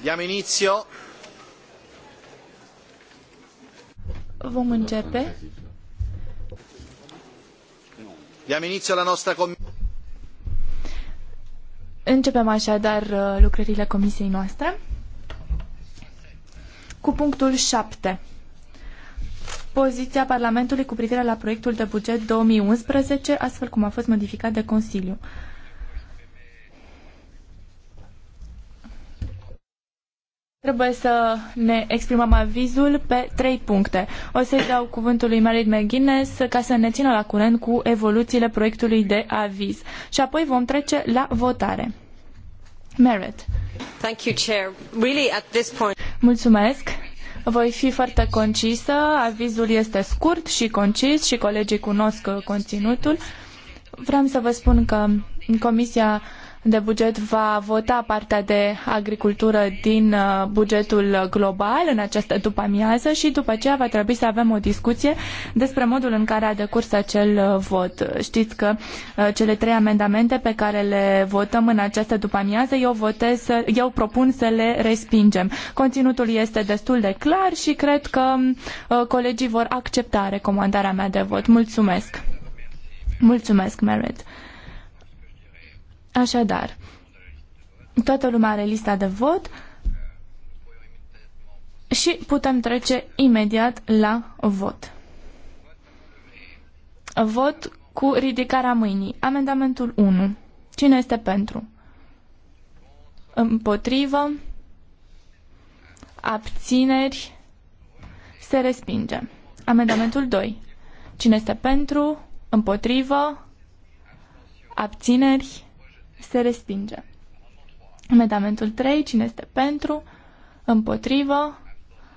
Diamo inizio. Vom începe. Diamo inizio alla nostra commissione. Începem așadar uh, lucrările comisiei noastre cu punctul 7. Poziția Parlamentului cu privire la proiectul de buget 2011, astfel cum a fost modificat de Consiliu. Trebuie să ne exprimăm avizul pe trei puncte. O să-i dau cuvântul lui Merit McGuinness ca să ne țină la curent cu evoluțiile proiectului de aviz. Și apoi vom trece la votare. Merit. Thank you, Chair. Really, at this point... Mulțumesc. Voi fi foarte concisă, avizul este scurt și concis și colegii cunosc conținutul. Vreau să vă spun că Comisia de buget va vota partea de agricultură din uh, bugetul global în această după-amiază și după aceea va trebui să avem o discuție despre modul în care a decurs acel uh, vot. Știți că uh, cele trei amendamente pe care le votăm în această după-amiază, eu, votez, eu propun să le respingem. Conținutul este destul de clar și cred că colegii vor accepta recomandarea mea de vot. Mulțumesc! Mulțumesc, Merit! Așadar, toată lumea are lista de vot și putem trece imediat la vot. Vot cu ridicarea mâinii. Amendamentul 1. Cine este pentru? Împotrivă? Abțineri? Se respinge. Amendamentul 2. Cine este pentru? Împotrivă? Abțineri? se respinge. Amendamentul 3, cine este pentru, împotrivă,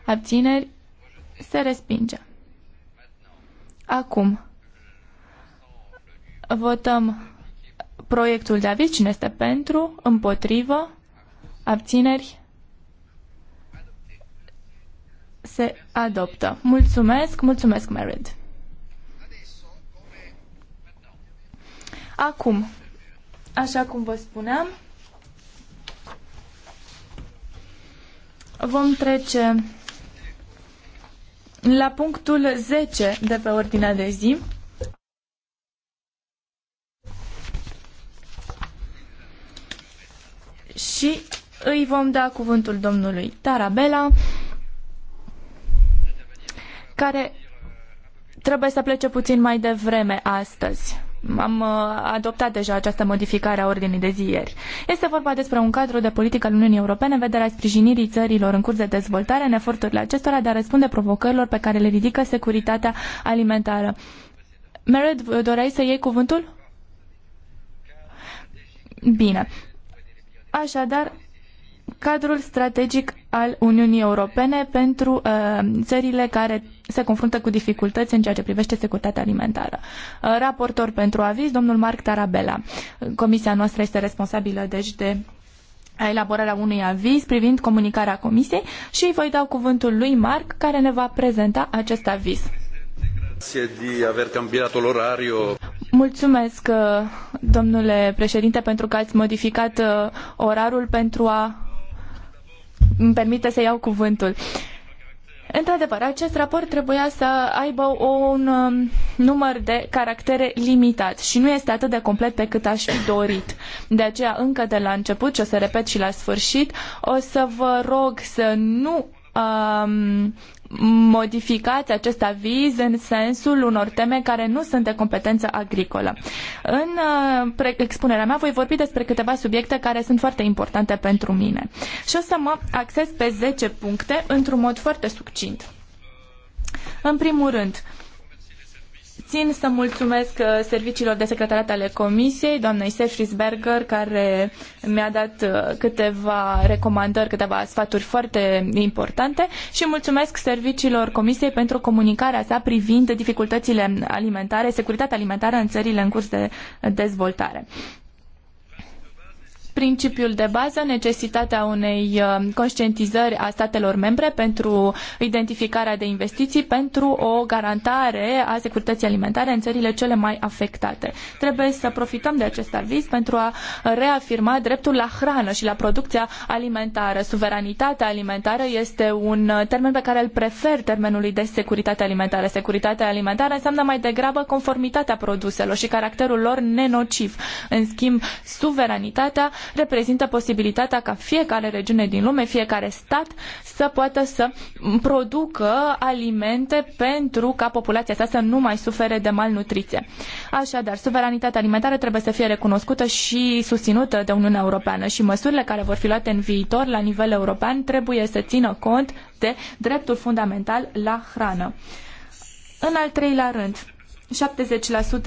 abțineri, se respinge. Acum, votăm proiectul de aviz, cine este pentru, împotrivă, abțineri, se adoptă. Mulțumesc, mulțumesc, merit. Acum, Așa cum vă spuneam, vom trece la punctul 10 de pe ordinea de zi. Și îi vom da cuvântul domnului Tarabela, care trebuie să plece puțin mai devreme astăzi am uh, adoptat deja această modificare a ordinii de zi ieri. Este vorba despre un cadru de politică al Uniunii Europene în vederea sprijinirii țărilor în curs de dezvoltare în eforturile acestora de a răspunde provocărilor pe care le ridică securitatea alimentară. Mered, doreai să iei cuvântul? Bine. Așadar, cadrul strategic al Uniunii Europene pentru uh, țările care se confruntă cu dificultăți în ceea ce privește securitatea alimentară. Uh, raportor pentru aviz, domnul Marc Tarabella. Comisia noastră este responsabilă, deci, de elaborarea unui aviz privind comunicarea Comisiei și voi da cuvântul lui Marc, care ne va prezenta acest aviz. Mulțumesc, uh, domnule președinte, pentru că ați modificat uh, orarul pentru a îmi permite să iau cuvântul. Într-adevăr, acest raport trebuia să aibă un um, număr de caractere limitat și nu este atât de complet pe cât aș fi dorit. De aceea, încă de la început, și o să repet și la sfârșit, o să vă rog să nu um, modificați acest aviz în sensul unor teme care nu sunt de competență agricolă. În uh, expunerea mea voi vorbi despre câteva subiecte care sunt foarte importante pentru mine. Și o să mă acces pe 10 puncte într-un mod foarte succint. În primul rând, Țin să mulțumesc uh, serviciilor de secretariat ale Comisiei, doamnei Sefrisberger, care mi-a dat uh, câteva recomandări, câteva sfaturi foarte importante și mulțumesc serviciilor Comisiei pentru comunicarea sa privind dificultățile alimentare, securitatea alimentară în țările în curs de dezvoltare principiul de bază, necesitatea unei uh, conștientizări a statelor membre pentru identificarea de investiții, pentru o garantare a securității alimentare în țările cele mai afectate. Trebuie să profităm de acest aviz pentru a reafirma dreptul la hrană și la producția alimentară. Suveranitatea alimentară este un uh, termen pe care îl prefer termenului de securitate alimentară. Securitatea alimentară înseamnă mai degrabă conformitatea produselor și caracterul lor nenociv. În schimb, suveranitatea reprezintă posibilitatea ca fiecare regiune din lume, fiecare stat să poată să producă alimente pentru ca populația sa să nu mai sufere de malnutriție. Așadar, suveranitatea alimentară trebuie să fie recunoscută și susținută de Uniunea Europeană și măsurile care vor fi luate în viitor la nivel european trebuie să țină cont de dreptul fundamental la hrană. În al treilea rând,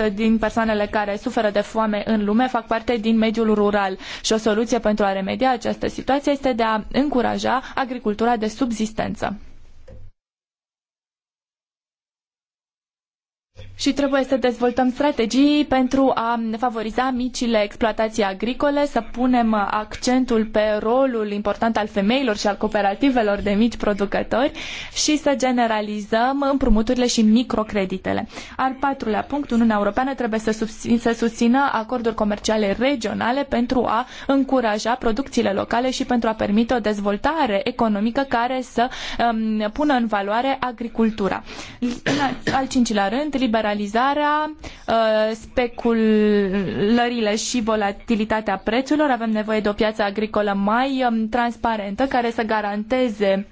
70% din persoanele care suferă de foame în lume fac parte din mediul rural și o soluție pentru a remedia această situație este de a încuraja agricultura de subzistență. și trebuie să dezvoltăm strategii pentru a favoriza micile exploatații agricole, să punem accentul pe rolul important al femeilor și al cooperativelor de mici producători și să generalizăm împrumuturile și microcreditele. Al patrulea punct, Uniunea Europeană trebuie să, subțin, să susțină acorduri comerciale regionale pentru a încuraja producțiile locale și pentru a permite o dezvoltare economică care să um, pună în valoare agricultura. Al cincilea rând, libera liberalizarea, uh, speculările și volatilitatea prețurilor. Avem nevoie de o piață agricolă mai um, transparentă care să garanteze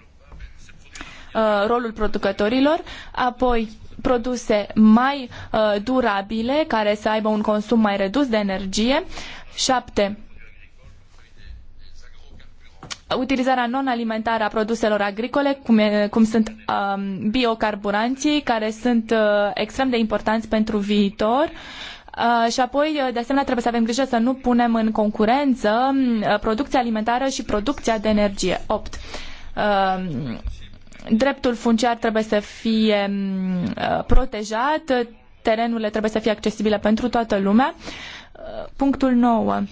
uh, rolul producătorilor, apoi produse mai uh, durabile care să aibă un consum mai redus de energie. 7 utilizarea non-alimentară a produselor agricole, cum, e, cum sunt um, biocarburanții, care sunt uh, extrem de importanți pentru viitor. Uh, și apoi, uh, de asemenea, trebuie să avem grijă să nu punem în concurență uh, producția alimentară și producția de energie. 8. Uh, dreptul funciar trebuie să fie uh, protejat, terenurile trebuie să fie accesibile pentru toată lumea. Punctul 9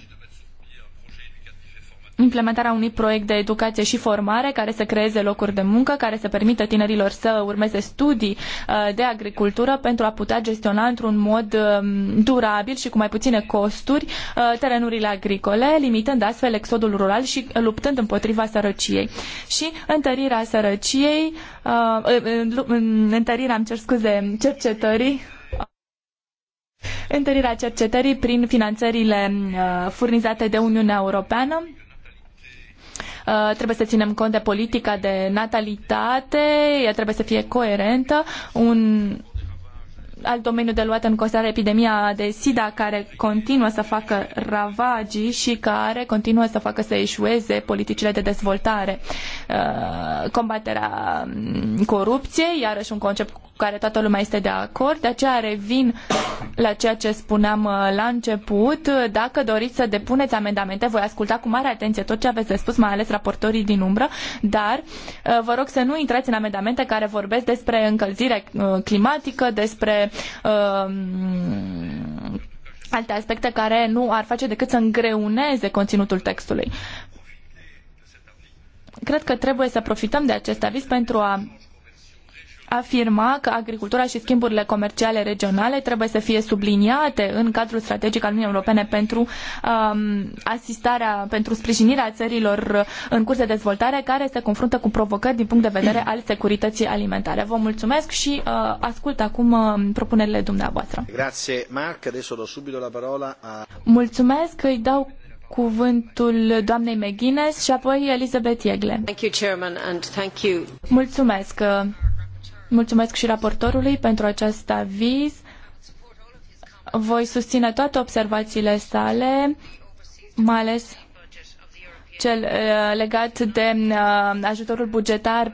implementarea unui proiect de educație și formare care să creeze locuri de muncă, care să permită tinerilor să urmeze studii uh, de agricultură pentru a putea gestiona într-un mod um, durabil și cu mai puține costuri uh, terenurile agricole, limitând astfel exodul rural și luptând împotriva sărăciei. Și întărirea sărăciei, uh, întărirea, am cer scuze, cercetării, întărirea cercetării prin finanțările furnizate de Uniunea Europeană, Uh, trebuie să ținem cont de politica de natalitate, ea trebuie să fie coerentă. Un alt domeniu de luat în considerare epidemia de SIDA care continuă să facă ravagii și care continuă să facă să eșueze politicile de dezvoltare. Uh, combaterea um, corupției, iarăși un concept care toată lumea este de acord, de aceea revin la ceea ce spuneam uh, la început. Dacă doriți să depuneți amendamente, voi asculta cu mare atenție tot ce aveți de spus, mai ales raportorii din umbră, dar uh, vă rog să nu intrați în amendamente care vorbesc despre încălzire uh, climatică, despre uh, alte aspecte care nu ar face decât să îngreuneze conținutul textului. Cred că trebuie să profităm de acest aviz pentru a afirma că agricultura și schimburile comerciale regionale trebuie să fie subliniate în cadrul strategic al Uniunii Europene pentru um, asistarea, pentru sprijinirea țărilor în curs de dezvoltare care se confruntă cu provocări din punct de vedere al securității alimentare. Vă mulțumesc și uh, ascult acum uh, propunerile dumneavoastră. Grazie, Marc. Adesso do subito la parola a... Mulțumesc, îi dau cuvântul doamnei McGuinness și apoi Elizabeth Iegle. Mulțumesc. Mulțumesc și raportorului pentru acest aviz. Voi susține toate observațiile sale, mai ales cel uh, legat de uh, ajutorul bugetar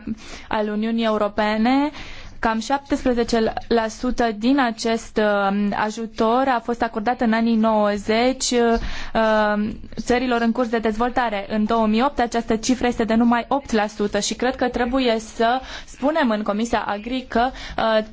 al Uniunii Europene. Uh, Cam 17% din acest uh, ajutor a fost acordat în anii 90 uh, țărilor în curs de dezvoltare. În 2008 această cifră este de numai 8% și cred că trebuie să spunem în Comisia Agri că uh,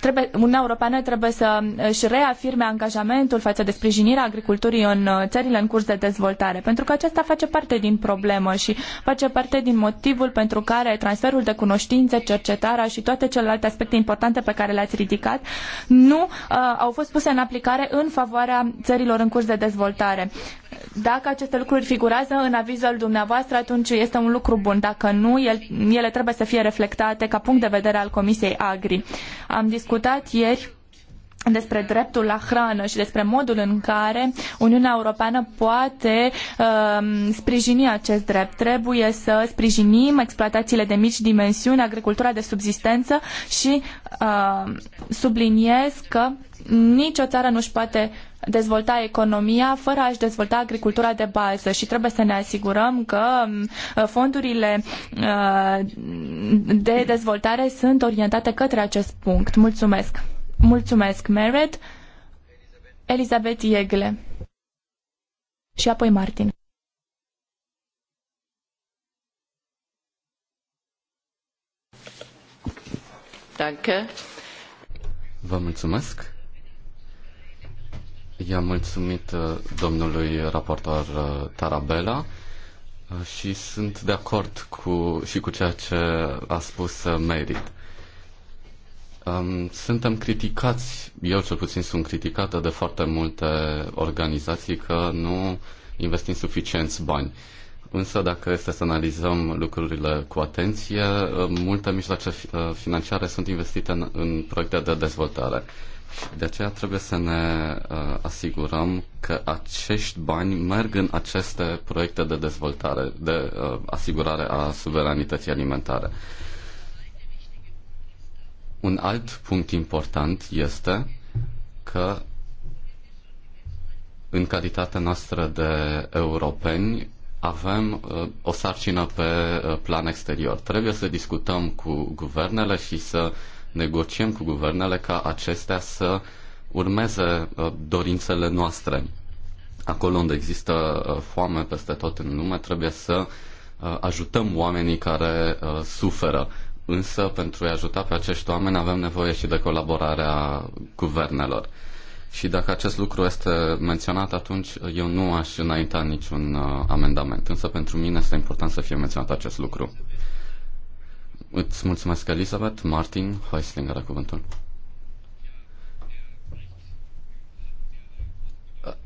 trebuie, Uniunea Europeană trebuie să își reafirme angajamentul față de sprijinirea agriculturii în țările în curs de dezvoltare, pentru că aceasta face parte din problemă și face parte din motivul pentru care transferul de cunoștințe, cercetarea și toate celelalte aspecte importante pe care le-ați ridicat nu uh, au fost puse în aplicare în favoarea țărilor în curs de dezvoltare. Dacă aceste lucruri figurează în avizul dumneavoastră, atunci este un lucru bun. Dacă nu, el, ele trebuie să fie reflectate ca punct de vedere al Comisiei Agri. Am discutat ieri despre dreptul la hrană și despre modul în care Uniunea Europeană poate uh, sprijini acest drept. Trebuie să sprijinim exploatațiile de mici dimensiuni, agricultura de subsistență și uh, subliniez că nicio țară nu-și poate dezvolta economia fără a-și dezvolta agricultura de bază și trebuie să ne asigurăm că um, fondurile uh, de dezvoltare sunt orientate către acest punct. Mulțumesc! Mulțumesc, Mered. Elizabeth Iegle. Și apoi Martin. Danke. Vă mulțumesc. I-am mulțumit uh, domnului raportor uh, Tarabella uh, și sunt de acord cu, și cu ceea ce a spus Merit. Um, suntem criticați, eu cel puțin sunt criticată de foarte multe organizații că nu investim suficienți bani. Însă dacă este să analizăm lucrurile cu atenție, multe mijloace uh, financiare sunt investite în, în proiecte de dezvoltare. De aceea trebuie să ne uh, asigurăm că acești bani merg în aceste proiecte de dezvoltare, de uh, asigurare a suveranității alimentare. Uh, un alt punct important este că în calitatea noastră de europeni avem uh, o sarcină pe uh, plan exterior. Trebuie să discutăm cu guvernele și să negociem cu guvernele ca acestea să urmeze uh, dorințele noastre. Acolo unde există foame peste tot în lume, trebuie să ajutăm oamenii care suferă însă pentru a ajuta pe acești oameni avem nevoie și de colaborarea guvernelor. Și dacă acest lucru este menționat, atunci eu nu aș înainta niciun uh, amendament. Însă pentru mine este important să fie menționat acest lucru. Îți mulțumesc, Elizabeth. Martin Heusling are cuvântul.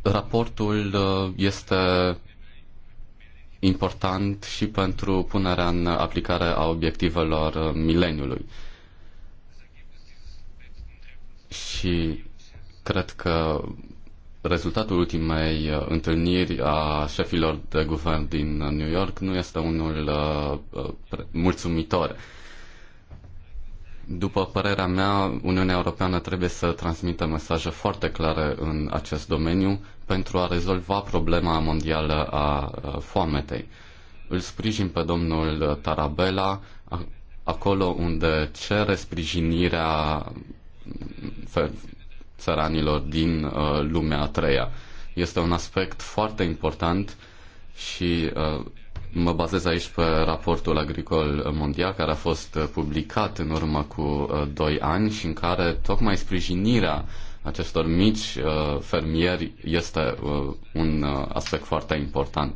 Raportul uh, este important și pentru punerea în aplicare a obiectivelor uh, mileniului. Și cred că rezultatul ultimei uh, întâlniri a șefilor de guvern din New York nu este unul uh, mulțumitor. După părerea mea, Uniunea Europeană trebuie să transmită mesaje foarte clare în acest domeniu pentru a rezolva problema mondială a foametei. Îl sprijin pe domnul Tarabella acolo unde cere sprijinirea țăranilor din uh, lumea a treia. Este un aspect foarte important și uh, mă bazez aici pe raportul agricol mondial care a fost publicat în urmă cu 2 uh, ani și în care tocmai sprijinirea uh, acestor mici uh, fermieri este uh, un uh, aspect foarte important.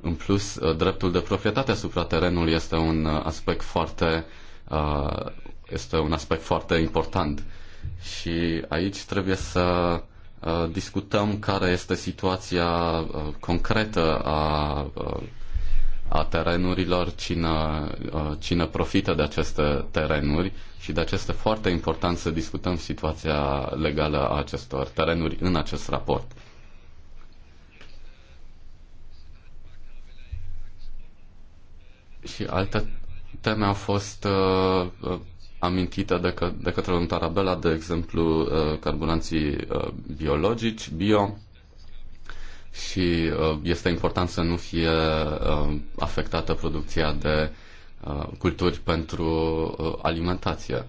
În plus, dreptul de proprietate asupra terenului este un aspect foarte, este un aspect foarte important. Și aici trebuie să discutăm care este situația concretă a a terenurilor, cine, uh, cine profită de aceste terenuri și de aceste foarte important să discutăm situația legală a acestor terenuri în acest raport. Și alte teme au fost uh, uh amintite de, că, de către domnul Tarabela, de exemplu, uh, carburanții uh, biologici, bio, și uh, este important să nu fie uh, afectată producția de uh, culturi pentru alimentație.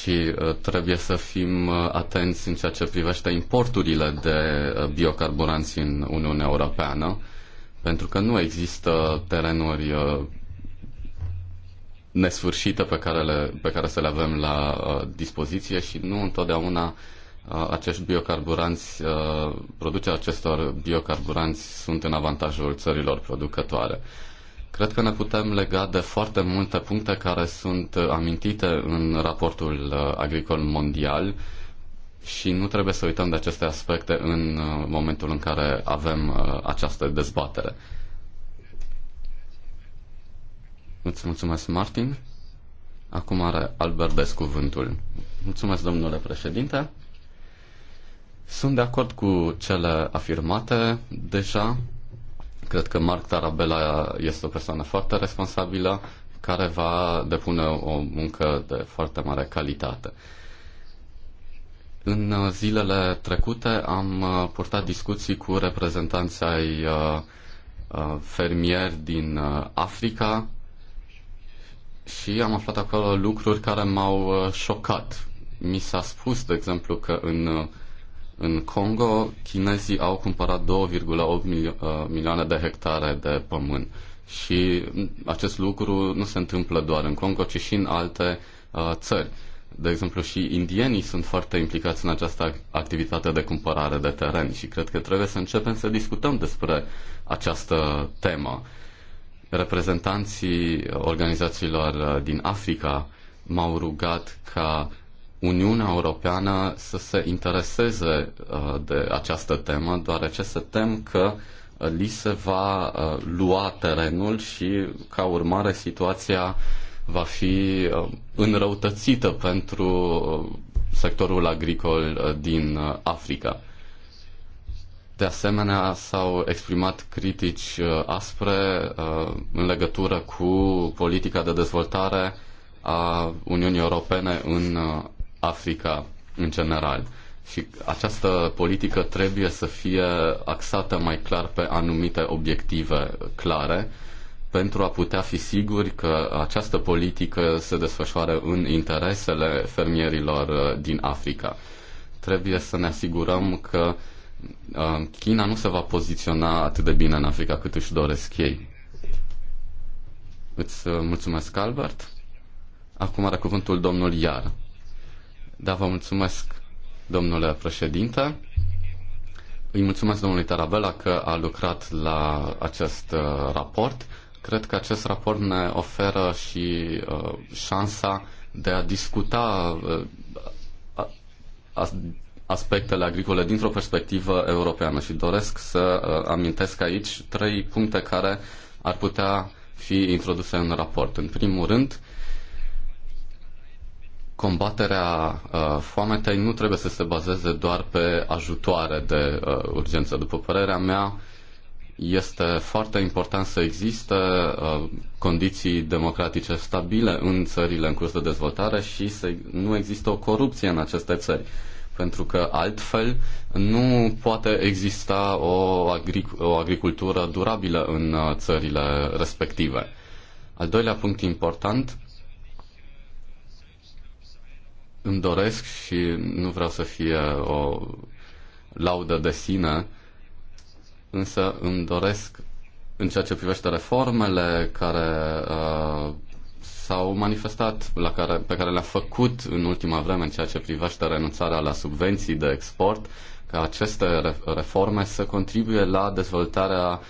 Și trebuie să fim atenți în ceea ce privește importurile de biocarburanți în Uniunea Europeană, pentru că nu există terenuri nesfârșite pe care, le, pe care să le avem la dispoziție și nu întotdeauna uh, acești biocarburanți, producerea acestor biocarburanți sunt în avantajul țărilor producătoare. Cred că ne putem lega de foarte multe puncte care sunt amintite în raportul agricol mondial și nu trebuie să uităm de aceste aspecte în momentul în care avem această dezbatere. Îți mulțumesc, Martin. Acum are Albert Des cuvântul. Mulțumesc, domnule președinte. Sunt de acord cu cele afirmate deja. Cred că Marc Tarabella este o persoană foarte responsabilă care va depune o muncă de foarte mare calitate. În zilele trecute am uh, purtat discuții cu reprezentanții ai uh, uh, fermieri din Africa și am aflat acolo lucruri care m-au șocat. Mi s-a spus, de exemplu, că în în Congo, chinezii au cumpărat 2,8 milio- uh, milioane de hectare de pământ. Și acest lucru nu se întâmplă doar în Congo, ci și în alte uh, țări. De exemplu, și indienii sunt foarte implicați în această activitate de cumpărare de teren și cred că trebuie să începem să discutăm despre această temă. Reprezentanții organizațiilor uh, din Africa m-au rugat ca Uniunea Europeană să se intereseze uh, de această temă, deoarece se tem că uh, li se va uh, lua terenul și, ca urmare, situația va fi înrăutățită pentru sectorul agricol din Africa. De asemenea, s-au exprimat critici aspre în legătură cu politica de dezvoltare a Uniunii Europene în Africa în general. Și această politică trebuie să fie axată mai clar pe anumite obiective clare pentru a putea fi siguri că această politică se desfășoară în interesele fermierilor uh, din Africa. Trebuie să ne asigurăm că uh, China nu se va poziționa atât de bine în Africa cât își doresc ei. Îți uh, mulțumesc, Albert. Acum are cuvântul domnul Iar. Da, vă mulțumesc, domnule președinte. Îi mulțumesc domnului Tarabella că a lucrat la acest uh, raport. Cred că acest raport ne oferă și uh, șansa de a discuta uh, as- aspectele agricole dintr-o perspectivă europeană și doresc să uh, amintesc aici trei puncte care ar putea fi introduse în raport. În primul rând, combaterea uh, foametei nu trebuie să se bazeze doar pe ajutoare de uh, urgență. După părerea mea, este foarte important să existe uh, condiții democratice stabile în țările în curs de dezvoltare și să nu există o corupție în aceste țări. Pentru că altfel nu poate exista o, agric- o agricultură durabilă în uh, țările respective. Al doilea punct important îmi doresc și nu vreau să fie o laudă de sine, însă îmi doresc în ceea ce privește reformele care uh, s-au manifestat, la care, pe care le-a făcut în ultima vreme în ceea ce privește renunțarea la subvenții de export, ca aceste reforme să contribuie la dezvoltarea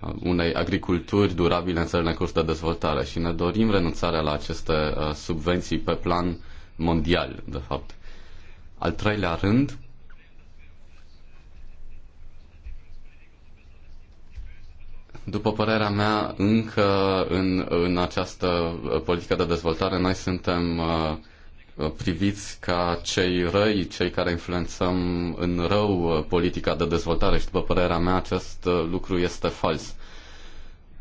uh, unei agriculturi durabile în țările în curs de dezvoltare și ne dorim renunțarea la aceste uh, subvenții pe plan mondial, de fapt. Al treilea rând, după părerea mea, încă în, în această uh, politică de dezvoltare noi suntem uh, uh, priviți ca cei răi, cei care influențăm în rău politica de dezvoltare și, după părerea mea, acest lucru este fals.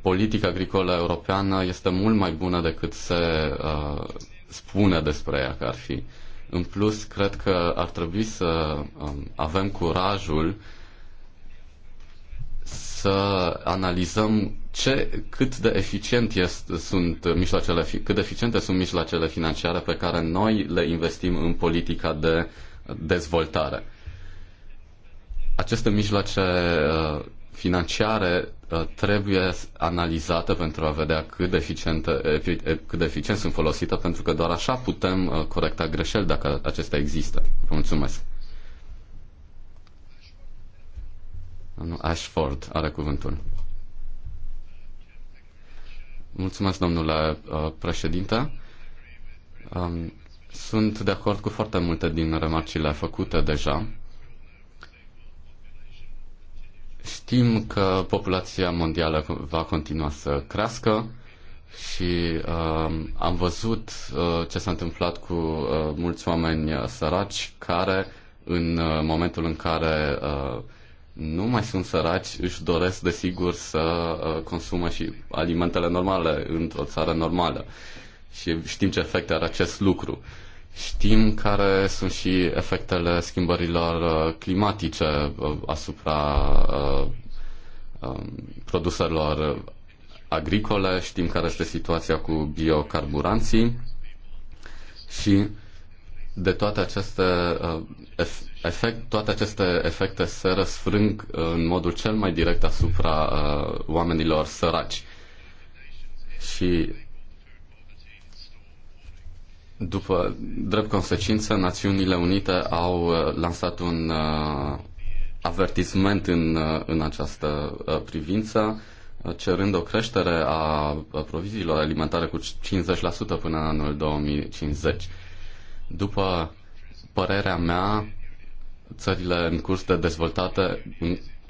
Politica agricolă europeană este mult mai bună decât se uh, spune despre ea că ar fi. În plus, cred că ar trebui să um, avem curajul să analizăm ce, cât de eficient este, sunt mijloacele, cât de eficiente sunt mijloacele financiare pe care noi le investim în politica de dezvoltare. Aceste mijloace uh, financiare Uh, trebuie analizată pentru a vedea cât de, eficientă, cât de eficient sunt folosită, pentru că doar așa putem uh, corecta greșeli dacă acestea există. Vă mulțumesc. Domnul Ashford are cuvântul. Mulțumesc, domnule uh, președinte. Um, sunt de acord cu foarte multe din remarcile făcute deja. Știm că populația mondială va continua să crească și uh, am văzut uh, ce s-a întâmplat cu uh, mulți oameni uh, săraci care în uh, momentul în care uh, nu mai sunt săraci, își doresc, desigur, să uh, consumă și alimentele normale într-o țară normală. Și știm ce efecte are acest lucru. Uh, Știm care sunt și efectele schimbărilor uh, climatice uh, asupra uh, um, produselor agricole, știm care este situația cu biocarburanții și de toate aceste efect, toate aceste efecte se răsfrâng în modul cel mai direct asupra oamenilor săraci. Și după drept consecință, Națiunile Unite au uh, lansat un uh, avertisment în, uh, în această uh, privință, uh, cerând o creștere a proviziilor alimentare cu 50% până în anul 2050. După părerea mea, țările în curs de dezvoltate,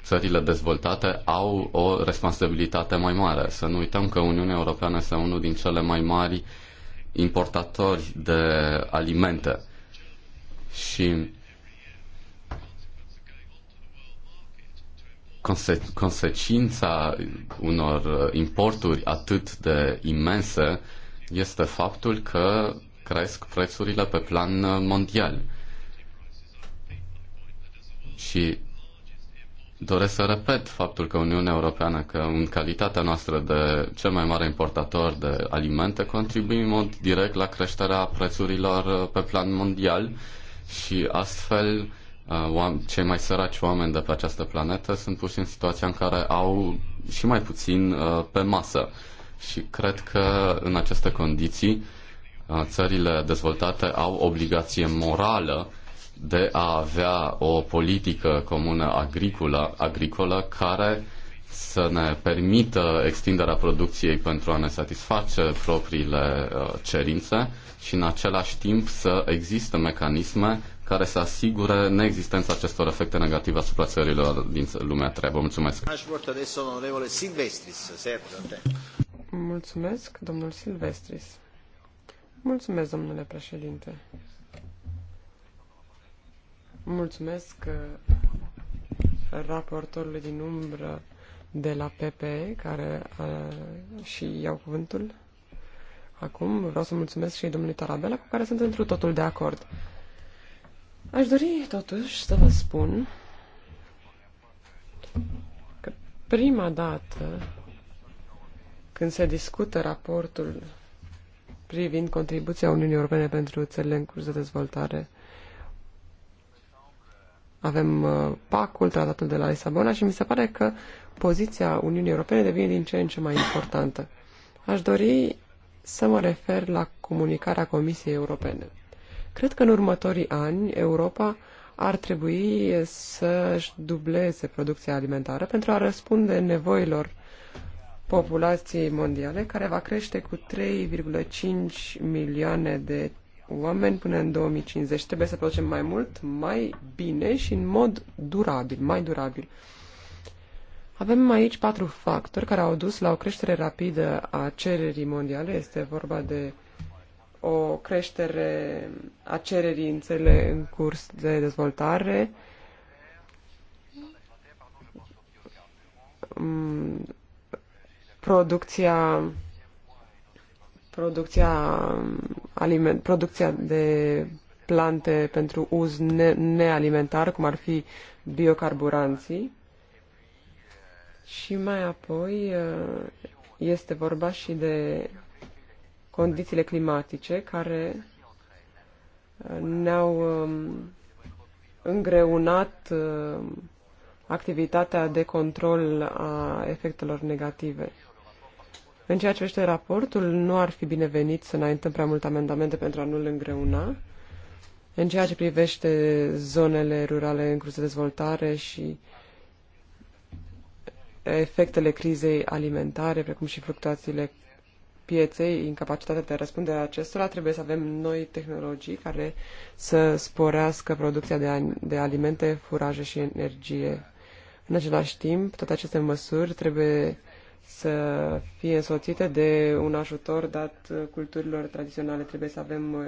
țările dezvoltate au o responsabilitate mai mare. Să nu uităm că Uniunea Europeană este unul din cele mai mari uh, importatori de alimente și conse- consecința unor importuri atât de imense este faptul că cresc prețurile pe plan mondial. Și Doresc să repet faptul că Uniunea Europeană, că în calitatea noastră de cel mai mare importator de alimente, contribuie în mod direct la creșterea prețurilor uh, pe plan mondial și astfel uh, cei mai săraci oameni de pe această planetă sunt puși în situația în care au și mai puțin uh, pe masă. Și cred că în aceste condiții țările dezvoltate au obligație morală de a avea o politică comună agricolă, agricolă care să ne permită extinderea producției pentru a ne satisface propriile uh, cerințe și în același timp să există mecanisme care să asigure neexistența acestor efecte negative asupra țărilor din lumea treabă. Mulțumesc! Mulțumesc, domnul Silvestris. Mulțumesc, domnule președinte. Mulțumesc uh, raportorului din umbră de la PPE, care a, uh, și iau cuvântul acum. Vreau să mulțumesc și domnului Tarabela, cu care sunt întru totul de acord. Aș dori totuși să vă spun că prima dată când se discută raportul privind contribuția Uniunii Europene pentru țările în curs de dezvoltare avem uh, pacul, tratatul de la Lisabona și mi se pare că poziția Uniunii Europene devine din ce în ce mai importantă. Aș dori să mă refer la comunicarea Comisiei Europene. Cred că în următorii ani Europa ar trebui să-și dubleze producția alimentară pentru a răspunde nevoilor populației mondiale, care va crește cu 3,5 milioane de oameni până în 2050. Trebuie să producem mai mult, mai bine și în mod durabil, mai durabil. Avem aici patru factori care au dus la o creștere rapidă a cererii mondiale. Este vorba de o creștere a cererii în țările în curs de dezvoltare, mm, producția producția, um, aliment, producția de plante pentru uz ne, nealimentar, cum ar fi biocarburanții. Și mai apoi uh, este vorba și de condițiile climatice care uh, ne-au um, îngreunat uh, activitatea de control a efectelor negative. În ceea ce privește raportul, nu ar fi binevenit să înaintăm prea multe amendamente pentru a nu-l îngreuna. În ceea ce privește zonele rurale în curs de dezvoltare și efectele crizei alimentare, precum și fluctuațiile pieței, incapacitatea de a răspunde acestora, trebuie să avem noi tehnologii care să sporească producția de, de alimente, furaje și energie. În același timp, toate aceste măsuri trebuie să fie însoțite de un ajutor dat culturilor tradiționale. Trebuie să avem uh,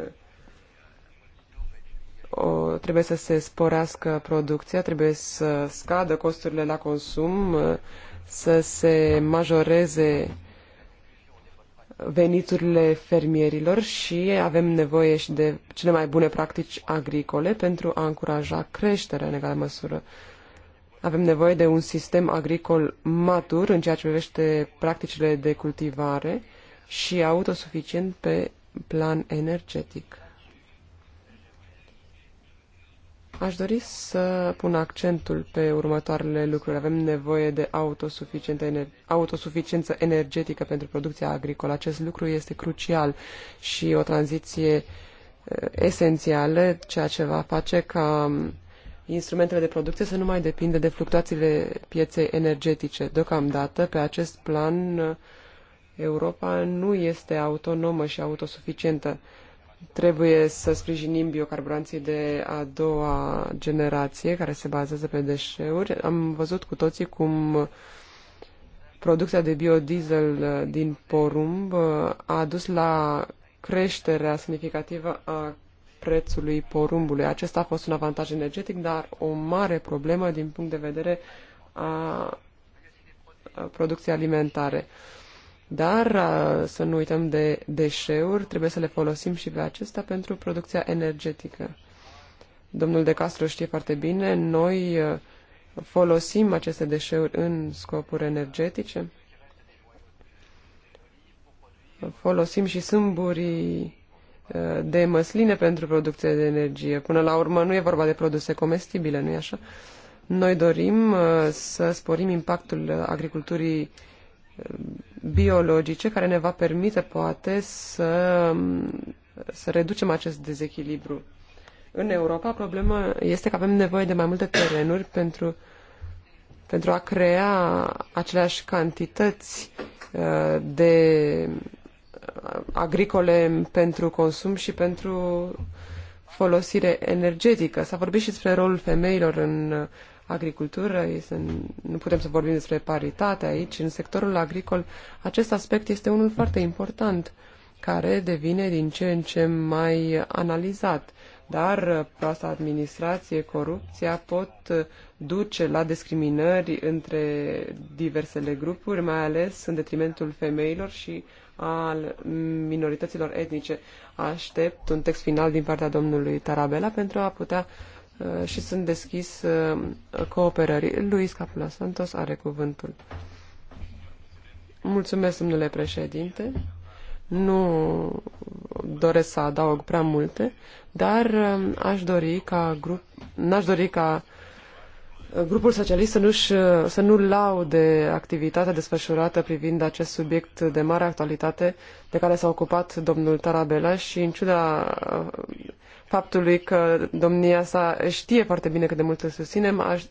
o, trebuie să se sporească producția, trebuie să scadă costurile la consum, uh, să se majoreze veniturile fermierilor și avem nevoie și de cele mai bune practici agricole pentru a încuraja creșterea în egală măsură. Avem nevoie de un sistem agricol matur în ceea ce privește practicile de cultivare și autosuficient pe plan energetic. Aș dori să pun accentul pe următoarele lucruri. Avem nevoie de autosuficiență, energetică pentru producția agricolă. Acest lucru este crucial și o tranziție eh, esențială, ceea ce va face ca mm, instrumentele de producție să nu mai depindă de fluctuațiile pieței energetice. Deocamdată, pe acest plan, Europa nu este autonomă și autosuficientă. Trebuie să sprijinim biocarburanții de a doua generație, care se bazează pe deșeuri. Am văzut cu toții cum producția de biodiesel uh, din porumb uh, a dus la creșterea semnificativă a prețului porumbului. Acesta a fost un avantaj energetic, dar o mare problemă din punct de vedere a producției alimentare. Dar să nu uităm de deșeuri, trebuie să le folosim și pe acestea pentru producția energetică. Domnul De Castro știe foarte bine, noi folosim aceste deșeuri în scopuri energetice, folosim și sâmburii Uh, de măsline pentru producție de energie. Până la urmă nu e vorba de produse comestibile, nu-i așa? Noi dorim uh, să sporim impactul agriculturii uh, biologice care ne va permite poate să, um, să reducem acest dezechilibru. În Europa problema este că avem nevoie de mai multe terenuri pentru, pentru a crea aceleași cantități de agricole pentru consum și pentru folosire energetică. S-a vorbit și despre rolul femeilor în agricultură, este, nu putem să vorbim despre paritate aici. În sectorul agricol acest aspect este unul foarte important care devine din ce în ce mai analizat. Dar proasta administrație, corupția pot duce la discriminări între diversele grupuri, mai ales în detrimentul femeilor și uh, al minorităților etnice. Aștept un text final din partea domnului Tarabela pentru a putea uh, și sunt deschis uh, cooperării. Luis Capula Santos are cuvântul. Mulțumesc, domnule președinte. Nu doresc să adaug prea multe, dar uh, aș dori ca grup... n-aș dori ca grupul socialist să, nu să nu laude activitatea desfășurată privind acest subiect de mare actualitate de care s-a ocupat domnul Tarabella și în ciuda uh, faptului că domnia sa știe foarte bine cât de mult îl susținem, aș,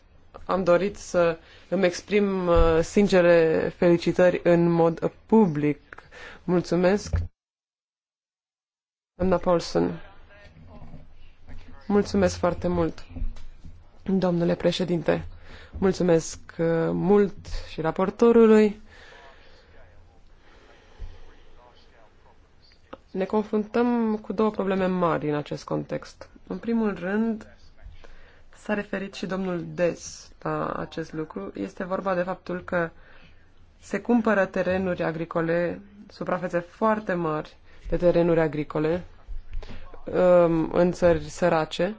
am dorit să îmi exprim uh, sincere felicitări în mod public. Mulțumesc. Doamna Paulson. Mulțumesc foarte mult. Domnule președinte, mulțumesc uh, mult și raportorului. Ne confruntăm cu două probleme mari în acest context. În primul rând, s-a referit și domnul Des la acest lucru. Este vorba de faptul că se cumpără terenuri agricole, suprafețe foarte mari de terenuri agricole um, în țări sărace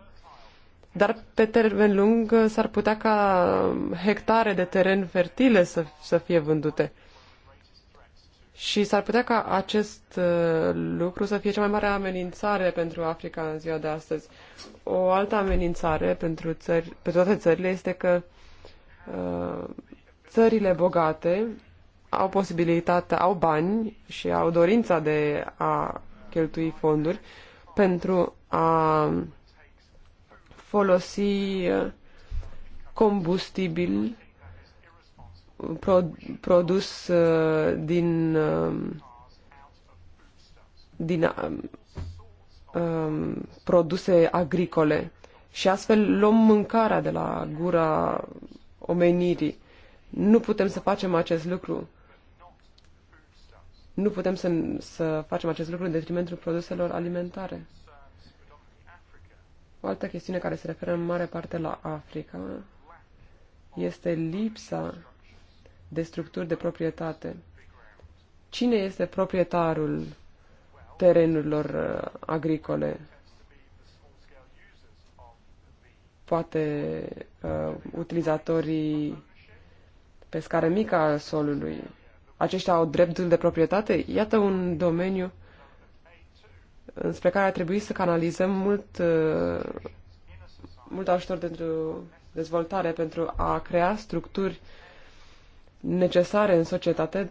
dar pe termen lung uh, s-ar putea ca um, hectare de teren fertile să, să fie vândute. Și s-ar putea ca acest uh, lucru să fie cea mai mare amenințare pentru Africa în ziua de astăzi. O altă amenințare pentru, țări, pentru toate țările este că uh, țările bogate au posibilitatea, au bani și au dorința de a cheltui fonduri pentru a folosi uh, combustibil produs uh, din um, din uh, um, produse agricole și astfel luăm mâncarea de la gura omenirii. Nu putem să facem acest lucru. Nu putem să, să facem acest lucru în detrimentul produselor alimentare. O altă chestiune care se referă în mare parte la Africa este lipsa de structuri de proprietate. Cine este proprietarul terenurilor uh, agricole? Poate uh, utilizatorii pe scară mică a solului. Aceștia au dreptul de proprietate? Iată un domeniu uh, înspre care ar trebui să canalizăm mult, mult ajutor pentru dezvoltare, pentru a crea structuri necesare în societate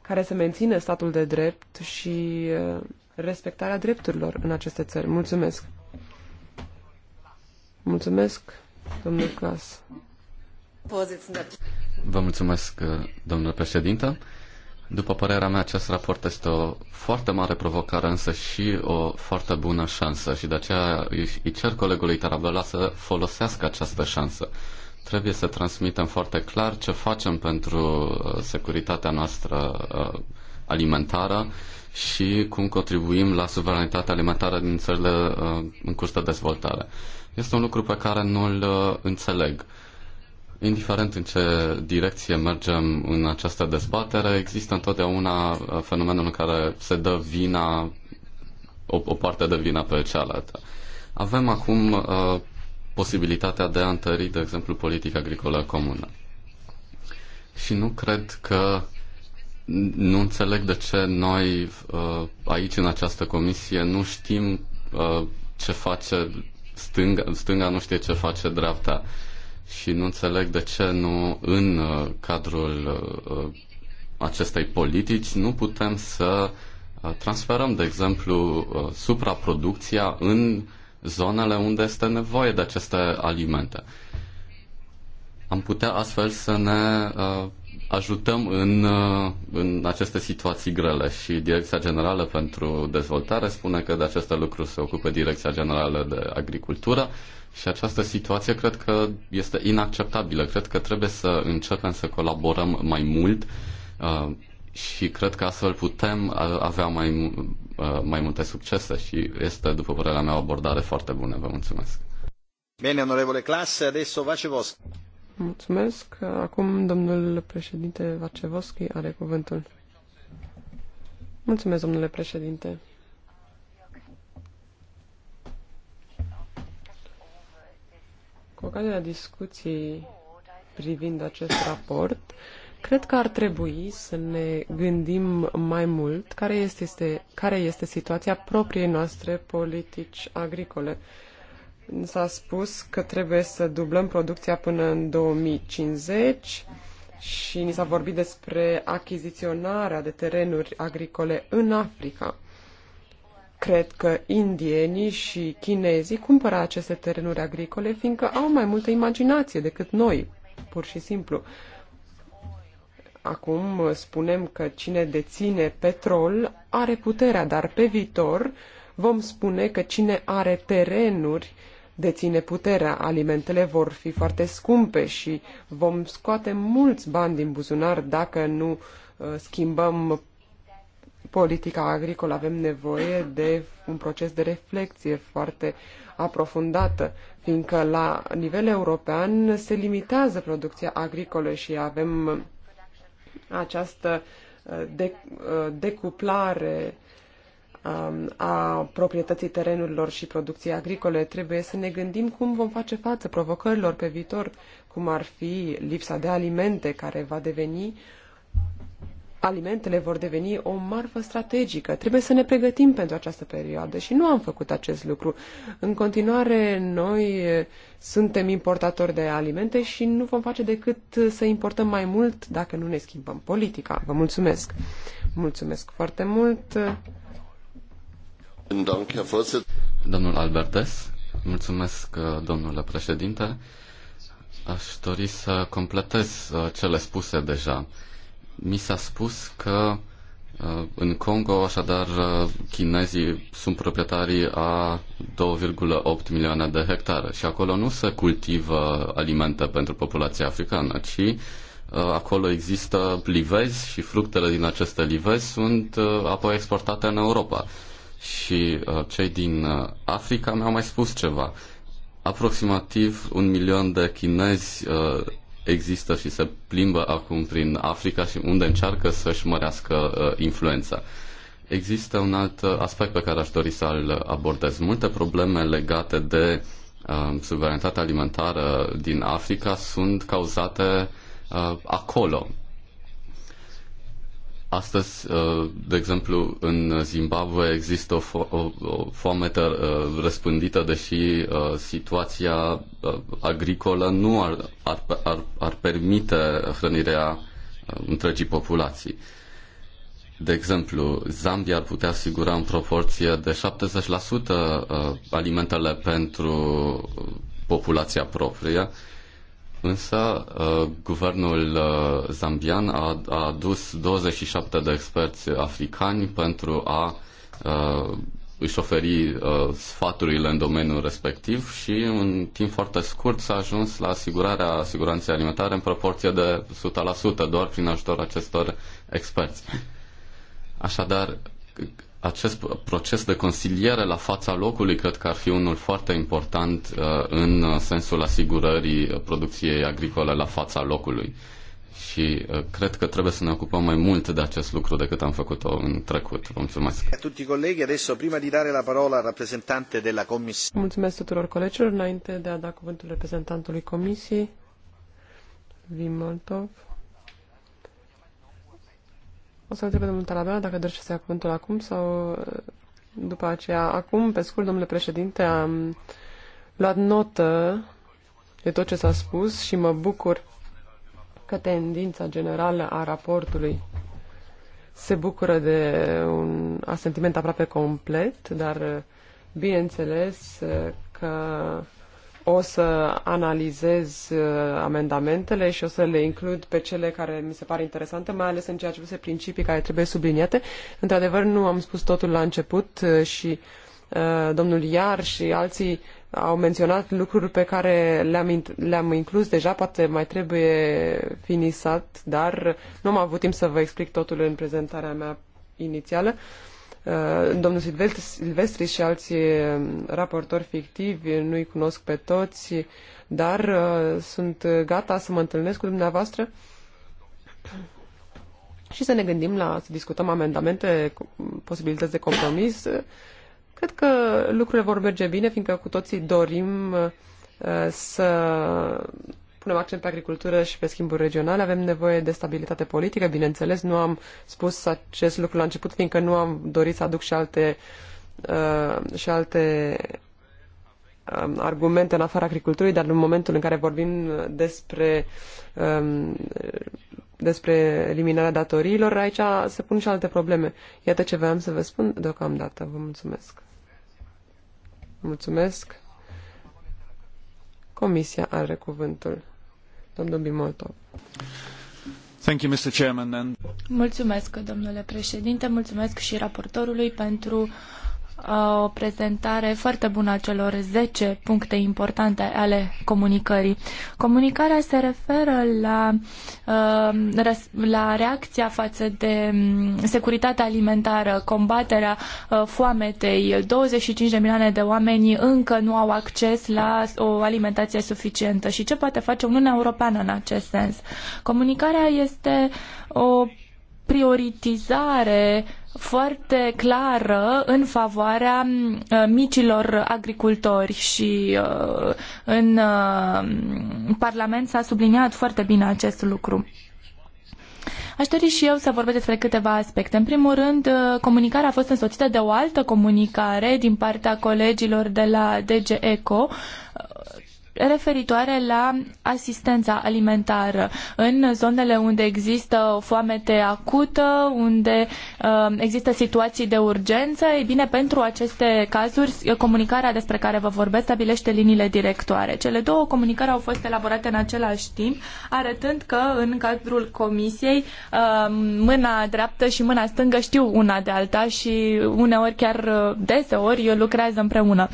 care să mențină statul de drept și uh, respectarea drepturilor în aceste țări. Mulțumesc! Mulțumesc, domnul Clas. Vă mulțumesc, uh, domnule președinte. După părerea mea, acest raport este o foarte mare provocare, însă și o foarte bună șansă și de aceea îi cer colegului Tarabela să folosească această șansă. Trebuie să transmitem foarte clar ce facem pentru uh, securitatea noastră uh, alimentară și cum contribuim la suveranitatea alimentară din țările uh, în curs de dezvoltare. Este un lucru pe care nu-l înțeleg. Indiferent în ce direcție mergem în această dezbatere, există întotdeauna uh, fenomenul în care se dă vina, o, o parte de vina pe cealaltă. Avem acum uh, posibilitatea de a întări, de exemplu, politica agricolă comună. Și nu cred că nu înțeleg de ce noi uh, aici în această comisie nu știm uh, ce face stânga, stânga nu știe ce face dreapta și nu înțeleg de ce nu în uh, cadrul uh, acestei politici nu putem să uh, transferăm, de exemplu, supraproducția în zonele unde este nevoie de aceste alimente. Am putea astfel să ne ajutăm în, uh, în aceste situații grele și Direcția Generală pentru Dezvoltare spune că de aceste lucruri se ocupă Direcția Generală de Agricultură și această situație cred că este inacceptabilă. Cred că trebuie să începem să colaborăm mai mult uh, și cred că astfel putem uh, avea mai, mai multe succese și este, după părerea mea, o abordare foarte bună. Vă mulțumesc. Bine, onorevole clasă, adesso Vacevoschi. Mulțumesc. Acum domnul președinte Varcevoschi are cuvântul. Mulțumesc, domnule președinte. Cu ocazia discuției privind acest raport, cred că ar trebui să ne gândim mai mult care este, care este situația propriei noastre politici agricole s-a spus că trebuie să dublăm producția până în 2050 și ni s-a vorbit despre achiziționarea de terenuri agricole în Africa. Cred că indienii și chinezii cumpără aceste terenuri agricole fiindcă au mai multă imaginație decât noi, pur și simplu. Acum uh, spunem că cine deține petrol are puterea, dar pe viitor vom spune că cine are terenuri uh, deține puterea. Alimentele vor fi foarte scumpe și vom scoate mulți bani din buzunar dacă nu uh, schimbăm politica agricolă. Avem nevoie de un proces de reflexie foarte aprofundată, fiindcă la nivel european se limitează producția agricolă și avem această uh, uh, decuplare Um, a proprietății terenurilor și producției agricole, trebuie să ne gândim cum vom face față provocărilor pe viitor, cum ar fi lipsa de alimente care va deveni alimentele vor deveni o marfă strategică. Trebuie să ne pregătim pentru această perioadă și nu am făcut acest lucru. În continuare, noi suntem importatori de alimente și nu vom face decât să importăm mai mult dacă nu ne schimbăm politica. Vă mulțumesc! Mulțumesc foarte mult! Domnul Albertes, mulțumesc, uh, domnule președinte. Aș dori să completez uh, cele spuse deja. Mi s-a spus că uh, în Congo, așadar, chinezii sunt proprietarii a 2,8 milioane de hectare și acolo nu se cultivă alimente pentru populația africană, ci acolo există livezi și fructele din aceste livezi sunt apoi exportate în Europa și uh, cei din uh, Africa mi-au mai spus ceva. Aproximativ un milion de chinezi uh, există și se plimbă acum prin Africa și unde încearcă să-și mărească influența. Există un alt aspect pe care aș dori să-l abordez. Multe probleme legate de uh, suveranitatea alimentară din Africa sunt cauzate uh, acolo. Astăzi, uh, de exemplu, în Zimbabwe există o, fo- o, o foamete uh, răspândită, deși uh, situația agricolă nu ar, ar, ar, ar permite hrănirea întregii populații. De exemplu, Zambia ar putea asigura în proporție de 70% alimentele pentru populația proprie, Însă, uh, guvernul uh, zambian a, adus 27 de experți africani pentru a uh, își oferi sfaturile în domeniul respectiv și în timp foarte scurt s-a ajuns la asigurarea siguranței alimentare în proporție de 100% doar prin ajutorul acestor experți. Așadar, acest proces de consiliere la fața locului cred că ar fi unul foarte important uh, în sensul asigurării producției agricole la fața locului. Și uh, cred că trebuie să ne ocupăm mai mult de acest lucru decât am făcut-o în trecut. Vă mulțumesc. A tutti colleghi, adesso prima di dare la parola al rappresentante della Commissione. Mulțumesc tuturor colegilor înainte de a da cuvântul reprezentantului Comisiei, Vim o să întreb domnul Tarabella dacă dorește să ia cuvântul acum sau uh, după aceea. Acum, pe scurt, domnule președinte, am luat notă de tot ce s-a spus și mă bucur că tendința generală a raportului se bucură de un asentiment aproape complet, dar uh, bineînțeles uh, că o să analizez uh, amendamentele și o să le includ pe cele care mi se par interesante, mai ales în ceea ce privește principii care trebuie subliniate. Într-adevăr, nu am spus totul la început uh, și uh, domnul Iar și alții au menționat lucruri pe care le-am, le-am inclus deja, poate mai trebuie finisat, dar nu am avut timp să vă explic totul în prezentarea mea inițială. Uh, Uh, domnul Silvestri și alții um, raportori fictivi, nu-i cunosc pe toți, dar uh, sunt gata să mă întâlnesc cu dumneavoastră și să ne gândim la, să discutăm amendamente, posibilități de compromis. Cred că lucrurile vor merge bine, fiindcă cu toții dorim uh, să punem accent pe agricultură și pe schimburi regionale. Avem nevoie de stabilitate politică, bineînțeles. Nu am spus acest lucru la început, fiindcă nu am dorit să aduc și alte, uh, și alte um, argumente în afara agriculturii, dar în momentul în care vorbim despre, um, despre eliminarea datoriilor, aici se pun și alte probleme. Iată ce voiam să vă spun deocamdată. Vă mulțumesc. Mulțumesc. Comisia are cuvântul raportorului pentru Thank you, Mr. Chairman. And... Mulțumesc, domnule președinte, mulțumesc și raportorului pentru o prezentare foarte bună a celor 10 puncte importante ale comunicării. Comunicarea se referă la, la reacția față de securitatea alimentară, combaterea foametei. 25 de milioane de oameni încă nu au acces la o alimentație suficientă și ce poate face Uniunea Europeană în acest sens. Comunicarea este o prioritizare uh, foarte clară în favoarea uh, micilor agricultori și uh, în uh, Parlament s-a subliniat foarte bine acest lucru. Aș dori și eu să vorbesc despre câteva aspecte. În primul rând, comunicarea a fost însoțită de o altă comunicare din partea colegilor de la DG ECO referitoare la asistența alimentară în zonele unde există o foamete acută, unde uh, există situații de urgență. Ei bine, pentru aceste cazuri, comunicarea despre care vă vorbesc stabilește liniile directoare. Cele două comunicări au fost elaborate în același timp, arătând că în cadrul comisiei uh, mâna dreaptă și mâna stângă știu una de alta și uneori chiar uh, deseori lucrează împreună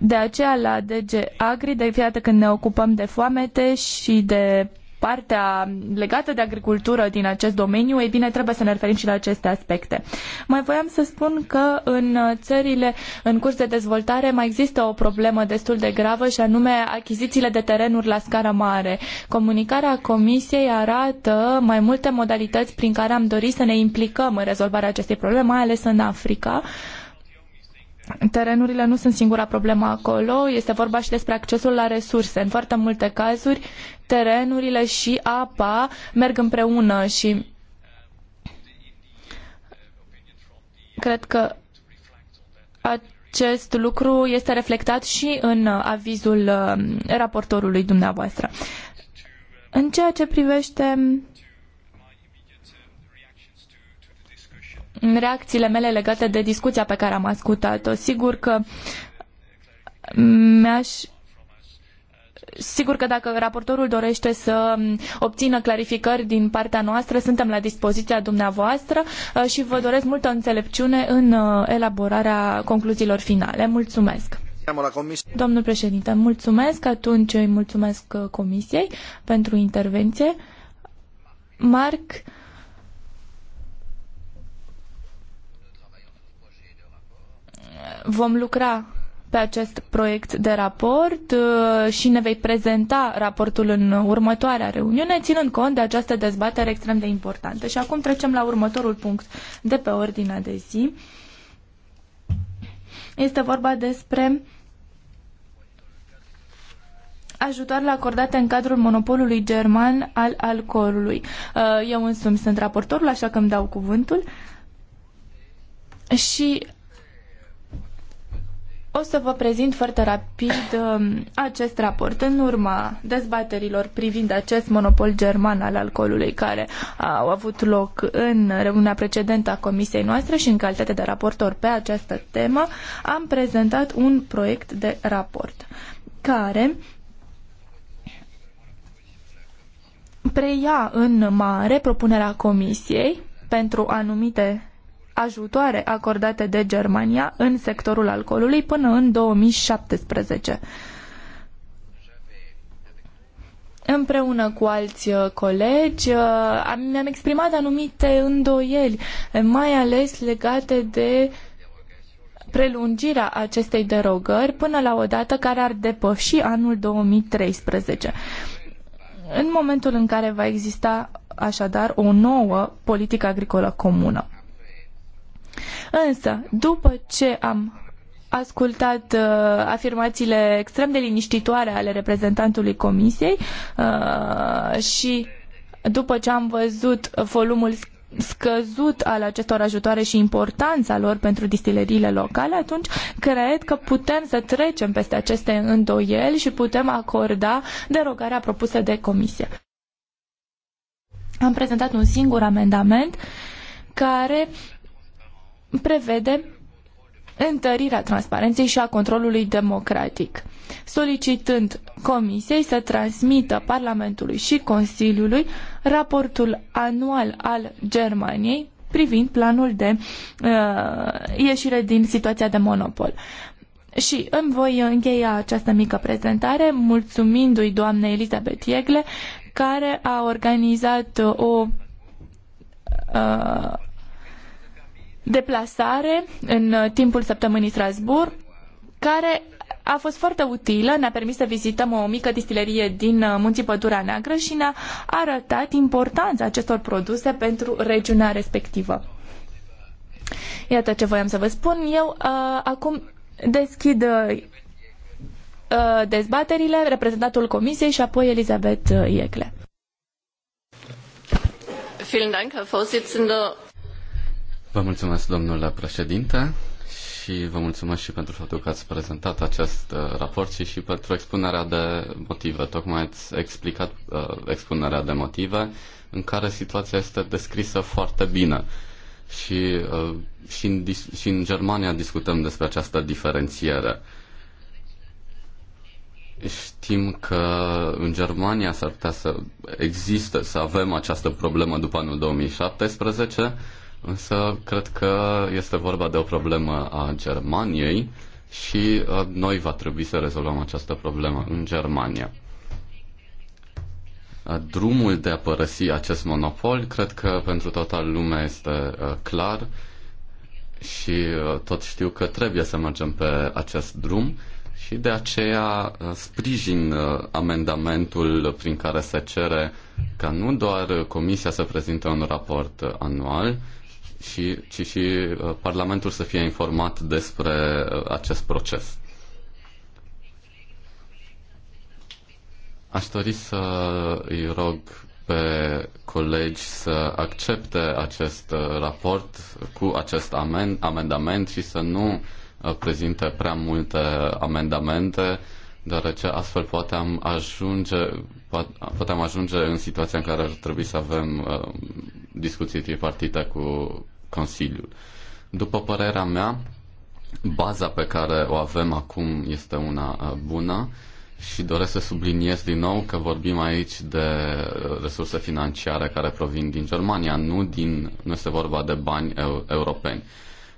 de aceea la DG Agri, de fiecare când ne ocupăm de foamete și de partea legată de agricultură din acest domeniu, ei bine, trebuie să ne referim și la aceste aspecte. Mai voiam să spun că în țările în curs de dezvoltare mai există o problemă destul de gravă și anume achizițiile de terenuri la scară mare. Comunicarea Comisiei arată mai multe modalități prin care am dorit să ne implicăm în rezolvarea acestei probleme, mai ales în Africa. Uh, terenurile nu sunt singura problemă acolo, este vorba și despre accesul la resurse. În foarte multe cazuri, terenurile și apa merg împreună și cred că acest lucru este reflectat și în uh, avizul uh, raportorului dumneavoastră. În ceea ce privește reacțiile mele legate de discuția pe care am ascultat-o. Sigur că mi-aș Sigur că dacă raportorul dorește să obțină clarificări din partea noastră, suntem la dispoziția dumneavoastră uh, și vă doresc multă înțelepciune în uh, elaborarea concluziilor finale. Mulțumesc! Domnul președinte, mulțumesc. Atunci îi mulțumesc uh, comisiei pentru intervenție. Marc, Vom lucra pe acest proiect de raport uh, și ne vei prezenta raportul în următoarea reuniune, ținând cont de această dezbatere extrem de importantă. Și acum trecem la următorul punct de pe ordinea de zi. Este vorba despre ajutoarele acordate în cadrul monopolului german al alcoolului. Uh, eu însumi sunt raportorul, așa că îmi dau cuvântul. Și o să vă prezint foarte rapid um, acest raport în urma dezbaterilor privind acest monopol german al alcoolului care a avut loc în reuniunea precedentă a comisiei noastre și în calitate de raportor pe această temă am prezentat un proiect de raport care preia în mare propunerea comisiei pentru anumite ajutoare acordate de Germania în sectorul alcoolului până în 2017. Împreună cu alți uh, colegi uh, am, mi-am exprimat anumite îndoieli, eh, mai ales legate de prelungirea acestei derogări până la o dată care ar depăși anul 2013. În momentul în care va exista așadar o nouă politică agricolă comună. Însă, după ce am ascultat uh, afirmațiile extrem de liniștitoare ale reprezentantului Comisiei uh, și după ce am văzut volumul scăzut al acestor ajutoare și importanța lor pentru distileriile locale, atunci cred că putem să trecem peste aceste îndoieli și putem acorda derogarea propusă de comisie. Am prezentat un singur amendament care uh, prevede întărirea transparenței și a controlului democratic, solicitând Comisiei să transmită Parlamentului și Consiliului raportul anual al Germaniei privind planul de uh, ieșire din situația de monopol. Și îmi voi încheia această mică prezentare mulțumindu-i doamnei Elizabeth Iegle, care a organizat o uh, deplasare în uh, timpul săptămânii Strasbourg, care a fost foarte utilă, ne-a permis să vizităm o mică distilerie din uh, Munții Pădurea Neagră și ne-a arătat importanța acestor produse pentru regiunea respectivă. Iată ce voiam să vă spun. Eu uh, acum deschid uh, uh dezbaterile, reprezentantul Comisiei și apoi Elizabeth Iecle. Vielen Dank, Herr Vorsitzender. Vă mulțumesc, domnule președinte, și vă mulțumesc și pentru faptul că ați prezentat acest uh, raport și și pentru expunerea de motive. Tocmai ați explicat uh, expunerea de motive în care situația este descrisă foarte bine. Și, uh, și, în, și în Germania discutăm despre această diferențiere. Știm că în Germania s-ar putea să există, să avem această problemă după anul 2017, însă cred că este vorba de o problemă a Germaniei și uh, noi va trebui să rezolvăm această problemă în Germania. Uh, drumul de a părăsi acest monopol cred că pentru toată lumea este uh, clar și tot știu că trebuie să mergem pe acest drum și de aceea sprijin amendamentul prin care se cere ca nu doar Comisia să prezinte un raport anual, și, ci și uh, Parlamentul să fie informat despre uh, acest proces. Aș dori să îi rog pe colegi să accepte acest uh, raport cu acest amen, amendament și să nu prezinte prea multe amendamente, deoarece astfel poate am ajunge, poate am ajunge în situația în care ar trebui să avem discuție tripartită cu Consiliul. După părerea mea, baza pe care o avem acum este una uh, bună și doresc să subliniez din nou că vorbim aici de uh, resurse financiare care provin din Germania, nu, din, nu este vorba de bani eu, europeni.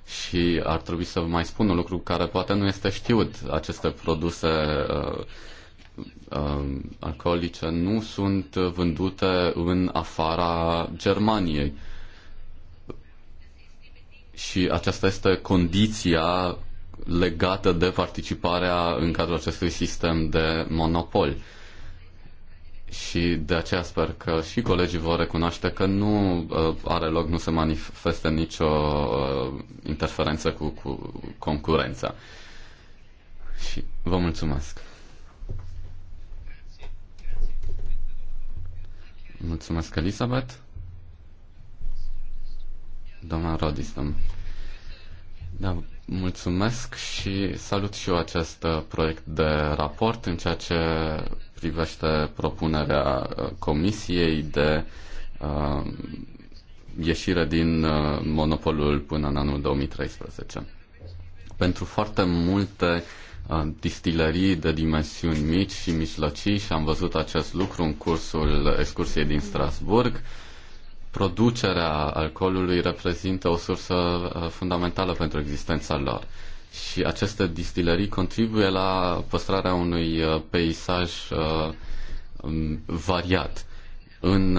Și ar trebui să mai spun un lucru care poate nu este știut. Aceste produse uh, Um, alcoolice nu sunt vândute în afara Germaniei. Și aceasta este condiția legată de participarea în cadrul acestui sistem de monopol. Și de aceea sper că și colegii vor recunoaște că nu uh, are loc, nu se manifestă nicio uh, interferență cu, cu concurența. Și vă mulțumesc. Mulțumesc, Elisabeth. Doamna Rodiston. Da, mulțumesc și salut și eu acest uh, proiect de raport în ceea ce privește propunerea uh, Comisiei de uh, ieșire din uh, monopolul până în anul 2013. Pentru foarte multe uh, distilării de dimensiuni mici și mijlocii și am văzut acest lucru în cursul excursiei din Strasburg. Producerea alcoolului reprezintă o sursă uh, fundamentală pentru existența lor și aceste distilării contribuie la păstrarea unui uh, peisaj uh, variat. În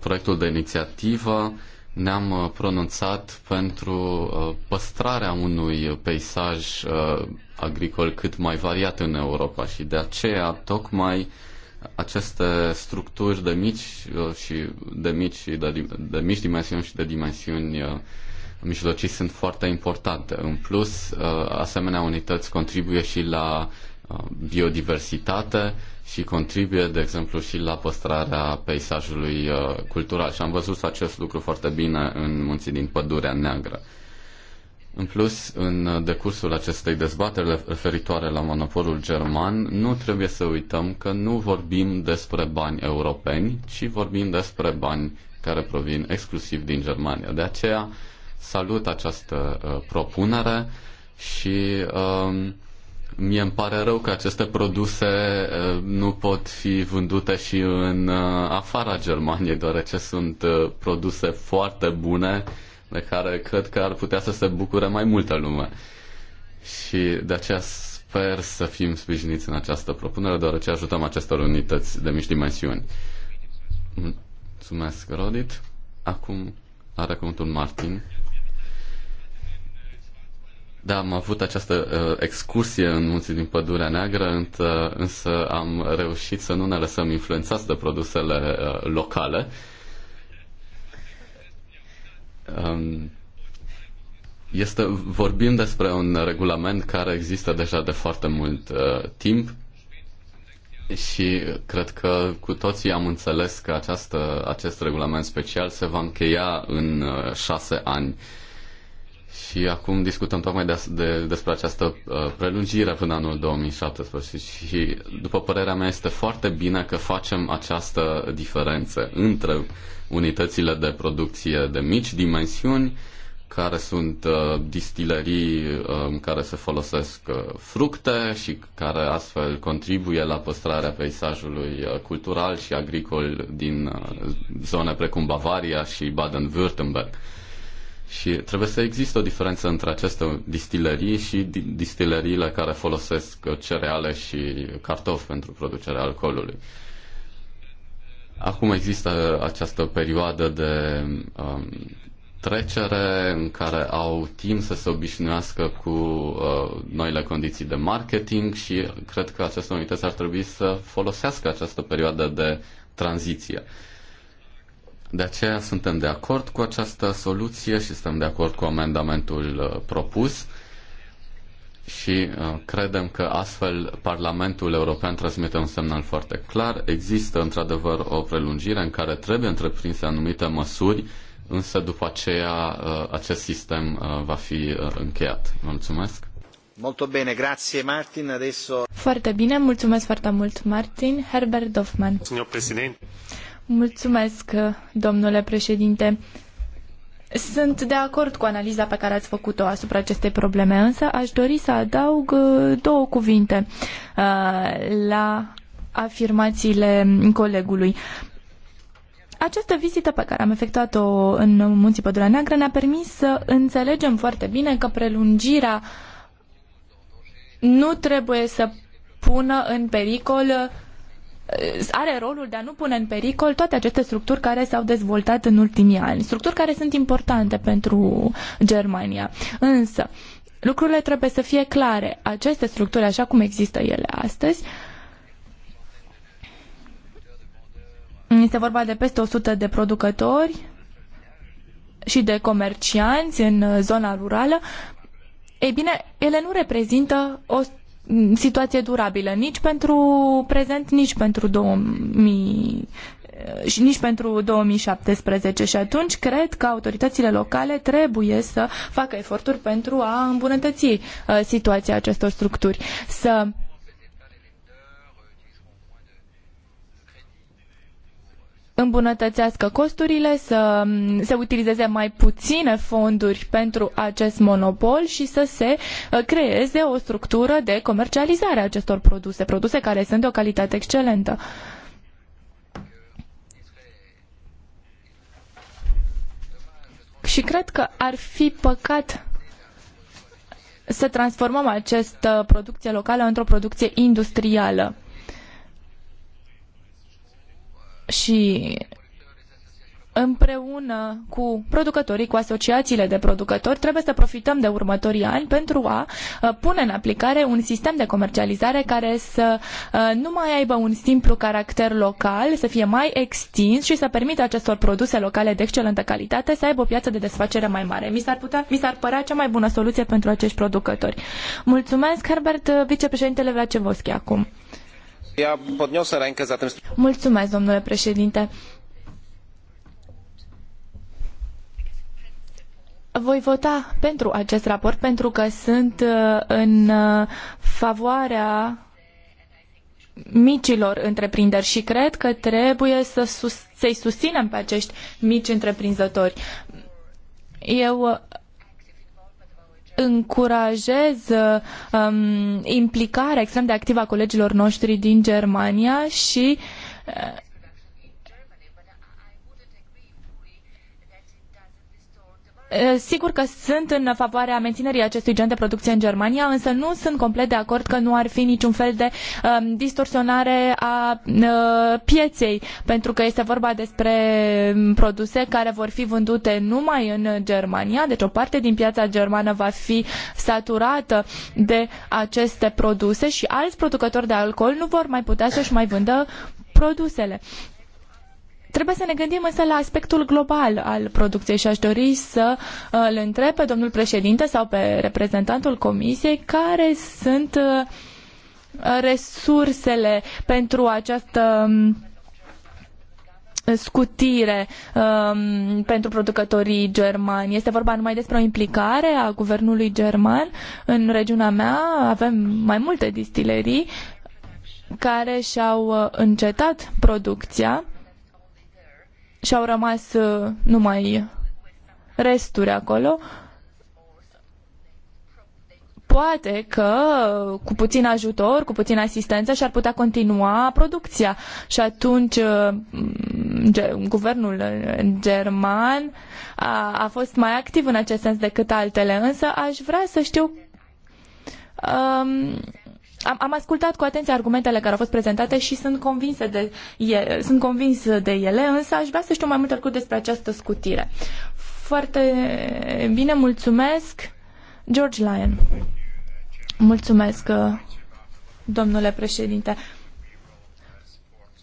proiectul de inițiativă ne-am uh, pronunțat pentru uh, păstrarea unui peisaj uh, agricol cât mai variat în Europa și de aceea tocmai aceste structuri de mici și de mici, și de, de mici dimensiuni și de dimensiuni mijlocii sunt foarte importante. În plus, asemenea unități contribuie și la Uh, biodiversitate și contribuie, de exemplu, și la păstrarea peisajului uh, cultural. Și am văzut acest lucru foarte bine în munții din Pădurea Neagră. În plus, în uh, decursul acestei dezbateri referitoare la monopolul german, nu trebuie să uităm că nu vorbim despre bani europeni, ci vorbim despre bani care provin exclusiv din Germania. De aceea salut această uh, propunere și uh, Mie îmi pare rău că aceste produse nu pot fi vândute și în afara Germaniei, deoarece sunt produse foarte bune de care cred că ar putea să se bucure mai multă lume. Și de aceea sper să fim sprijiniți în această propunere, deoarece ajutăm acestor unități de mici dimensiuni. Mulțumesc, Rodit. Acum are cuvântul Martin da, am avut această uh, excursie în munții din Pădurea Neagră, uh, însă am reușit să nu ne lăsăm influențați de produsele uh, locale. Um, este, vorbim despre un regulament care există deja de foarte mult uh, timp și cred că cu toții am înțeles că această, acest regulament special se va încheia în uh, șase ani. Uh, și acum discutăm tocmai de, de, despre această uh, prelungire până anul 2017 și, și, după părerea mea, este foarte bine că facem această diferență între unitățile de producție de mici dimensiuni, care sunt uh, distilerii uh, care se folosesc uh, fructe și care astfel contribuie la păstrarea peisajului uh, cultural și agricol din uh, zone precum Bavaria și Baden-Württemberg și trebuie să existe o diferență între aceste distilării și distilăriile care folosesc cereale și cartofi pentru producerea alcoolului. Acum există această perioadă de um, trecere în care au timp să se obișnuiască cu uh, noile condiții de marketing și cred că aceste unități ar trebui să folosească această perioadă de tranziție. Uh, de aceea suntem de acord cu această soluție și suntem de acord cu amendamentul uh, propus și uh, credem că astfel Parlamentul European transmite un semnal foarte clar. Există într-adevăr o prelungire în care trebuie întreprinse anumite măsuri, însă după aceea uh, acest sistem va fi încheiat. Mulțumesc! Molto bine, grazie Martin. Adesso... Foarte bine, mulțumesc foarte mult Martin. Herbert Dofman. Signor Presidente. Mulțumesc, domnule președinte. Sunt de acord cu analiza pe care ați făcut-o asupra acestei probleme, însă aș dori să adaug uh, două cuvinte uh, la afirmațiile colegului. Această vizită pe care am efectuat-o în Munții Pădurea Neagră ne-a permis să înțelegem foarte bine că prelungirea nu trebuie să pună în pericol Uh, are rolul de a nu pune în pericol toate aceste structuri care s-au dezvoltat în ultimii ani, structuri care sunt importante pentru Germania. Însă, lucrurile trebuie să fie clare. Aceste structuri, așa cum există ele astăzi, este vorba de peste 100 de producători și de comercianți în zona rurală, ei bine, ele nu reprezintă o situație durabilă, nici pentru prezent, nici pentru 2000 și nici pentru 2017 și atunci cred că autoritățile locale trebuie să facă eforturi pentru a îmbunătăți uh, situația acestor structuri, să îmbunătățească costurile, să mm, se utilizeze mai puține fonduri pentru acest monopol și să se uh, creeze o structură de comercializare a acestor produse, produse care sunt de o calitate excelentă. Și cred că ar fi păcat să transformăm această producție locală într-o producție industrială și împreună cu producătorii, cu asociațiile de producători, trebuie să profităm de următorii ani pentru a uh, pune în aplicare un sistem de comercializare care să uh, nu mai aibă un simplu caracter local, să fie mai extins și să permită acestor produse locale de excelentă calitate să aibă o piață de desfacere mai mare. Mi s-ar, putea, mi s-ar părea cea mai bună soluție pentru acești producători. Mulțumesc, Herbert, vicepreședintele Vlacevoschi, acum. Mulțumesc, domnule președinte. Voi vota pentru acest raport pentru că sunt uh, în uh, favoarea micilor întreprinderi și cred că trebuie să sus- să-i susținem pe acești mici întreprinzători. Eu uh, încurajez um, implicarea extrem de activă a colegilor noștri din Germania și uh, Eh, sigur că sunt în favoarea menținerii acestui gen de producție în Germania, însă nu sunt complet de acord că nu ar fi niciun fel de um, distorsionare a uh, pieței, pentru că este vorba despre um, produse care vor fi vândute numai în Germania, deci o parte din piața germană va fi saturată de aceste produse și alți producători de alcool nu vor mai putea să-și mai vândă produsele. Trebuie să ne gândim însă la aspectul global al producției și aș dori să uh, îl întreb pe domnul președinte sau pe reprezentantul comisiei care sunt uh, resursele pentru această um, scutire um, pentru producătorii germani. Este vorba numai despre o implicare a guvernului german. În regiunea mea avem mai multe distilerii care și-au uh, încetat producția și au rămas uh, numai resturi acolo. Poate că cu puțin ajutor, cu puțin asistență și-ar putea continua producția și atunci uh, guvernul uh, german a, a fost mai activ în acest sens decât altele, însă aș vrea să știu um, am, am ascultat cu atenție argumentele care au fost prezentate și sunt, convinsă de, e, sunt convins de ele, însă aș vrea să știu mai multe lucruri despre această scutire. Foarte bine, mulțumesc. George Lyon. Mulțumesc, domnule președinte.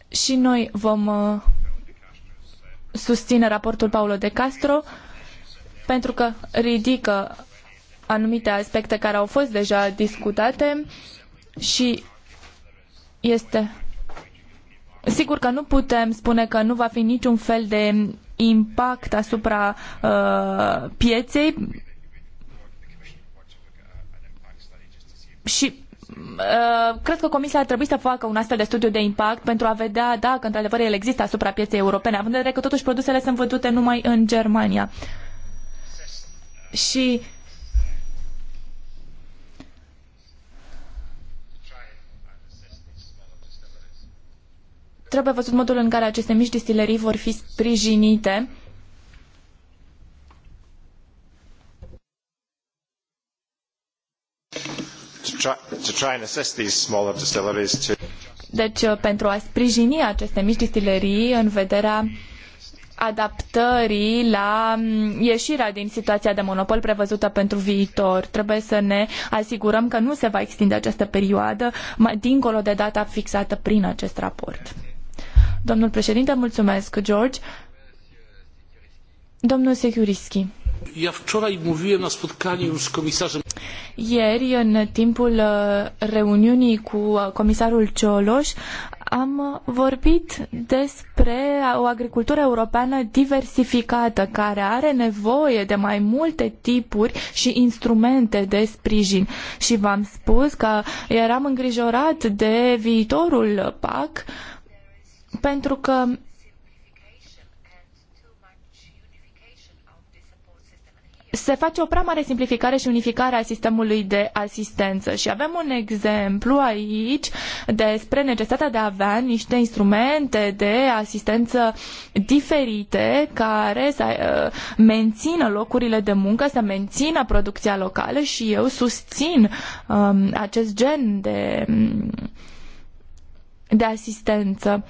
Și noi vom uh, susține raportul Paulo de Castro pentru că ridică anumite aspecte care au fost deja discutate și este sigur că nu putem spune că nu va fi niciun fel de impact asupra uh, pieței și uh, Cred că Comisia ar trebui să facă un astfel de studiu de impact pentru a vedea dacă într-adevăr el există asupra pieței europene, având în vedere că totuși produsele sunt vândute numai în Germania. Și Trebuie văzut modul în care aceste mici distilerii vor fi sprijinite. Deci, uh, pentru a sprijini aceste mici distilerii în vederea adaptării la mm, ieșirea din situația de monopol prevăzută pentru viitor. Trebuie să ne asigurăm că nu se va extinde această perioadă mai dincolo de data fixată prin acest raport. Domnul președinte, mulțumesc, George. Domnul Securiski. Ja wczoraj mówiłem na spotkaniu z komisarzem. Ieri, în timpul uh, reuniunii cu uh, comisarul Cioloș, am vorbit despre o agricultură europeană diversificată, care are nevoie de mai multe tipuri și instrumente de sprijin. Și v-am spus că eram îngrijorat de viitorul PAC, uh, pentru că se face o prea mare simplificare și unificare a sistemului de asistență. Și avem un exemplu aici despre necesitatea de a avea niște instrumente de asistență diferite care să eh, mențină locurile de muncă, să mențină producția locală și eu susțin um, acest gen de, mm, de asistență.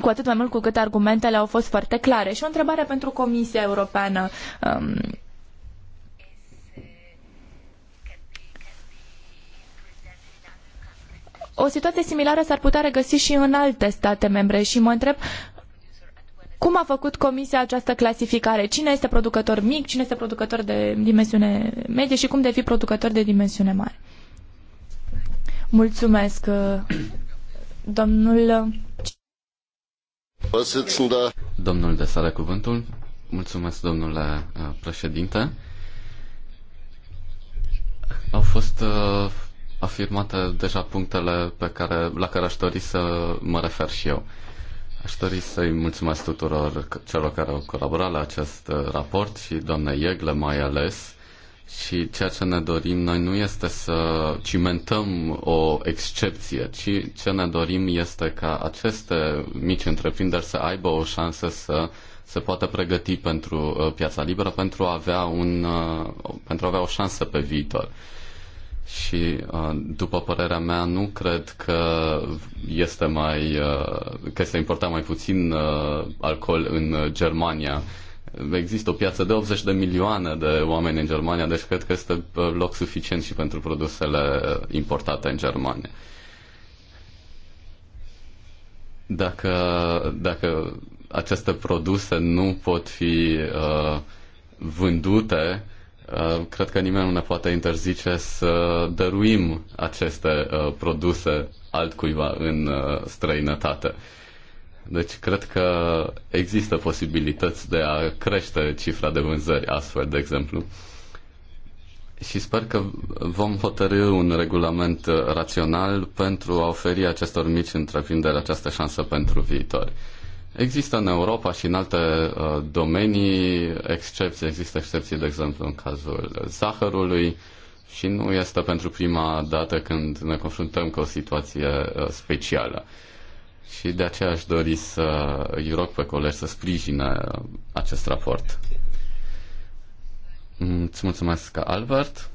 cu atât mai mult cu cât argumentele au fost foarte clare. Și o întrebare pentru Comisia Europeană. Um, o situație similară s-ar putea regăsi și în alte state membre și mă întreb cum a făcut Comisia această clasificare? Cine este producător mic, cine este producător de dimensiune medie și cum devii producător de dimensiune mare? Mulțumesc, uh, domnul Domnul de sare cuvântul. Mulțumesc, domnule uh, președinte. Au fost uh, afirmate deja punctele pe care, la care aș dori să mă refer și eu. Aș dori să-i mulțumesc tuturor celor care au colaborat la acest uh, raport și doamnei Iegle mai ales și ceea ce ne dorim noi nu este să cimentăm o excepție, ci ce ne dorim este ca aceste mici întreprinderi să aibă o șansă să se poată pregăti pentru uh, piața liberă, pentru a avea, un, uh, pentru a avea o șansă pe viitor. Și, uh, după părerea mea, nu cred că este mai că este importa mai puțin alcool în Germania Există o piață de 80 de milioane de oameni în Germania, deci cred că este loc suficient și pentru produsele importate în Germania. Dacă, dacă aceste produse nu pot fi uh, vândute, uh, cred că nimeni nu ne poate interzice să dăruim aceste uh, produse altcuiva în uh, străinătate. Uh, deci cred că există posibilități de a crește cifra de vânzări astfel, de exemplu. Și sper că vom hotărâ un regulament rațional pentru a oferi acestor mici întreprinderi această șansă pentru viitor. Există în Europa și în alte uh, domenii excepții. Există excepții, de exemplu, în cazul zahărului și nu este pentru prima dată când ne confruntăm cu o situație uh, specială și de aceea aș dori să îi rog pe colegi să sprijină acest raport. Îți mulțumesc, Albert.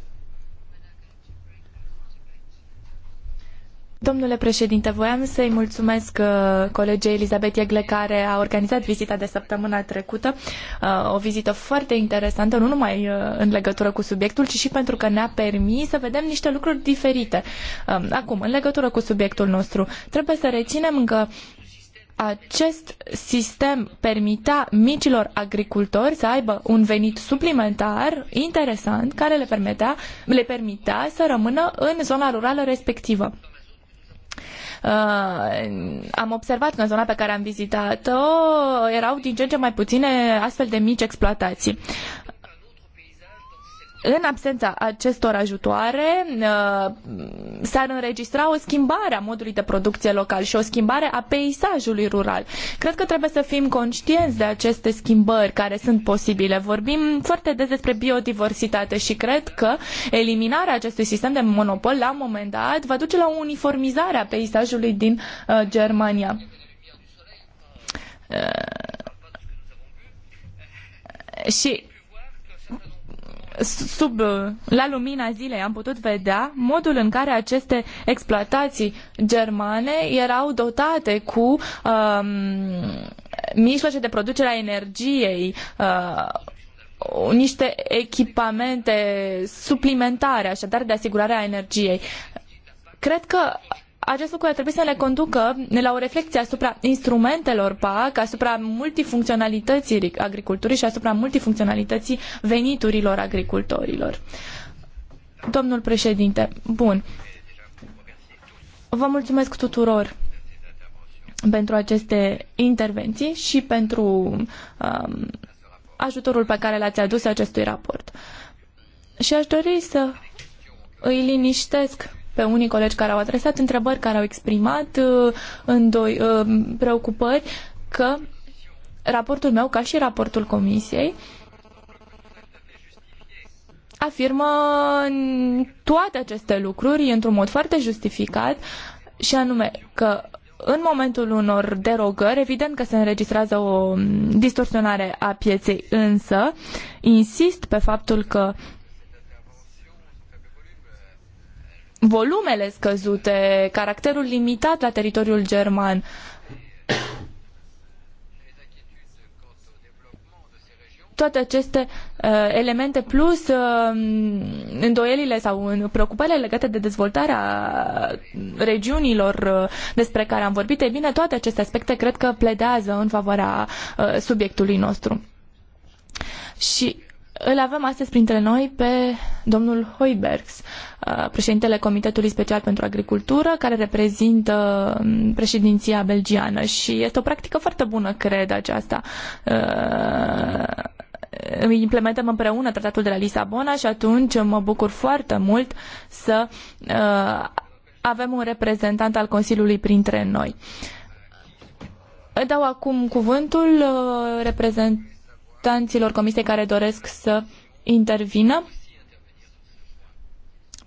Domnule președinte, voiam să-i mulțumesc uh, colegei Elizabeth Iegle care a organizat vizita de săptămâna trecută, uh, o vizită foarte interesantă, nu numai uh, în legătură cu subiectul, ci și pentru că ne-a permis să vedem niște lucruri diferite. Um, acum, în legătură cu subiectul nostru, trebuie să reținem că acest sistem permitea micilor agricultori să aibă un venit suplimentar interesant care le permitea, le permitea să rămână în zona rurală respectivă. Uh, am observat că în zona pe care am vizitat-o erau din ce în ce mai puține astfel de mici exploatații în absența acestor ajutoare uh, s-ar înregistra o schimbare a modului de producție local și o schimbare a peisajului rural. Cred că trebuie să fim conștienți de aceste schimbări care sunt posibile. Vorbim foarte des despre biodiversitate și cred că eliminarea acestui sistem de monopol la un moment dat va duce la o uniformizare a peisajului din uh, Germania. Uh, și sub, uh, la lumina zilei am putut vedea modul în care aceste exploatații germane erau dotate cu um, mijloace de producere a energiei, uh, niște echipamente suplimentare, așadar de asigurare a energiei. Cred că acest lucru ar trebui să ne conducă la o reflexie asupra instrumentelor PAC, asupra multifuncționalității agriculturii și asupra multifuncționalității veniturilor agricultorilor. Domnul președinte, bun. Vă mulțumesc tuturor pentru aceste intervenții și pentru um, ajutorul pe care l-ați adus acestui raport. Și aș dori să îi liniștesc pe unii colegi care au adresat întrebări, care au exprimat uh, îndoi, uh, preocupări că raportul meu, ca și raportul comisiei, afirmă toate aceste lucruri într-un mod foarte justificat și anume că în momentul unor derogări, evident că se înregistrează o distorsionare a pieței, însă insist pe faptul că volumele scăzute, caracterul limitat la teritoriul german. Toate aceste uh, elemente plus uh, îndoielile sau în uh, preocupările legate de dezvoltarea regiunilor uh, despre care am vorbit, e bine, toate aceste aspecte cred că pledează în favoarea uh, subiectului nostru. Și îl avem astăzi printre noi pe domnul Hoibergs, uh, președintele Comitetului Special pentru Agricultură, care reprezintă um, președinția belgiană și este o practică foarte bună, cred, aceasta uh, implementăm împreună tratatul de la Lisabona și atunci mă bucur foarte mult să uh, avem un reprezentant al Consiliului printre noi. Dau acum cuvântul reprezentantului reprezentanților comisiei care doresc să intervină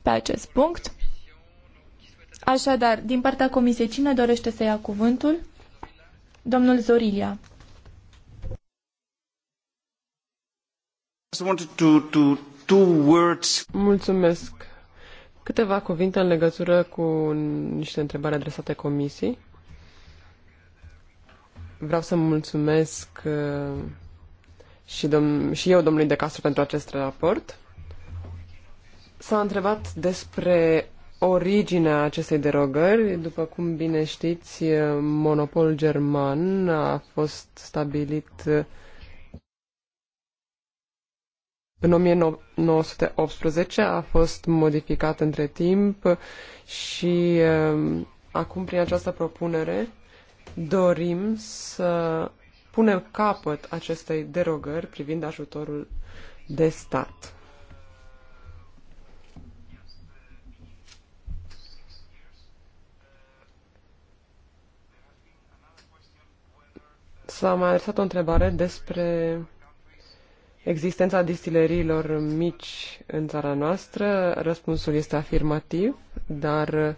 pe acest punct. Așadar, din partea comisiei, cine dorește să ia cuvântul? Domnul Zorilia. Mulțumesc. Câteva cuvinte în legătură cu niște întrebări adresate comisiei. Vreau să mulțumesc uh, și, dom- și eu domnului De Castro pentru acest raport. S-a întrebat despre originea acestei derogări. După cum bine știți, monopol german a fost stabilit în 1918, a fost modificat între timp și um, acum prin această propunere dorim să punem capăt acestei derogări privind ajutorul de stat. S-a mai adresat o întrebare despre existența distileriilor mici în țara noastră. Răspunsul este afirmativ, dar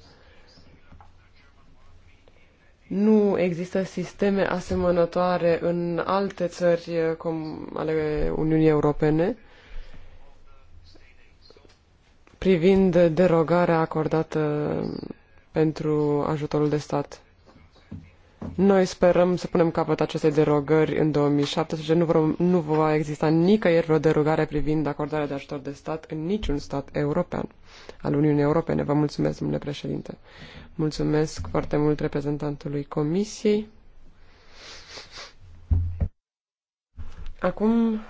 nu există sisteme asemănătoare în alte țări eh, cum ale Uniunii Europene privind derogarea acordată eh, pentru ajutorul de stat. Noi sperăm să punem capăt acestei derogări în 2017. Nu, vor, nu va exista nicăieri vreo derogare privind acordarea de ajutor de stat în niciun stat european al Uniunii Europene. Vă mulțumesc, domnule președinte. Mulțumesc foarte mult reprezentantului Comisiei. Acum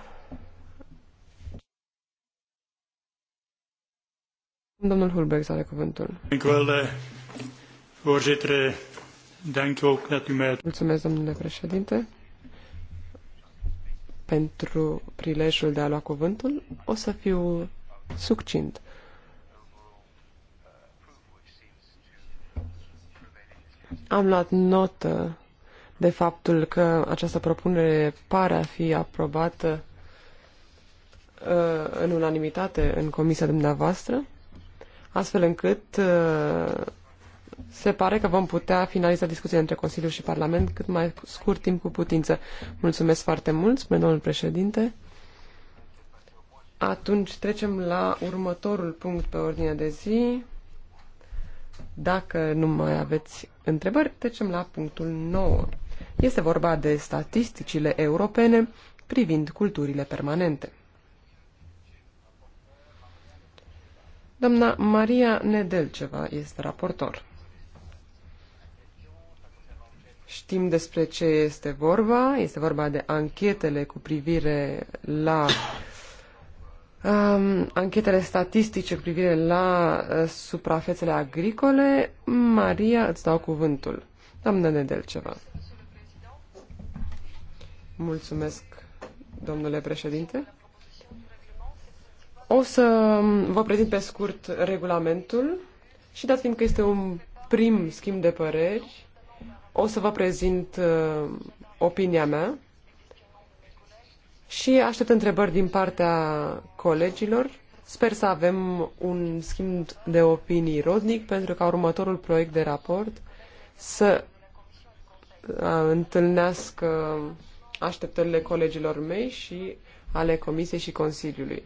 Domnul Hulberg are cuvântul. Încă o dată, Mulțumesc, domnule președinte. Pentru prilejul de a lua cuvântul, o să fiu succint. Am luat notă de faptul că această propunere pare a fi aprobată uh, în unanimitate în comisia dumneavoastră, astfel încât uh, se pare că vom putea finaliza discuția între Consiliu și Parlament cât mai scurt timp cu putință. Mulțumesc foarte mult, spune domnul președinte. Atunci trecem la următorul punct pe ordinea de zi. Dacă nu mai aveți întrebări, trecem la punctul 9. Este vorba de statisticile europene privind culturile permanente. Doamna Maria Nedelceva este raportor. Știm despre ce este vorba. Este vorba de anchetele cu privire la um, anchetele statistice cu privire la uh, suprafețele agricole. Maria, îți dau cuvântul. Doamna Nedel, ceva. Mulțumesc, domnule președinte. O să um, vă prezint pe scurt regulamentul și dat fiindcă este un prim schimb de păreri, o să vă prezint uh, opinia mea și aștept întrebări din partea colegilor. Sper să avem un schimb de opinii rodnic pentru ca următorul proiect de raport să uh, întâlnească așteptările colegilor mei și ale Comisiei și Consiliului.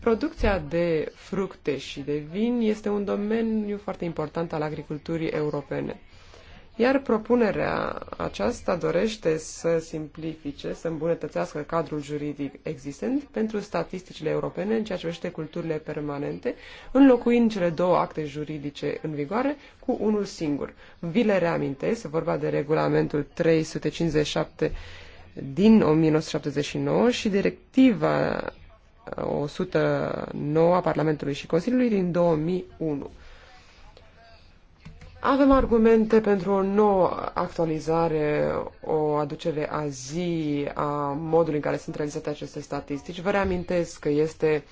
Producția de fructe și de vin este un domeniu foarte important al agriculturii europene. Iar propunerea aceasta dorește să simplifice, să îmbunătățească cadrul juridic existent pentru statisticile europene în ceea ce privește culturile permanente, înlocuind cele două acte juridice în vigoare cu unul singur. Vi le reamintesc, vorba de regulamentul 357 din 1979 și directiva 109 a Parlamentului și Consiliului din 2001. Avem argumente pentru o nouă actualizare, o aducere a zi a modului în care sunt realizate aceste statistici. Vă reamintesc că este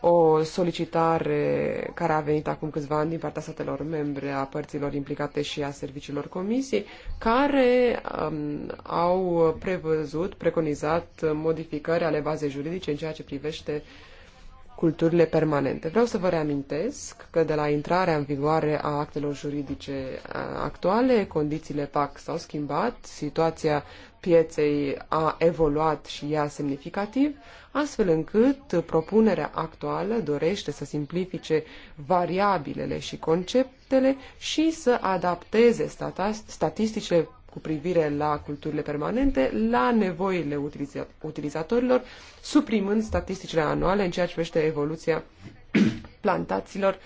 o solicitare care a venit acum câțiva ani din partea statelor membre, a părților implicate și a serviciilor comisiei, care um, au prevăzut, preconizat modificări ale bazei juridice în ceea ce privește uh, culturile permanente. Vreau să vă reamintesc că de la intrarea în vigoare a actelor juridice actuale, condițiile PAC s-au schimbat, situația pieței a evoluat și ea semnificativ, astfel încât propunerea actuală dorește să simplifice variabilele și conceptele și să adapteze statisticile cu privire la culturile permanente, la nevoile utilizatorilor, suprimând statisticile anuale în ceea ce privește evoluția plantațiilor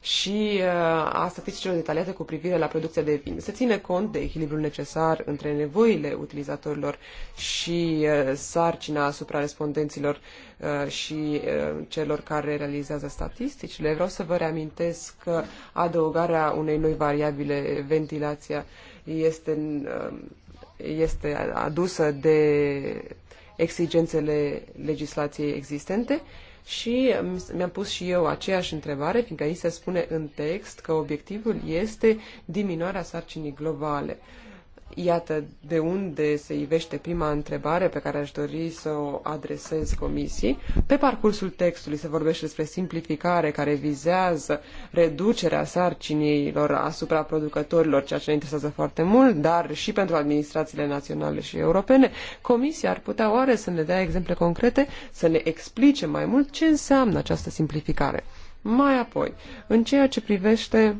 și uh, a statisticilor detaliate cu privire la producția de vin. Se ține cont de echilibrul necesar între nevoile utilizatorilor și uh, sarcina asupra respondenților uh, și celor care realizează statisticile. Vreau să vă reamintesc că adăugarea unei noi variabile, ventilația, este, um, este adusă de exigențele legislației existente și mi-am pus și eu aceeași întrebare, fiindcă aici se spune în text că obiectivul este diminuarea sarcinii globale. Uh, Iată de unde se ivește prima întrebare pe care aș dori să o adresez comisiei. Pe parcursul textului se vorbește despre simplificare care vizează reducerea sarcinilor asupra producătorilor, ceea ce ne interesează foarte mult, dar și pentru administrațiile naționale și europene. Comisia ar putea oare să ne dea exemple concrete, să ne explice mai mult ce înseamnă această simplificare. Mai apoi, în ceea ce privește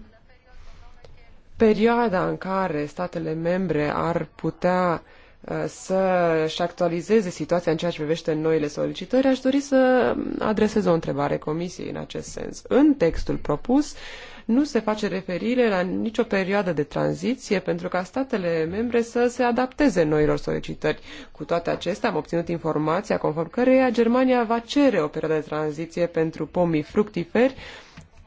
perioada în care statele membre ar putea uh, să-și actualizeze situația în ceea ce privește noile solicitări, aș dori să adresez o întrebare Comisiei în acest sens. În textul propus nu se face referire la nicio perioadă de tranziție pentru ca statele membre să se adapteze noilor solicitări. Cu toate acestea am obținut informația conform căreia Germania va cere o perioadă de tranziție pentru pomii fructiferi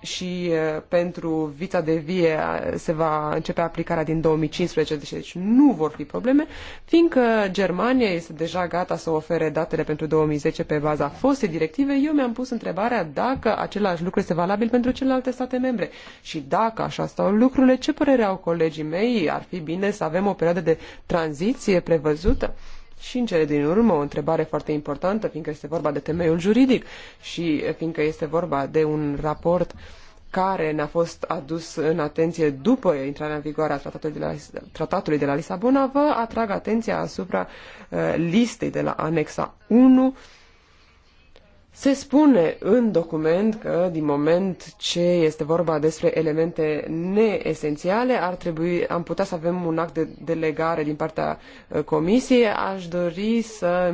și uh, pentru vița de vie uh, se va începe aplicarea din 2015, deci, deci nu vor fi probleme, fiindcă Germania este deja gata să ofere datele pentru 2010 pe baza fostei directive, eu mi-am pus întrebarea dacă același lucru este valabil pentru celelalte state membre și dacă așa stau lucrurile, ce părere au colegii mei, ar fi bine să avem o perioadă de tranziție prevăzută? Și în cele din urmă, o întrebare foarte importantă, fiindcă este vorba de temeiul juridic și eh, fiindcă este vorba de un raport care ne-a fost adus în atenție după intrarea în vigoare a tratatului de la, tratatului de la Lisabona, vă atrag atenția asupra uh, listei de la anexa 1 se spune în document că, din moment ce este vorba despre elemente neesențiale, ar trebui, am putea să avem un act de delegare din partea uh, Comisiei. Aș dori să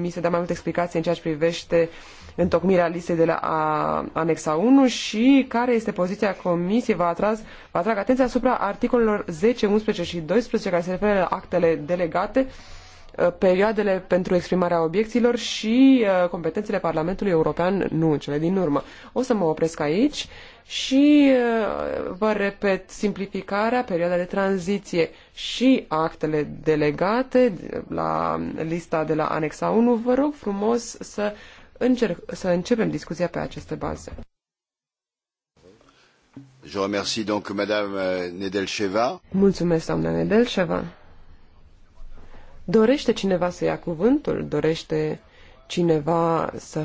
mi se dea mai multe explicații în ceea ce privește întocmirea listei de la anexa 1 și care este poziția Comisiei. Vă, atras, vă atrag atenția asupra articolelor 10, 11 și 12 care se referă la actele delegate Uh, perioadele pentru exprimarea obiecțiilor și uh, competențele Parlamentului European, nu în cele din urmă. O să mă opresc aici și uh, vă repet, simplificarea, perioada de tranziție și actele delegate la lista de la anexa 1, vă rog frumos să, încerc, să începem discuția pe aceste baze. Je remercie donc Madame Nedelcheva. Mulțumesc, doamna Nedelcheva. Dorește cineva să ia cuvântul? Dorește cineva să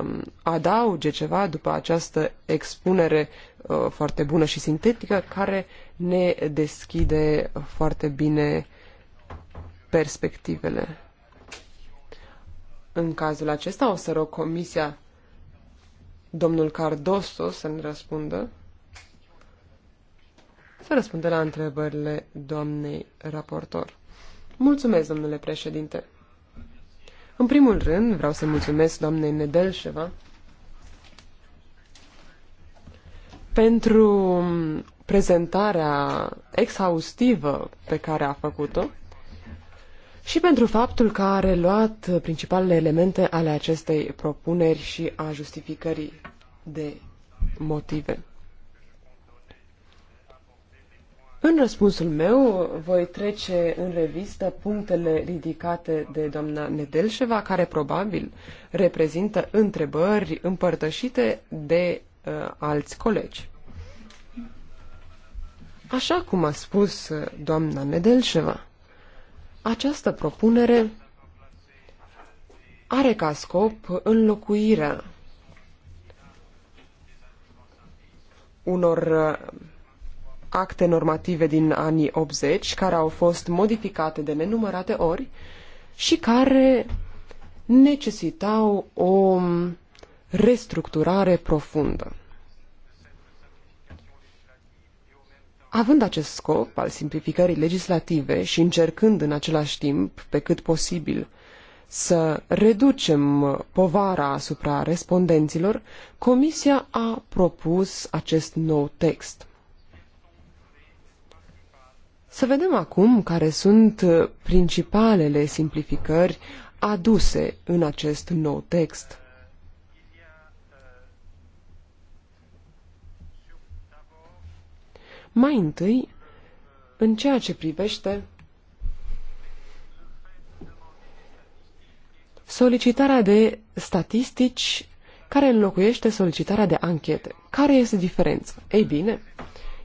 um, adauge ceva după această expunere uh, foarte bună și sintetică care ne deschide foarte bine perspectivele. În cazul acesta o să rog comisia domnul Cardoso să ne răspundă să răspundă la întrebările doamnei raportor. Mulțumesc, domnule președinte. În primul rând, vreau să mulțumesc doamnei Nedelșeva pentru prezentarea exhaustivă pe care a făcut-o și pentru faptul că a reluat principalele elemente ale acestei propuneri și a justificării de motive. În răspunsul meu voi trece în revistă punctele ridicate de doamna Nedelșeva, care probabil reprezintă întrebări împărtășite de uh, alți colegi. Așa cum a spus uh, doamna Nedelșeva, această propunere are ca scop înlocuirea unor uh, acte normative din anii 80 care au fost modificate de nenumărate ori și care necesitau o restructurare profundă. Având acest scop al simplificării legislative și încercând în același timp, pe cât posibil, să reducem povara asupra respondenților, Comisia a propus acest nou text. Să vedem acum care sunt uh, principalele simplificări aduse în acest nou text. Mai întâi, în ceea ce privește solicitarea de statistici care înlocuiește solicitarea de anchete. Care este diferența? Ei bine,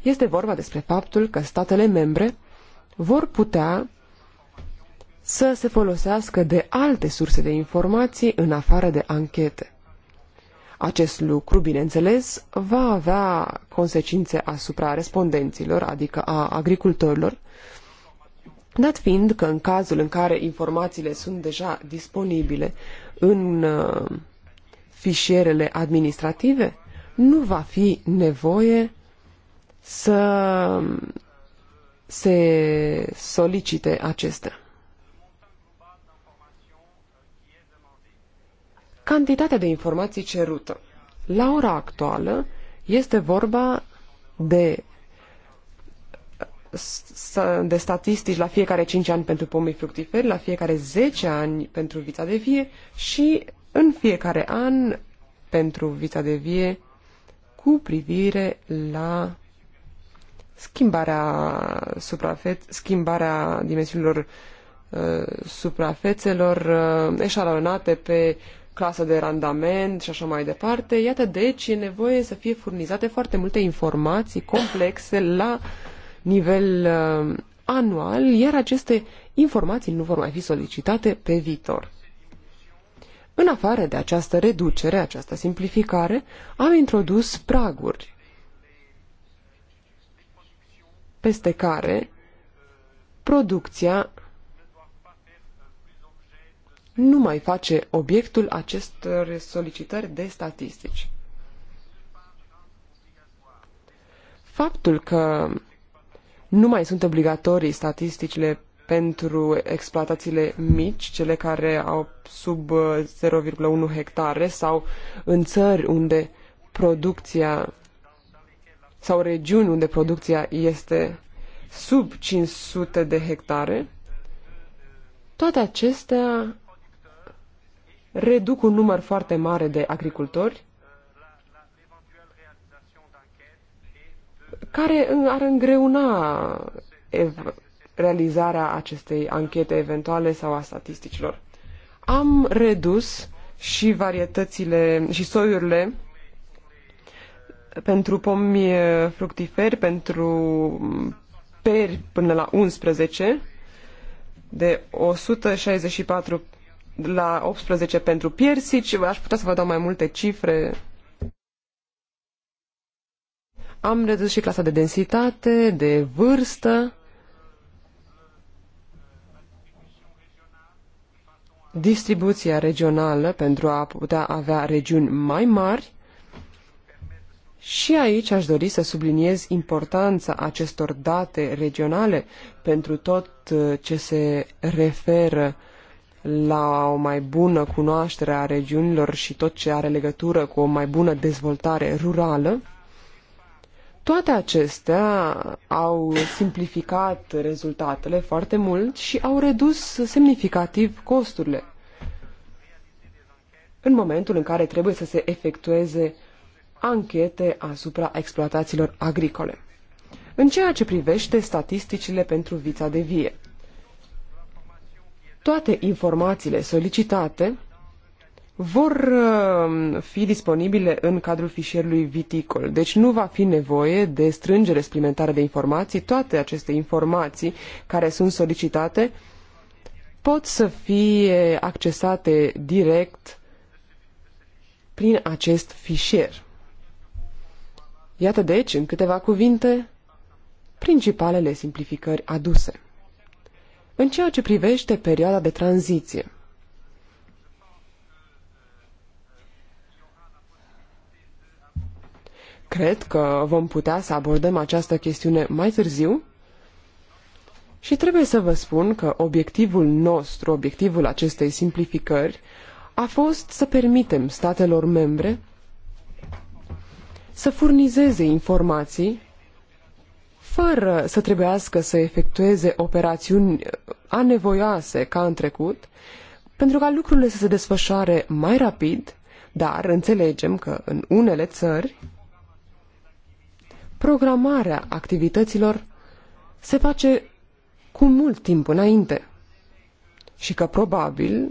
este vorba despre faptul că statele membre vor putea să se folosească de alte surse de informații în afară de anchete. Acest lucru, bineînțeles, va avea consecințe asupra respondenților, adică a agricultorilor, dat fiind că în cazul în care informațiile sunt deja disponibile în uh, fișierele administrative, nu va fi nevoie să se solicite acestea. Cantitatea de informații cerută. La ora actuală este vorba de de statistici la fiecare 5 ani pentru pomii fructiferi, la fiecare 10 ani pentru vița de vie și în fiecare an pentru vița de vie cu privire la schimbarea, suprafeț, schimbarea dimensiunilor uh, suprafețelor uh, eșalonate pe clasă de randament și așa mai departe. Iată, deci, e nevoie să fie furnizate foarte multe informații complexe la nivel uh, anual, iar aceste informații nu vor mai fi solicitate pe viitor. În afară de această reducere, această simplificare, am introdus praguri peste care producția nu mai face obiectul acestor solicitări de statistici. Faptul că nu mai sunt obligatorii statisticile pentru exploatațiile mici, cele care au sub 0,1 uh, hectare sau în țări unde producția sau regiuni unde producția este sub 500 de hectare, toate acestea reduc un număr foarte mare de agricultori care ar îngreuna realizarea acestei anchete eventuale sau a statisticilor. Am redus și varietățile și soiurile pentru pomi eh, fructiferi, pentru peri până la 11, de 164 la 18 pentru piersici. Aș putea să vă dau mai multe cifre. Am redus și clasa de densitate, de vârstă. Distribuția regională pentru a putea avea regiuni mai mari și aici aș dori să subliniez importanța acestor date regionale pentru tot uh, ce se referă la o mai bună cunoaștere a regiunilor și tot ce are legătură cu o mai bună dezvoltare rurală. Toate acestea au simplificat rezultatele foarte mult și au redus semnificativ costurile. În momentul în care trebuie să se efectueze uh, anchete asupra exploatațiilor agricole. În ceea ce privește statisticile pentru vița de vie, toate informațiile solicitate vor uh, fi disponibile în cadrul fișierului viticol. Deci nu va fi nevoie de strângere suplimentară de informații. Toate aceste informații care sunt solicitate pot să fie accesate direct prin acest fișier. Iată deci, în câteva cuvinte, principalele simplificări aduse. În ceea ce privește perioada de tranziție, Cred că vom putea să abordăm această chestiune mai târziu și trebuie să vă spun că obiectivul nostru, obiectivul acestei simplificări, a fost să permitem statelor membre să furnizeze informații fără să trebuiască să efectueze operațiuni uh, anevoioase ca în trecut, pentru ca lucrurile să se desfășoare mai rapid, dar înțelegem că în unele țări programarea activităților se face cu mult timp înainte și că probabil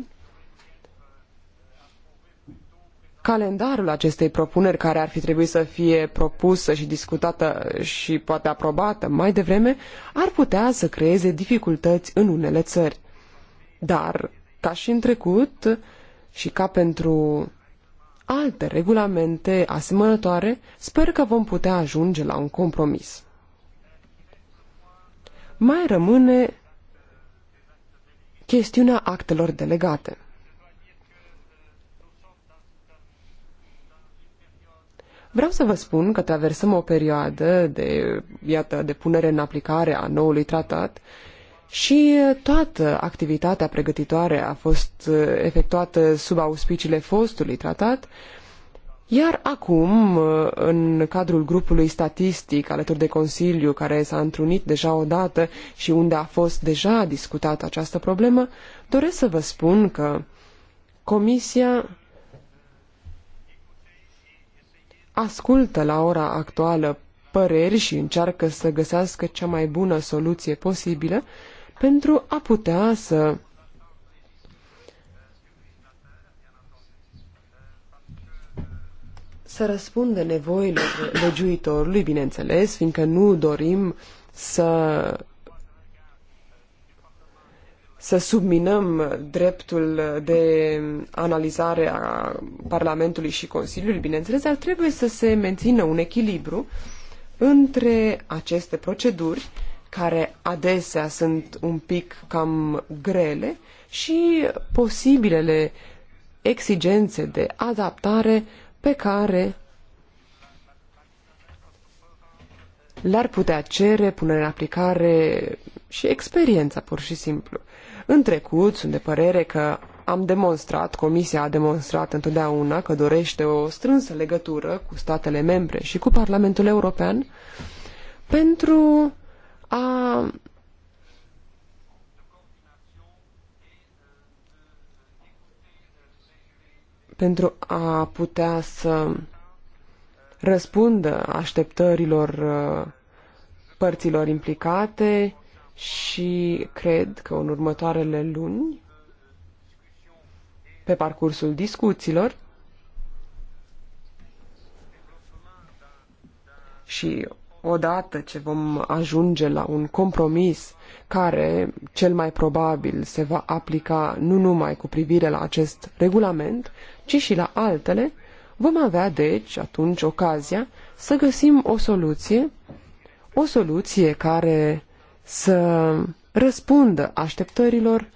calendarul acestei propuneri care ar fi trebuit să fie propusă și discutată și poate aprobată mai devreme ar putea să creeze dificultăți în unele țări. Dar, ca și în trecut și ca pentru alte regulamente asemănătoare, sper că vom putea ajunge la un compromis. Mai rămâne chestiunea actelor delegate. Vreau să vă spun că traversăm o perioadă de, iată, de punere în aplicare a noului tratat și toată activitatea pregătitoare a fost uh, efectuată sub auspiciile fostului tratat, iar acum, uh, în cadrul grupului statistic alături de Consiliu, care s-a întrunit deja odată și unde a fost deja discutată această problemă, doresc să vă spun că Comisia ascultă la ora actuală păreri și încearcă să găsească cea mai bună soluție posibilă pentru a putea să să răspundă nevoilor legiuitorului, bineînțeles, fiindcă nu dorim să să subminăm dreptul de analizare a Parlamentului și Consiliului, bineînțeles, dar trebuie să se mențină un echilibru între aceste proceduri, care adesea sunt un pic cam grele, și posibilele exigențe de adaptare pe care le-ar putea cere punerea în aplicare și experiența, pur și simplu. În trecut, sunt de părere că am demonstrat, Comisia a demonstrat întotdeauna că dorește o strânsă legătură cu statele membre și cu Parlamentul European pentru a pentru a putea să răspundă așteptărilor uh, părților implicate și cred că în următoarele luni, pe parcursul discuțiilor și odată ce vom ajunge la un compromis care cel mai probabil se va aplica nu numai cu privire la acest regulament, ci și la altele, vom avea deci atunci ocazia să găsim o soluție, o soluție care să răspundă așteptărilor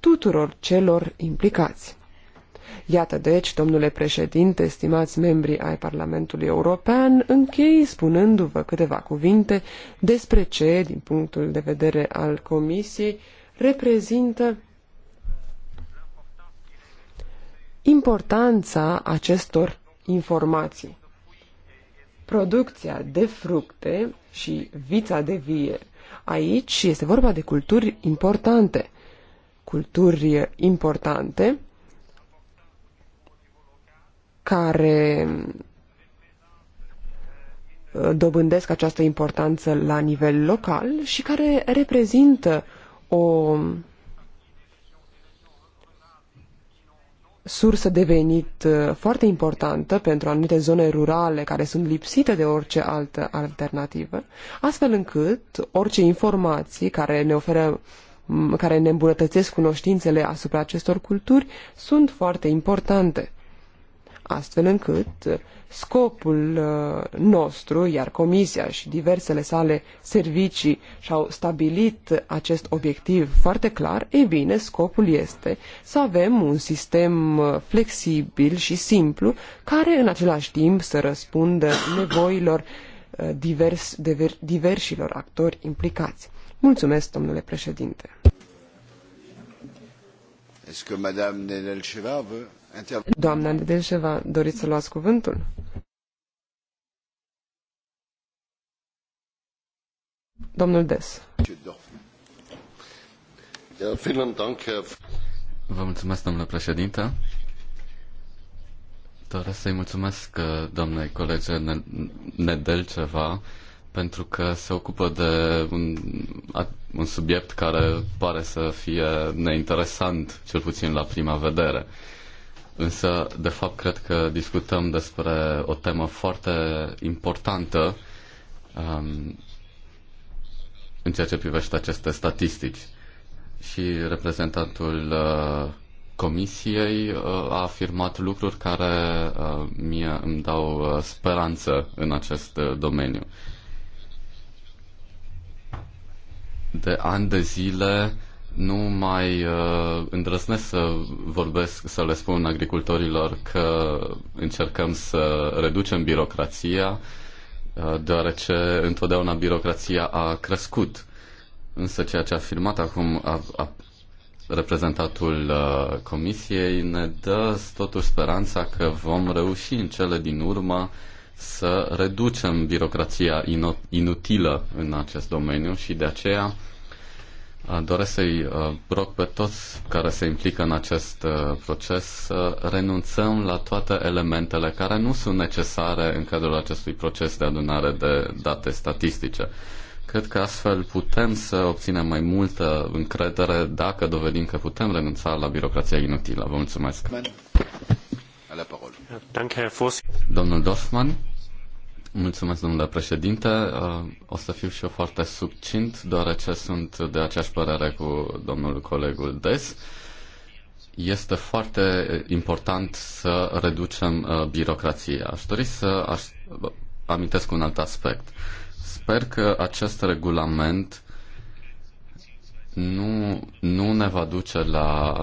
tuturor celor implicați. Iată deci, domnule președinte, stimați membri ai Parlamentului European, închei spunându-vă câteva cuvinte despre ce, din punctul de vedere al Comisiei, reprezintă importanța acestor informații. Producția de fructe și vița de vie Aici este vorba de culturi importante. Culturi importante care uh, dobândesc această importanță la nivel local și care reprezintă o sursă de venit uh, foarte importantă pentru anumite zone rurale care sunt lipsite de orice altă alternativă, astfel încât orice informații care ne oferă care ne îmbunătățesc cunoștințele asupra acestor culturi sunt foarte importante astfel încât scopul uh, nostru, iar Comisia și diversele sale servicii și-au stabilit acest obiectiv foarte clar, e bine, scopul este să avem un sistem uh, flexibil și simplu care în același timp să răspundă nevoilor uh, divers, diver, diversilor actori implicați. Mulțumesc, domnule președinte. Est-ce que Madame Nenelcheva veut Doamna Nedelșeva, doriți să luați cuvântul? Domnul Des. Vă mulțumesc, domnule președinte. Doresc să-i mulțumesc uh, doamnei colege Nedelceva pentru că se ocupă de un, un subiect care pare să fie neinteresant, cel puțin la prima vedere. Însă, de fapt, cred că discutăm despre o temă foarte importantă um, în ceea ce privește aceste statistici. Și reprezentantul uh, Comisiei uh, a afirmat lucruri care uh, mie îmi dau uh, speranță în acest uh, domeniu. De ani de zile nu mai uh, îndrăznesc să vorbesc, să le spun agricultorilor că încercăm să reducem birocrația, uh, deoarece întotdeauna birocrația a crescut. Însă ceea ce a afirmat acum a, a reprezentatul uh, Comisiei ne dă totuși speranța că vom reuși în cele din urmă să reducem birocrația inutilă în acest domeniu și de aceea Doresc să-i rog pe toți care se implică în acest proces să renunțăm la toate elementele care nu sunt necesare în cadrul acestui proces de adunare de date statistice. Cred că astfel putem să obținem mai multă încredere dacă dovedim că putem renunța la birocrația inutilă. Vă mulțumesc. Domnul Dorfman. Mulțumesc, domnule președinte. Uh, o să fiu și eu foarte succint, deoarece sunt de aceeași părere cu domnul colegul Des. Este foarte important să reducem uh, birocrația. Aș dori să aș, uh, amintesc un alt aspect. Sper că acest regulament nu, nu ne va duce la,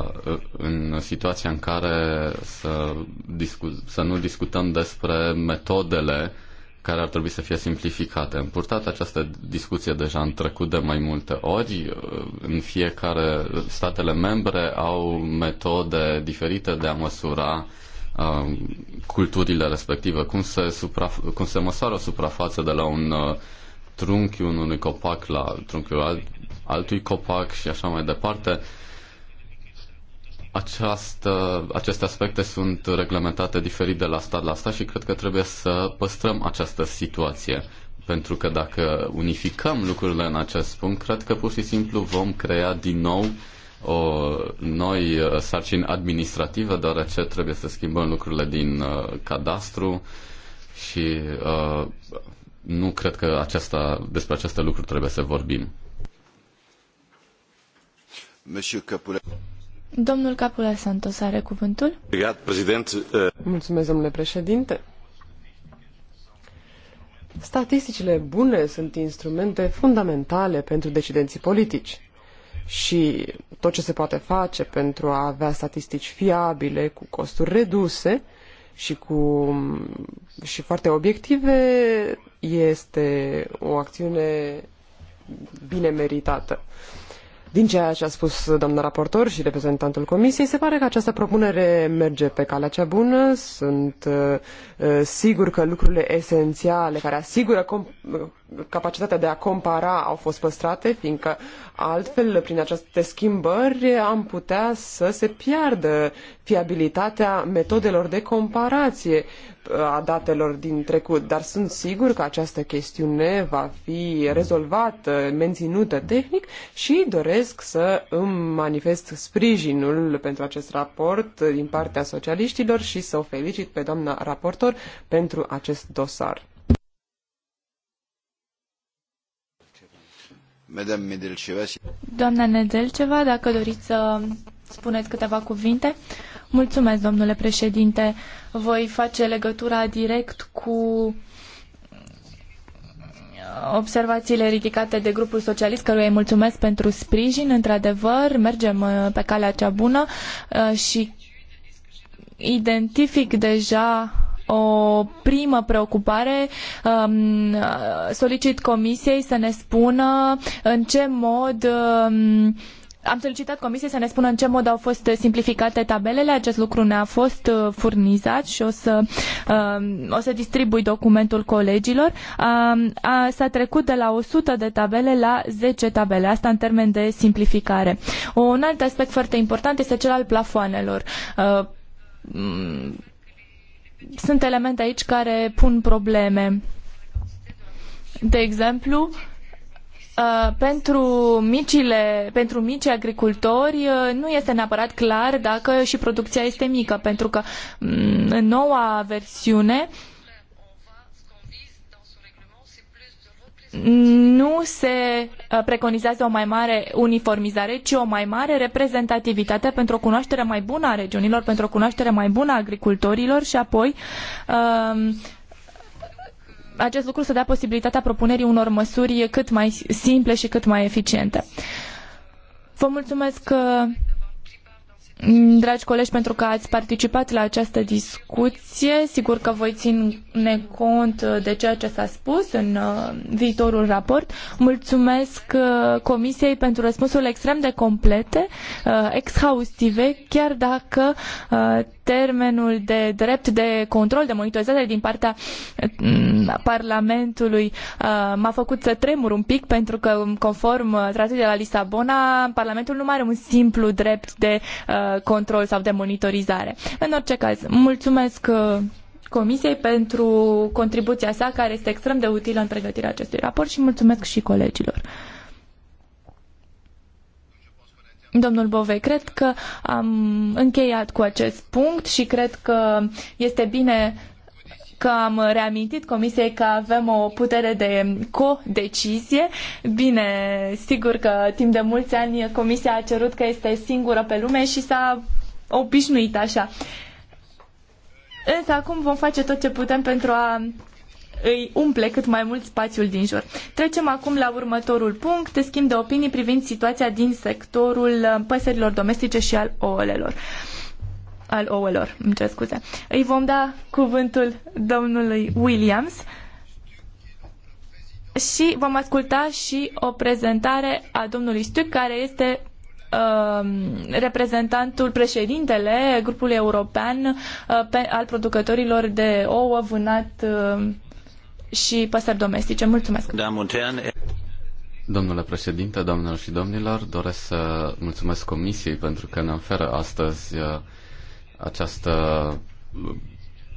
în situația în care să, discu- să nu discutăm despre metodele uh, care ar trebui să fie simplificate. Am purtat această discuție deja în trecut de mai multe ori. În fiecare statele membre au metode diferite de a măsura um, culturile respective, cum se, supra, cum se măsoară suprafață de la un uh, trunchi unui copac la trunchiul alt, altui copac și așa mai departe. Uh, această, aceste aspecte sunt reglementate diferit de la stat la stat și cred că trebuie să păstrăm această situație. Pentru că dacă unificăm lucrurile în acest punct, cred că pur și simplu vom crea din nou o noi uh, sarcini administrative, deoarece trebuie să schimbăm lucrurile din uh, cadastru și uh, nu cred că aceasta, despre aceste lucruri trebuie să vorbim. Domnul Capula Santos are cuvântul. Mulțumesc, domnule președinte. Statisticile bune sunt instrumente fundamentale pentru decidenții politici și tot ce se poate face pentru a avea statistici fiabile, cu costuri reduse și, cu, și foarte obiective, este o acțiune bine meritată. Din ceea ce a spus doamna raportor și reprezentantul comisiei, se pare că această propunere merge pe calea cea bună. Sunt uh, uh sigur că lucrurile esențiale care asigură capacitatea de a compara au fost păstrate, fiindcă altfel, prin aceste schimbări, am putea să se piardă fiabilitatea metodelor de comparație uh, a datelor din trecut. Dar sunt sigur că această chestiune va fi rezolvată, menținută tehnic și doresc să îmi manifest sprijinul pentru acest raport din partea socialiștilor și să o felicit pe doamna raportor pentru acest dosar. Madame Nedelceva. Doamna Nedelceva, dacă doriți să spuneți câteva cuvinte. Mulțumesc, domnule președinte. Voi face legătura direct cu observațiile ridicate de grupul socialist, căruia îi mulțumesc pentru sprijin. Într-adevăr, mergem uh, pe calea cea bună uh, și identific deja o primă preocupare, um, solicit comisiei să ne spună în ce mod um, am solicitat comisiei să ne spună în ce mod au fost simplificate tabelele. Acest lucru ne-a fost uh, furnizat și o să, um, o să distribui documentul colegilor. S-a trecut de la 100 de tabele la 10 tabele, asta în termen de simplificare. Un alt aspect foarte important este cel al plafoanelor uh, sunt elemente aici care pun probleme. De exemplu, uh, pentru, micile, pentru mici agricultori uh, nu este neapărat clar dacă și producția este mică, pentru că mm, în noua versiune uh, nu se uh, preconizează o mai mare uniformizare, ci o mai mare reprezentativitate pentru o cunoaștere mai bună a regiunilor, pentru o cunoaștere mai bună a agricultorilor și apoi um, acest lucru să dea posibilitatea propunerii unor măsuri cât mai simple și cât mai eficiente. Vă mulțumesc uh, dragi colegi, pentru că ați participat la această discuție. Sigur că voi ține cont de ceea ce s-a spus în uh, viitorul raport. Mulțumesc uh, Comisiei pentru răspunsurile extrem de complete, uh, exhaustive, chiar dacă termenul de drept de control, de monitorizare din partea mm, Parlamentului uh, m-a făcut să tremur un pic pentru că, conform uh, tratatului de la Lisabona, Parlamentul nu mai are un simplu drept de uh, control sau de monitorizare. În orice caz, mulțumesc Comisiei pentru contribuția sa, care este extrem de utilă în pregătirea acestui raport și mulțumesc și colegilor. Domnul Bove, cred că am încheiat cu acest punct și cred că este bine că am reamintit Comisiei că avem o putere de co-decizie. Bine, sigur că timp de mulți ani Comisia a cerut că este singură pe lume și s-a obișnuit așa. Însă acum vom face tot ce putem pentru a îi umple cât mai mult spațiul din jur. Trecem acum la următorul punct, de schimb de opinii privind situația din sectorul uh, păsărilor domestice și al ouălelor al ouălor, îmi cer scuze. Îi vom da cuvântul domnului Williams și vom asculta și o prezentare a domnului Stuc, care este uh, reprezentantul, președintele grupului european uh, al producătorilor de ouă vânat și păsări domestice. Mulțumesc! Domnule președinte, doamnelor și domnilor, doresc să mulțumesc Comisiei pentru că ne oferă astăzi uh, această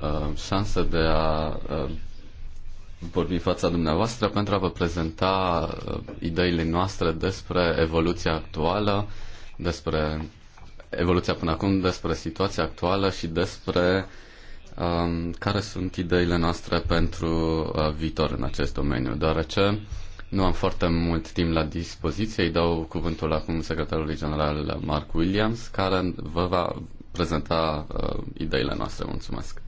uh, șansă de a uh, vorbi în fața dumneavoastră pentru a vă prezenta ideile noastre despre evoluția actuală, despre evoluția până acum, despre situația actuală și despre Um, care sunt ideile noastre pentru uh, viitor în acest domeniu, deoarece nu am foarte mult timp la dispoziție. Îi dau cuvântul acum secretarului general Mark Williams, care vă va prezenta uh, ideile noastre. Mulțumesc.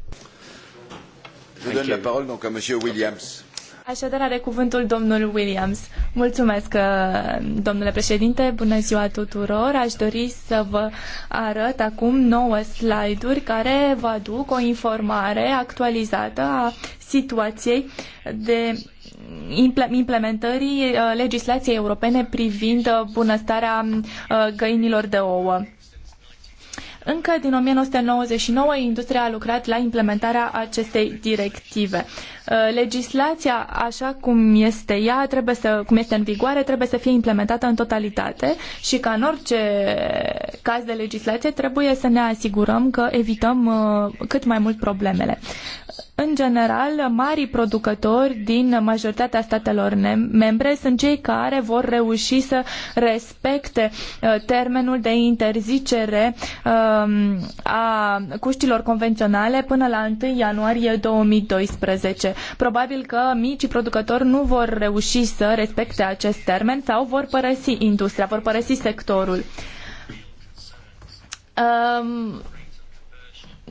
Je donne la parole donc à monsieur Williams. Așadar are cuvântul domnul Williams. Mulțumesc, uh, domnule președinte, bună ziua tuturor. Aș dori să vă arăt acum nouă slide-uri care vă aduc o informare actualizată a situației de implementării uh, legislației europene privind uh, bunăstarea găinilor de ouă. Încă din 1999, industria a lucrat la implementarea acestei directive. Uh, legislația, așa cum este ea, trebuie să, cum este în vigoare, trebuie să fie implementată în totalitate și ca în orice caz de legislație trebuie să ne asigurăm că evităm uh, cât mai mult problemele în general, marii producători din majoritatea statelor membre sunt cei care vor reuși să respecte uh, termenul de interzicere um, a cuștilor convenționale până la 1 ianuarie 2012. Probabil că micii producători nu vor reuși să respecte acest termen sau vor părăsi industria, vor părăsi sectorul. Um,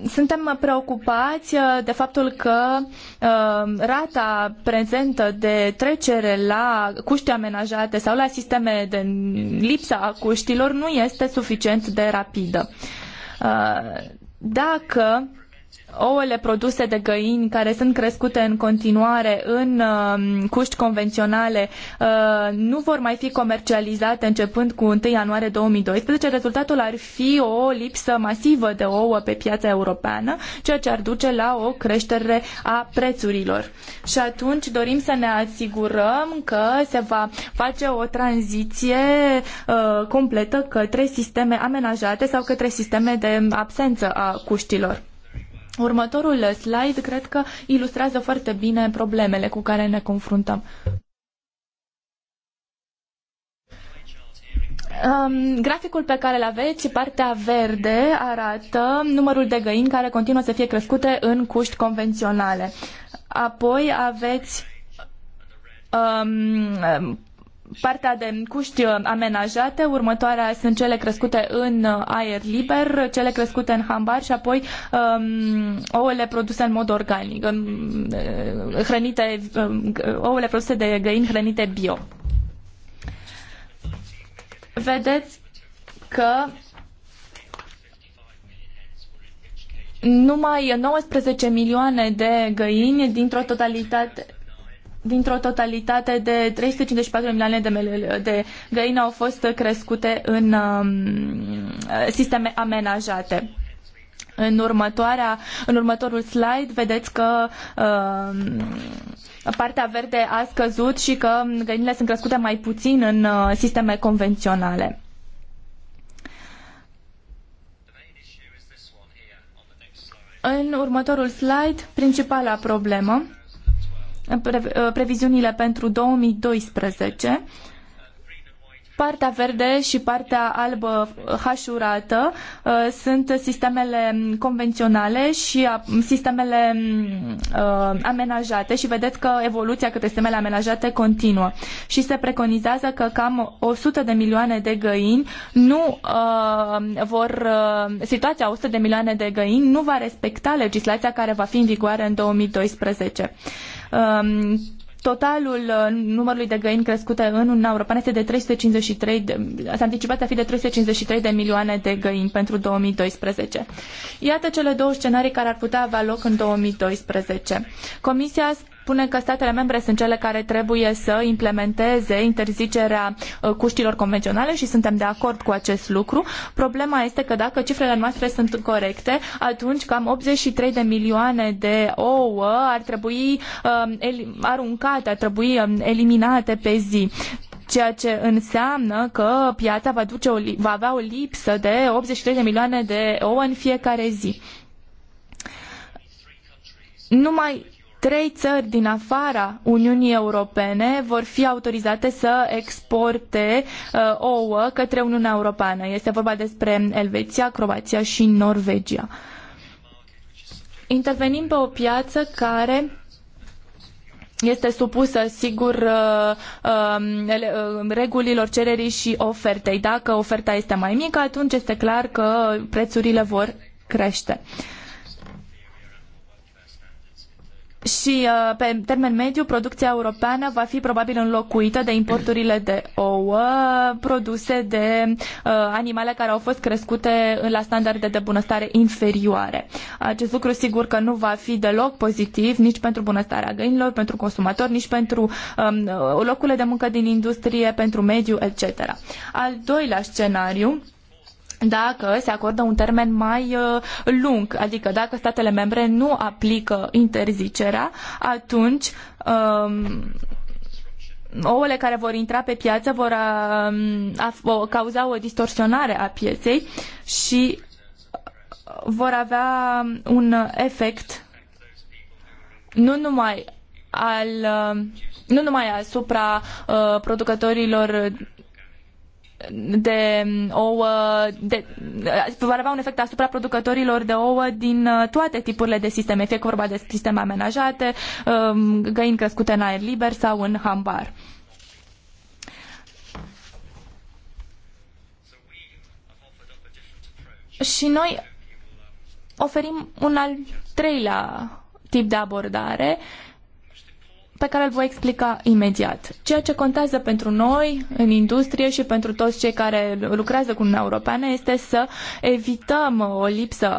suntem preocupați uh, de faptul că uh, rata prezentă de trecere la cuști amenajate sau la sisteme de lipsa a cuștilor nu este suficient de rapidă. Uh, dacă ouăle produse de găini care sunt crescute în continuare în uh, cuști convenționale uh, nu vor mai fi comercializate începând cu 1 ianuarie 2012, rezultatul ar fi o lipsă masivă de ouă pe piața europeană, ceea ce ar duce la o creștere a prețurilor. Și atunci dorim să ne asigurăm că se va face o tranziție uh, completă către sisteme amenajate sau către sisteme de absență a cuștilor. Următorul slide cred că ilustrează foarte bine problemele cu care ne confruntăm. Um, graficul pe care îl aveți, partea verde, arată numărul de găini care continuă să fie crescute în cuști convenționale. Apoi aveți um, partea de cuști uh, amenajate, următoarea sunt cele crescute în uh, aer liber, cele crescute în hambar și apoi um, ouăle produse în mod organic, um, hrănite, um, ouăle produse de găini hrănite bio. Vedeți că numai 19 milioane de găini dintr-o totalitate dintr-o totalitate de 354 milioane de, de găini au fost crescute în um, sisteme amenajate. În, următoarea, în următorul slide vedeți că uh, partea verde a scăzut și că găinile sunt crescute mai puțin în uh, sisteme convenționale. În următorul slide, principala problemă pre, uh, previziunile pentru 2012, Partea verde și partea albă hașurată uh, sunt sistemele convenționale și uh, sistemele uh, amenajate și vedeți că evoluția către sistemele amenajate continuă și se preconizează că cam 100 de milioane de găini nu uh, vor situația 100 de milioane de găini nu va respecta legislația care va fi în vigoare în 2012 um, totalul uh, numărului de găini crescute în Uniunea Europeană este de 353, de, s-a anticipat a fi de 353 de milioane de găini pentru 2012. Iată cele două scenarii care ar putea avea loc în 2012. Comisia spune că statele membre sunt cele care trebuie să implementeze interzicerea uh, cuștilor convenționale și suntem de acord cu acest lucru. Problema este că dacă cifrele noastre sunt corecte, atunci cam 83 de milioane de ouă ar trebui um, aruncate, ar trebui um, eliminate pe zi ceea ce înseamnă că piața va, duce o, va avea o lipsă de 83 de milioane de ouă în fiecare zi. Numai trei țări din afara Uniunii Europene vor fi autorizate să exporte uh, ouă către Uniunea Europeană. Este vorba despre Elveția, Croația și Norvegia. Intervenim pe o piață care este supusă, sigur, uh, um, uh, regulilor cererii și ofertei. Dacă oferta este mai mică, atunci este clar că prețurile vor crește. Uh, și uh, pe termen mediu producția europeană va fi probabil înlocuită de importurile de ouă produse de uh, animale care au fost crescute la standarde de bunăstare inferioare. Acest lucru sigur că nu va fi deloc pozitiv nici pentru bunăstarea găinilor, pentru consumatori, nici pentru um, locurile de muncă din industrie, pentru mediu, etc. Al doilea scenariu dacă se acordă un termen mai uh, lung, adică dacă statele membre nu aplică interzicerea, atunci um, ouăle care vor intra pe piață vor um, a, a, a, cauza o distorsionare a pieței și uh, vor avea um, un efect nu numai al uh, nu numai asupra uh, producătorilor de um, ouă, de, uh, va avea un efect asupra producătorilor de ouă din uh, toate tipurile de sisteme, fie că vorba de sisteme amenajate, um, găini crescute în aer liber sau în hambar. Și noi oferim un al treilea tip de abordare uh, pe care îl voi explica imediat. Ceea ce contează pentru noi în industrie și pentru toți cei care lucrează cu Uniunea Europeană este să evităm o lipsă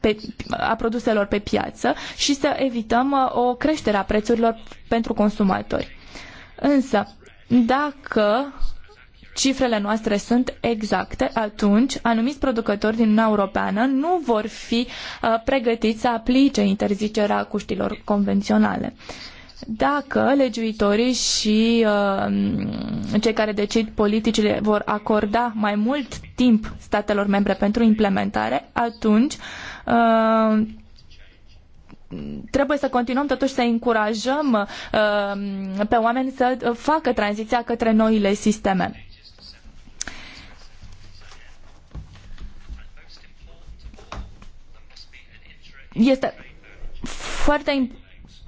pe, a produselor pe piață și să evităm uh, o creștere a prețurilor pentru consumatori. Însă, dacă cifrele noastre sunt exacte, atunci anumiți producători din Uniunea Europeană nu vor fi uh, pregătiți să aplice interzicerea cuștilor convenționale. Uh, dacă legiuitorii și uh, cei care decid politicile vor acorda mai mult timp statelor membre pentru implementare, atunci uh, trebuie să continuăm totuși să încurajăm uh, pe oameni să facă tranziția către noile sisteme. Este foarte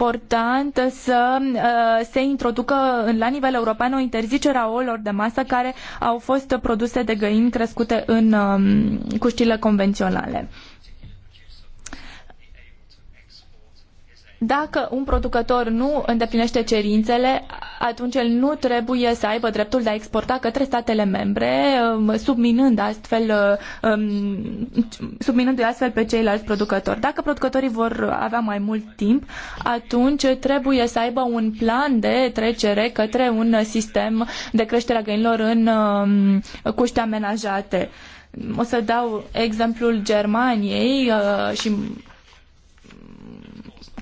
important să uh, se introducă la nivel european o interzicere a ouălor de masă care au fost produse de găini crescute în um, cuștile convenționale. Dacă un producător nu îndeplinește cerințele, atunci el nu trebuie să aibă dreptul de a exporta către statele membre, um, subminând astfel, um, subminându-i astfel pe ceilalți producători. Dacă producătorii vor avea mai mult timp, atunci trebuie să aibă un plan de trecere către un sistem de creștere a găinilor în um, cuște amenajate. O să dau exemplul Germaniei uh, și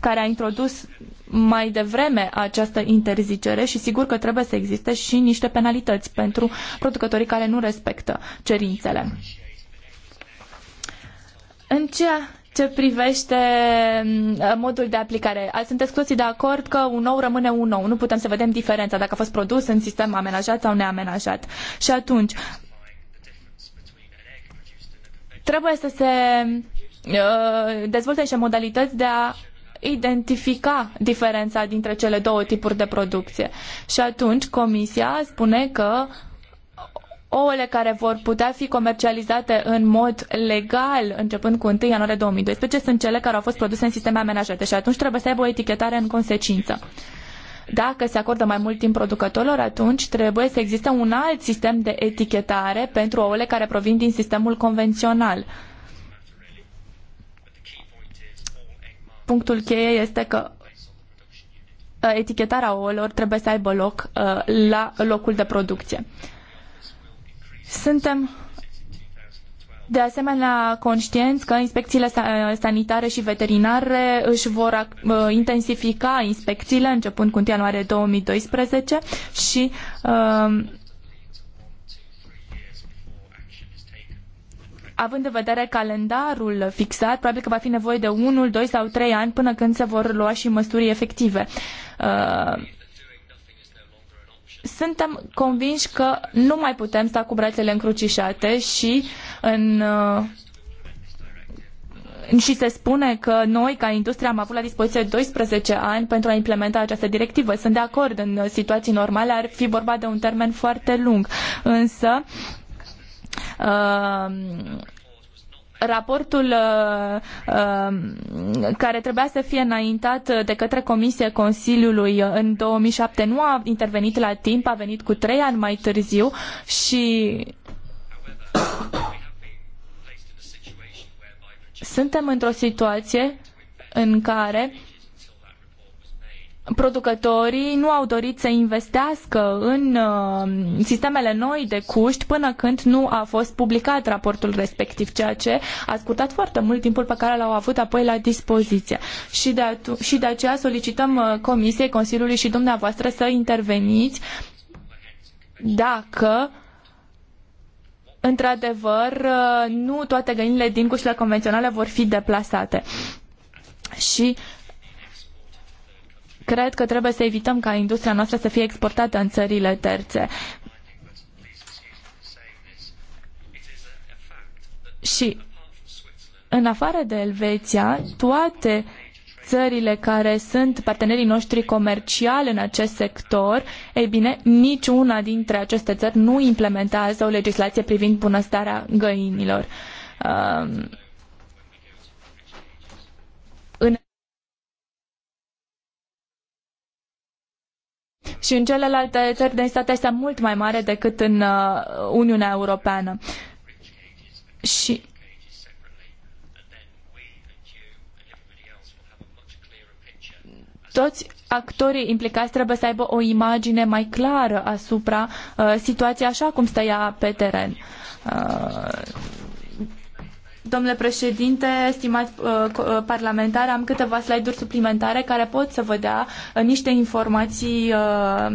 care a introdus mai devreme această interzicere și sigur că trebuie să existe și niște penalități pentru producătorii care nu respectă cerințele. În ceea ce privește mm, modul de aplicare. Sunteți toții de acord că un nou rămâne un nou. Nu putem să vedem diferența dacă a fost produs în sistem amenajat sau neamenajat. Și atunci, trebuie să se mm, uh, dezvolte și modalități de a identifica diferența dintre cele două tipuri de producție. Și atunci Comisia spune că ouăle care vor putea fi comercializate în mod legal începând cu 1 ianuarie 2012 sunt cele care au fost produse în sisteme amenajate și atunci trebuie să aibă o etichetare în consecință. Dacă se acordă mai mult timp producătorilor, atunci trebuie să existe un alt sistem de etichetare pentru ouăle care provin din sistemul convențional. Uh, punctul cheie este că uh, etichetarea ouălor trebuie să aibă loc uh, la locul de producție. Suntem de asemenea conștienți că inspecțiile uh, sanitare și veterinare își vor intensifica inspecțiile începând cu 1 ianuarie 2012 și având în vedere calendarul fixat, probabil că va fi nevoie de unul, doi sau trei ani până când se vor lua și măsuri efective. Uh, suntem convinși că nu mai putem sta cu brațele încrucișate și în uh, și se spune că noi, ca industrie, am avut la dispoziție 12 ani pentru a implementa această directivă. Sunt de acord, în situații normale ar fi vorba de un termen foarte lung, însă Ehm, raportul ehm, care trebuia să fie înaintat de către Comisie Consiliului în 2007 nu a intervenit la timp, a venit cu trei ani mai târziu și suntem într-o situație în care producătorii nu au dorit să investească în uh, sistemele noi de cuști până când nu a fost publicat raportul respectiv, ceea ce a scurtat foarte mult timpul pe care l-au avut apoi la dispoziție. Și de, atu- și de aceea solicităm uh, Comisiei, Consiliului și dumneavoastră să interveniți dacă într-adevăr uh, nu toate găinile din cuștile convenționale vor fi deplasate. Și cred că trebuie să evităm ca industria noastră să fie exportată în țările terțe. Și în afară de Elveția, toate țările care sunt partenerii noștri comerciali în acest sector, ei bine, niciuna dintre aceste țări nu implementează o legislație privind bunăstarea găinilor. Uh, și în celelalte țări densitatea este mult mai mare decât în uh, Uniunea Europeană. Și toți actorii implicați trebuie să aibă o imagine mai clară asupra uh, situației așa cum stă ea pe teren. Uh, Domnule președinte, stimați uh, uh, parlamentari, am câteva slide-uri suplimentare care pot să vă dea uh, niște informații uh,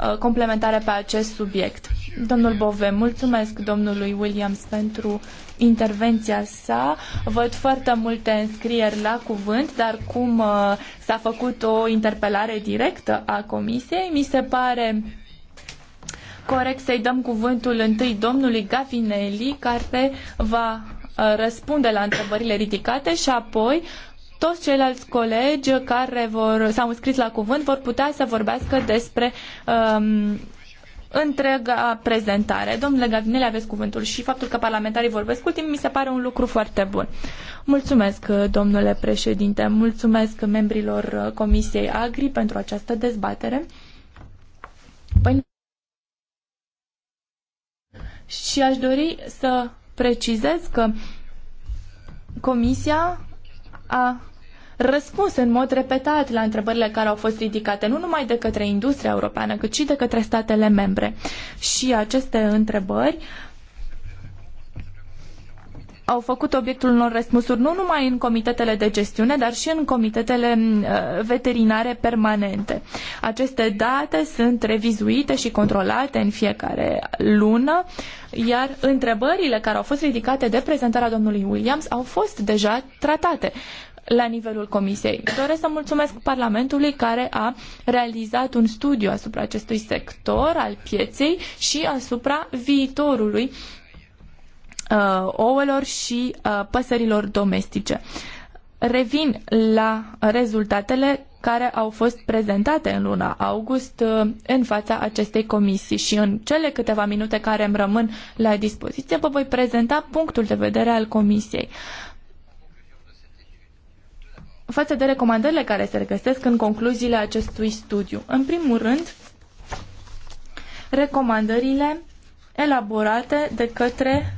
uh, complementare pe acest subiect. Domnul Bove, mulțumesc domnului Williams pentru intervenția sa. Văd foarte multe înscrieri la cuvânt, dar cum uh, s-a făcut o interpelare directă a comisiei, mi se pare uh, corect să-i dăm cuvântul întâi domnului Gavinelli, care va uh, răspunde la întrebările ridicate și apoi toți ceilalți colegi care vor, s-au înscris la cuvânt vor putea să vorbească despre um, întreaga prezentare. Domnule Gavinele, aveți cuvântul și faptul că parlamentarii vorbesc ultim mi se pare un lucru foarte bun. Mulțumesc, domnule președinte, mulțumesc membrilor Comisiei Agri pentru această dezbatere. Păi... Și aș dori să precizez că Comisia a răspuns în mod repetat la întrebările care au fost ridicate, nu numai de către industria europeană, cât și de către statele membre. Și aceste întrebări uh, au făcut obiectul unor răspunsuri nu numai în comitetele de gestiune, dar și în comitetele uh, veterinare permanente. Aceste date sunt revizuite și controlate în fiecare lună, iar întrebările care au fost ridicate de prezentarea domnului Williams au fost deja tratate la nivelul comisiei. Doresc să mulțumesc Parlamentului care a realizat un studiu asupra acestui sector al pieței și asupra viitorului Uh, ouălor și uh, păsărilor domestice. Revin la rezultatele care au fost prezentate în luna august uh, în fața acestei comisii și în cele câteva minute care îmi rămân la dispoziție vă voi prezenta punctul de vedere al comisiei. Față de recomandările care se regăsesc în concluziile acestui studiu. În primul rând, recomandările elaborate de către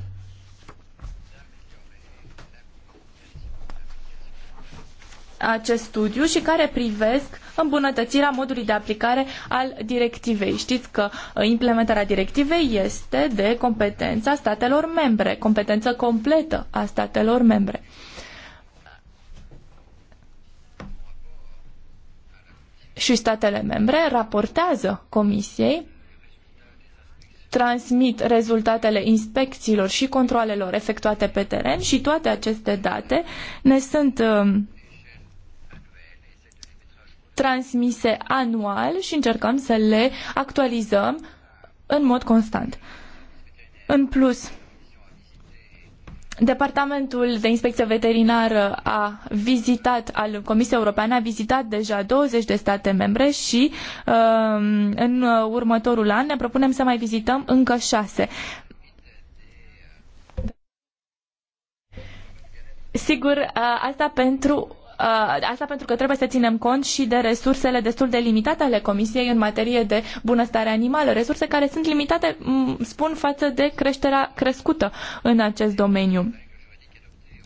acest studiu și care privesc îmbunătățirea modului de aplicare al directivei. Știți că uh, implementarea directivei este de competența statelor membre, competență completă a statelor membre. Și statele membre raportează Comisiei transmit rezultatele inspecțiilor și controalelor efectuate pe teren și toate aceste date ne sunt um, transmise anual și încercăm să le actualizăm în mod constant. În plus, Departamentul de Inspecție Veterinară a vizitat, al Comisiei Europene a vizitat deja 20 de state membre și um, în următorul an ne propunem să mai vizităm încă 6. Sigur, asta pentru Uh, asta pentru că trebuie să ținem cont și de resursele destul de limitate ale Comisiei în materie de bunăstare animală, resurse care sunt limitate, spun, față de creșterea crescută în acest domeniu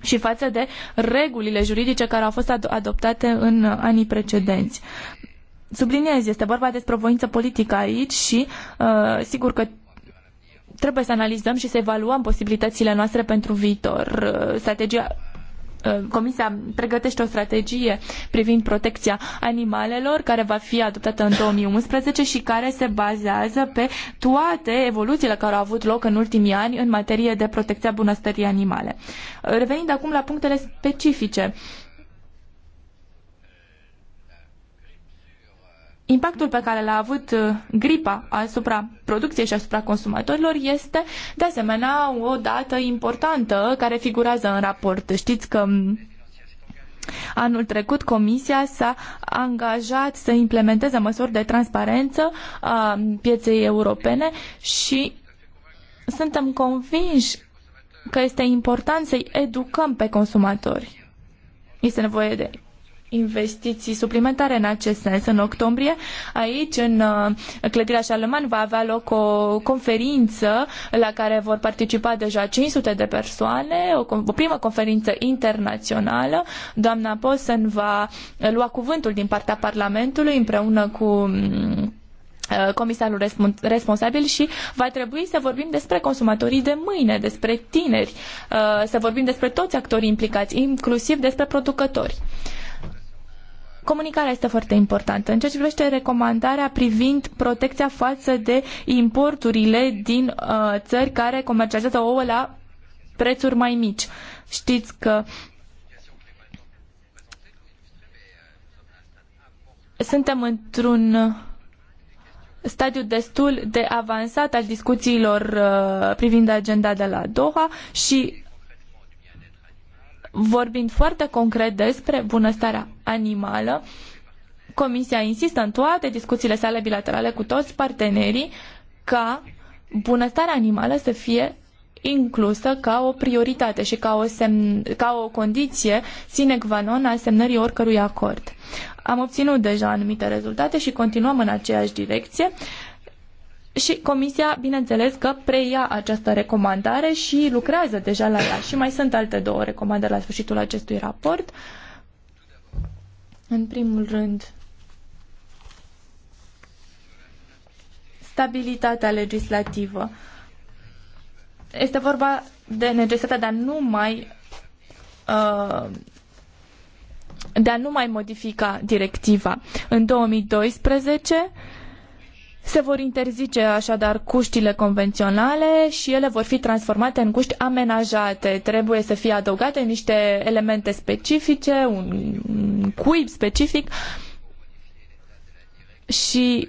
și față de regulile juridice care au fost adoptate în anii precedenți. Subliniez, este vorba despre o voință politică aici și uh, sigur că trebuie să analizăm și să evaluăm posibilitățile noastre pentru viitor. Uh, strategia Uh, Comisia pregătește o strategie privind protecția animalelor care va fi adoptată în 2011 și care se bazează pe toate evoluțiile care au avut loc în ultimii ani în materie de protecția bunăstării animale. Uh, revenind acum la punctele specifice. Uh, impactul pe care l-a avut uh, gripa asupra producției și asupra consumatorilor este de asemenea o dată importantă care figurează în raport. Știți că mm, Anul trecut, Comisia s-a angajat să implementeze măsuri de transparență a pieței europene și suntem convinși că este important să-i educăm pe consumatori. Este nevoie de investiții suplimentare în acest sens în octombrie. Aici, în uh, clădirea Șaleman, va avea loc o conferință la care vor participa deja 500 de persoane, o, o primă conferință internațională. Doamna Posen va uh, lua cuvântul din partea Parlamentului împreună cu mm, uh, comisarul responsabil și va trebui să vorbim despre consumatorii de mâine, despre tineri, să vorbim despre toți actorii implicați, inclusiv despre producători. Comunicarea este foarte importantă. În ceea ce privește recomandarea privind protecția față de importurile din uh, țări care comercializează ouă la prețuri mai mici. Știți că suntem într-un stadiu destul de avansat al discuțiilor uh, privind agenda de la Doha și vorbind foarte concret despre bunăstarea animală, Comisia insistă în toate discuțiile sale bilaterale cu toți partenerii ca bunăstarea animală să fie inclusă ca o prioritate și ca o, semn- ca o condiție sine qua non a semnării oricărui acord. Am obținut deja anumite rezultate și continuăm în aceeași direcție. Uh, și comisia, bineînțeles, că preia această recomandare și lucrează deja la ea. Și mai sunt alte două recomandări la sfârșitul acestui raport. În primul rând, stabilitatea legislativă. Este vorba de necesitatea de a nu mai uh, de a nu mai modifica directiva. În 2012 se vor interzice așadar cuștile convenționale și ele vor fi transformate în cuști amenajate. Trebuie să fie adăugate niște elemente specifice, un cuib specific și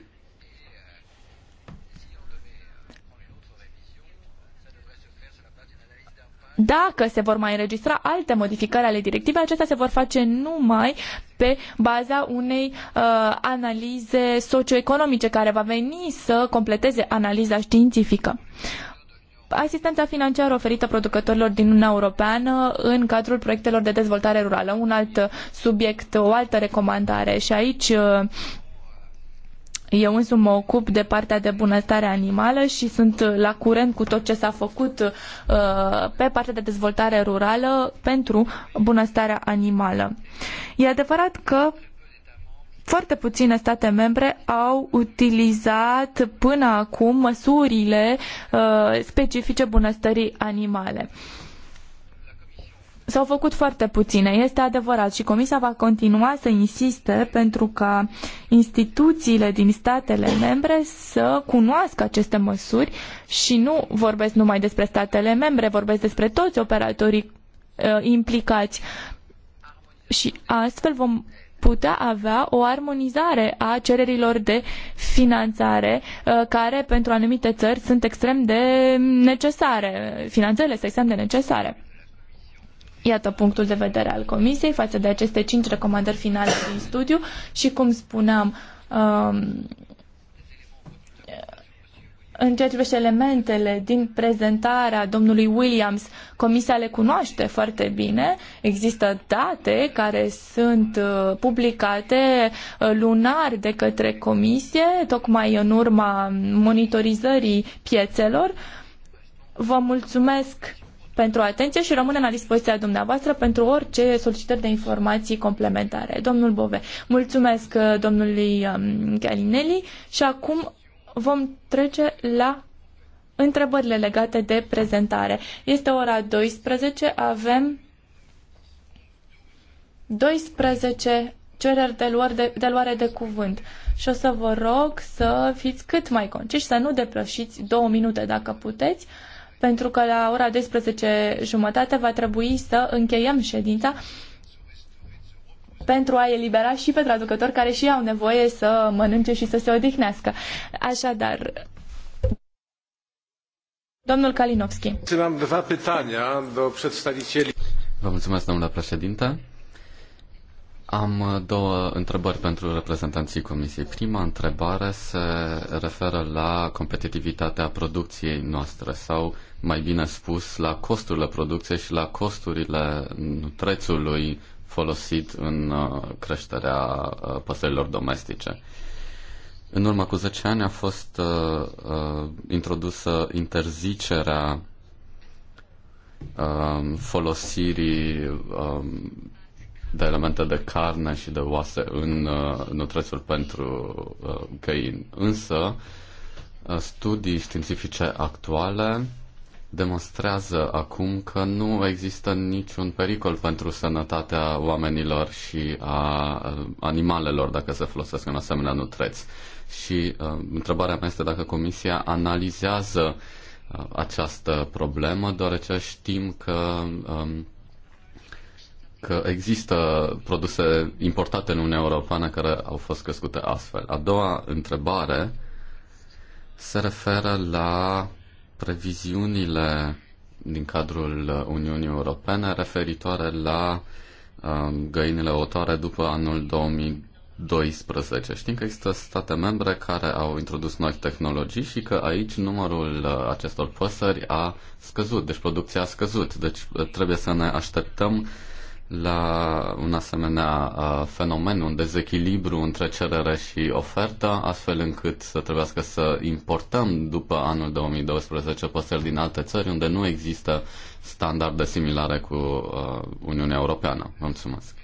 dacă se vor mai înregistra alte modificări ale directivei, acestea se vor face numai pe baza unei uh, analize socioeconomice care va veni să completeze analiza științifică. Asistența financiară oferită producătorilor din Uniunea Europeană în cadrul proiectelor de dezvoltare rurală, un alt subiect, o altă recomandare și aici uh, eu însumi mă ocup de partea de bunăstare animală și sunt uh, la curent cu tot ce s-a făcut uh, pe partea de dezvoltare rurală pentru bunăstarea animală. E adevărat că foarte puține state membre au utilizat până acum măsurile uh, specifice bunăstării animale. Uh, S-au făcut foarte puține, este adevărat, și Comisia va continua să insiste pentru ca instituțiile din statele membre să cunoască aceste măsuri și nu vorbesc numai despre statele membre, vorbesc despre toți operatorii uh, implicați. Și astfel vom putea avea o armonizare a cererilor de finanțare uh, care pentru anumite țări sunt extrem de necesare. Finanțele sunt extrem de necesare. Iată punctul de vedere al Comisiei față de aceste cinci recomandări finale din studiu și, cum spuneam, um, în ceea ce privește elementele din prezentarea domnului Williams, comisia le cunoaște foarte bine. Există date care sunt uh, publicate uh, lunar de către comisie, tocmai în urma monitorizării piețelor. Vă mulțumesc pentru atenție și rămânem la dispoziția dumneavoastră pentru orice solicitări de informații complementare. Domnul Bove, mulțumesc uh, domnului um, Galinelli și acum vom trece la întrebările legate de prezentare. Este ora 12, avem 12 cereri de, luar de, de luare de cuvânt și o să vă rog să fiți cât mai conciși, să nu depășiți două minute dacă puteți pentru că la ora 12 jumătate va trebui să încheiem ședința pentru a elibera și pe traducători care și au nevoie să mănânce și să se odihnească. Așadar, domnul Kalinowski. Vă mulțumesc, domnule președinte. Am uh, două întrebări pentru reprezentanții Comisiei. Prima întrebare se referă la competitivitatea producției noastre sau, mai bine spus, la costurile producției și la costurile prețului folosit în uh, creșterea uh, păsărilor domestice. În urmă cu 10 ani a fost uh, uh, introdusă interzicerea um, folosirii um, de elemente de carne și de oase în uh, nutrețul pentru uh, găini. Însă, uh, studii științifice actuale demonstrează acum că nu există niciun pericol pentru sănătatea oamenilor și a animalelor dacă se folosesc în asemenea nutreți. Și uh, întrebarea mea este dacă Comisia analizează uh, această problemă, deoarece știm că uh, că există produse importate în Uniunea Europeană care au fost crescute astfel. A doua întrebare se referă la previziunile din cadrul Uniunii Europene referitoare la um, găinile otoare după anul 2012. Știm că există state membre care au introdus noi tehnologii și că aici numărul uh, acestor păsări a scăzut, deci producția a scăzut. Deci uh, trebuie să ne așteptăm uh, la un asemenea fenomen, un dezechilibru între cerere și ofertă, astfel încât să trebuiască să importăm după anul 2012 păsări din alte țări unde nu există standarde similare cu Uniunea Europeană. Vă mulțumesc.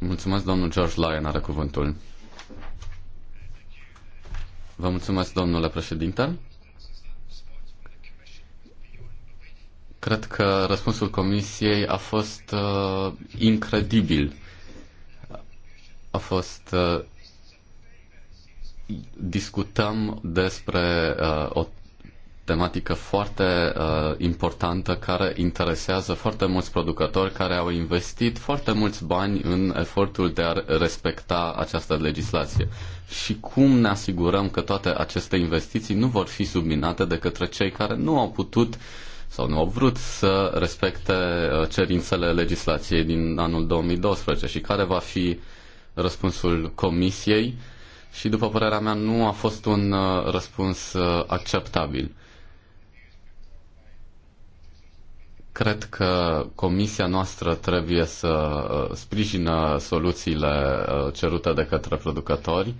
Mulțumesc, domnul George Lyon are cuvântul. Vă mulțumesc, domnule președinte. Cred că răspunsul Comisiei a fost uh, incredibil. A fost. Uh, discutăm despre uh, o tematică foarte uh, importantă care interesează foarte mulți producători care au investit foarte mulți bani în efortul de a respecta această legislație. Și cum ne asigurăm că toate aceste investiții nu vor fi subminate de către cei care nu au putut uh, sau nu au vrut să respecte uh, cerințele legislației din anul 2012 și care va fi răspunsul Comisiei și, după părerea mea, nu a fost un uh, răspuns uh, acceptabil. Cred că comisia noastră trebuie să sprijină soluțiile cerute de către producători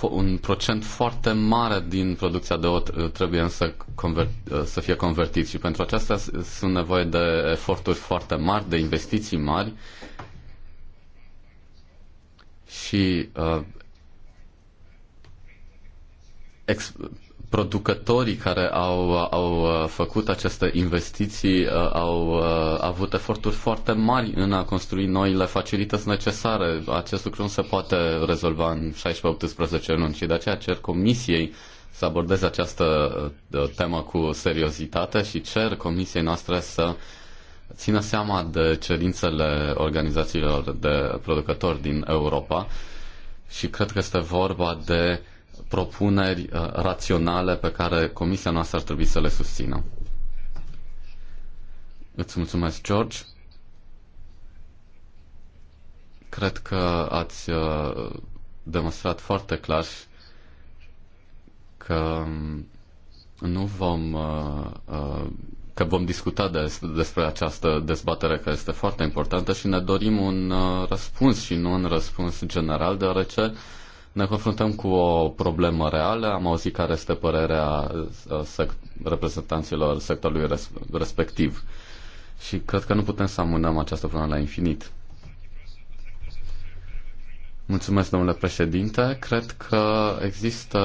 un procent foarte mare din producția de ot uh, trebuie să, convert- uh, să fie convertit și pentru aceasta sunt nevoie de eforturi foarte mari, de investiții mari și uh, producătorii care au, au uh, făcut aceste investiții uh, au uh, avut eforturi foarte mari în a construi noile facilități necesare. Acest lucru nu se poate rezolva în 16-18 luni și de aceea cer comisiei să abordeze această temă cu seriozitate și cer comisiei noastre să țină seama de cerințele organizațiilor de producători din Europa și cred că este vorba de propuneri uh, raționale pe care comisia noastră ar trebui să le susțină. Îți mulțumesc, George. Cred că ați uh, demonstrat foarte clar că um, nu vom uh, că vom discuta des, despre această dezbatere care este foarte importantă și ne dorim un răspuns și nu un răspuns general, deoarece uh, ne confruntăm cu o problemă reală, am auzit care este părerea uh, sect- reprezentanților sectorului res- respectiv și cred că nu putem să amânăm această problemă la infinit. Mulțumesc, domnule președinte. Cred că există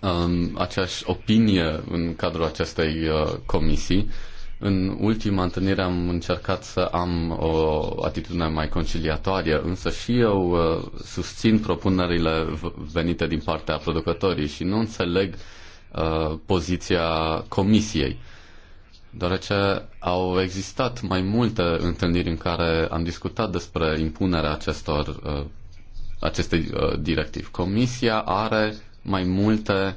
um, aceeași opinie în cadrul acestei uh, comisii. Uh, în ultima întâlnire am încercat să am o atitudine mai conciliatoare, însă și eu uh, susțin propunerile venite din partea producătorii și nu înțeleg uh, poziția comisiei deoarece au existat mai multe întâlniri în care am discutat despre impunerea acestor, uh, acestei uh, directiv. Comisia are mai multe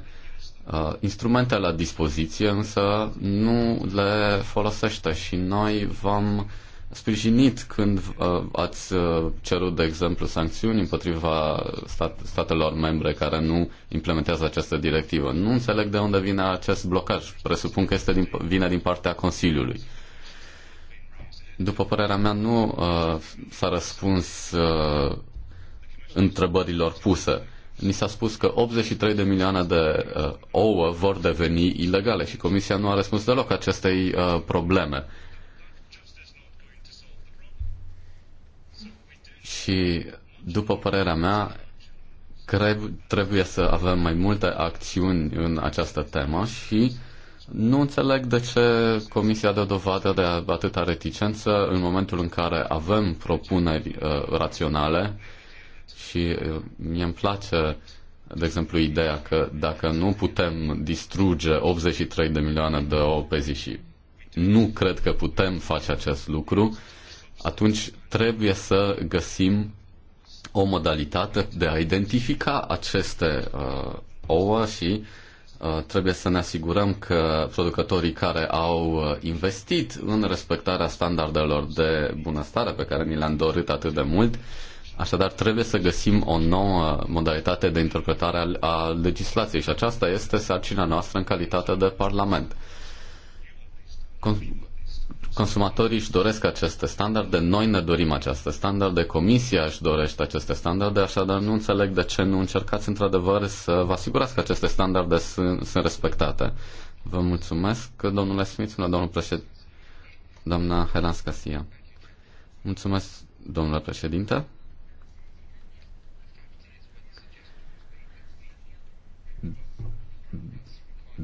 Uh, instrumente la dispoziție, însă nu le folosește și noi vom sprijinit când uh, ați uh, cerut, de exemplu, sancțiuni împotriva stat- statelor membre care nu implementează această directivă. Nu înțeleg de unde vine acest blocaj. Presupun că este din, vine din partea Consiliului. După părerea mea, nu uh, s-a răspuns uh, întrebărilor puse. Ni s-a spus că 83 de milioane de uh, ouă vor deveni ilegale și Comisia nu a răspuns deloc acestei uh, probleme. Și, după părerea mea, cred, trebuie să avem mai multe acțiuni în această temă și nu înțeleg de ce Comisia dă dovadă de atâta reticență în momentul în care avem propuneri uh, raționale și uh, mie îmi place, de exemplu, ideea că dacă nu putem distruge 83 de milioane de ouă pe zi și nu cred că putem face acest lucru, atunci trebuie să găsim o modalitate de a identifica aceste uh, ouă și uh, trebuie să ne asigurăm că producătorii care au uh, investit în respectarea standardelor de bunăstare pe care ni le-am dorit atât de mult Așadar, trebuie să găsim o nouă modalitate de interpretare a legislației și aceasta este sarcina noastră în calitate de Parlament. Consumatorii își doresc aceste standarde, noi ne dorim aceste standarde, Comisia își dorește aceste standarde, așadar nu înțeleg de ce nu încercați într-adevăr să vă asigurați că aceste standarde sunt, sunt respectate. Vă mulțumesc, domnule Smith, domnul președinte, doamna Heran Scasia. Mulțumesc, domnule președinte.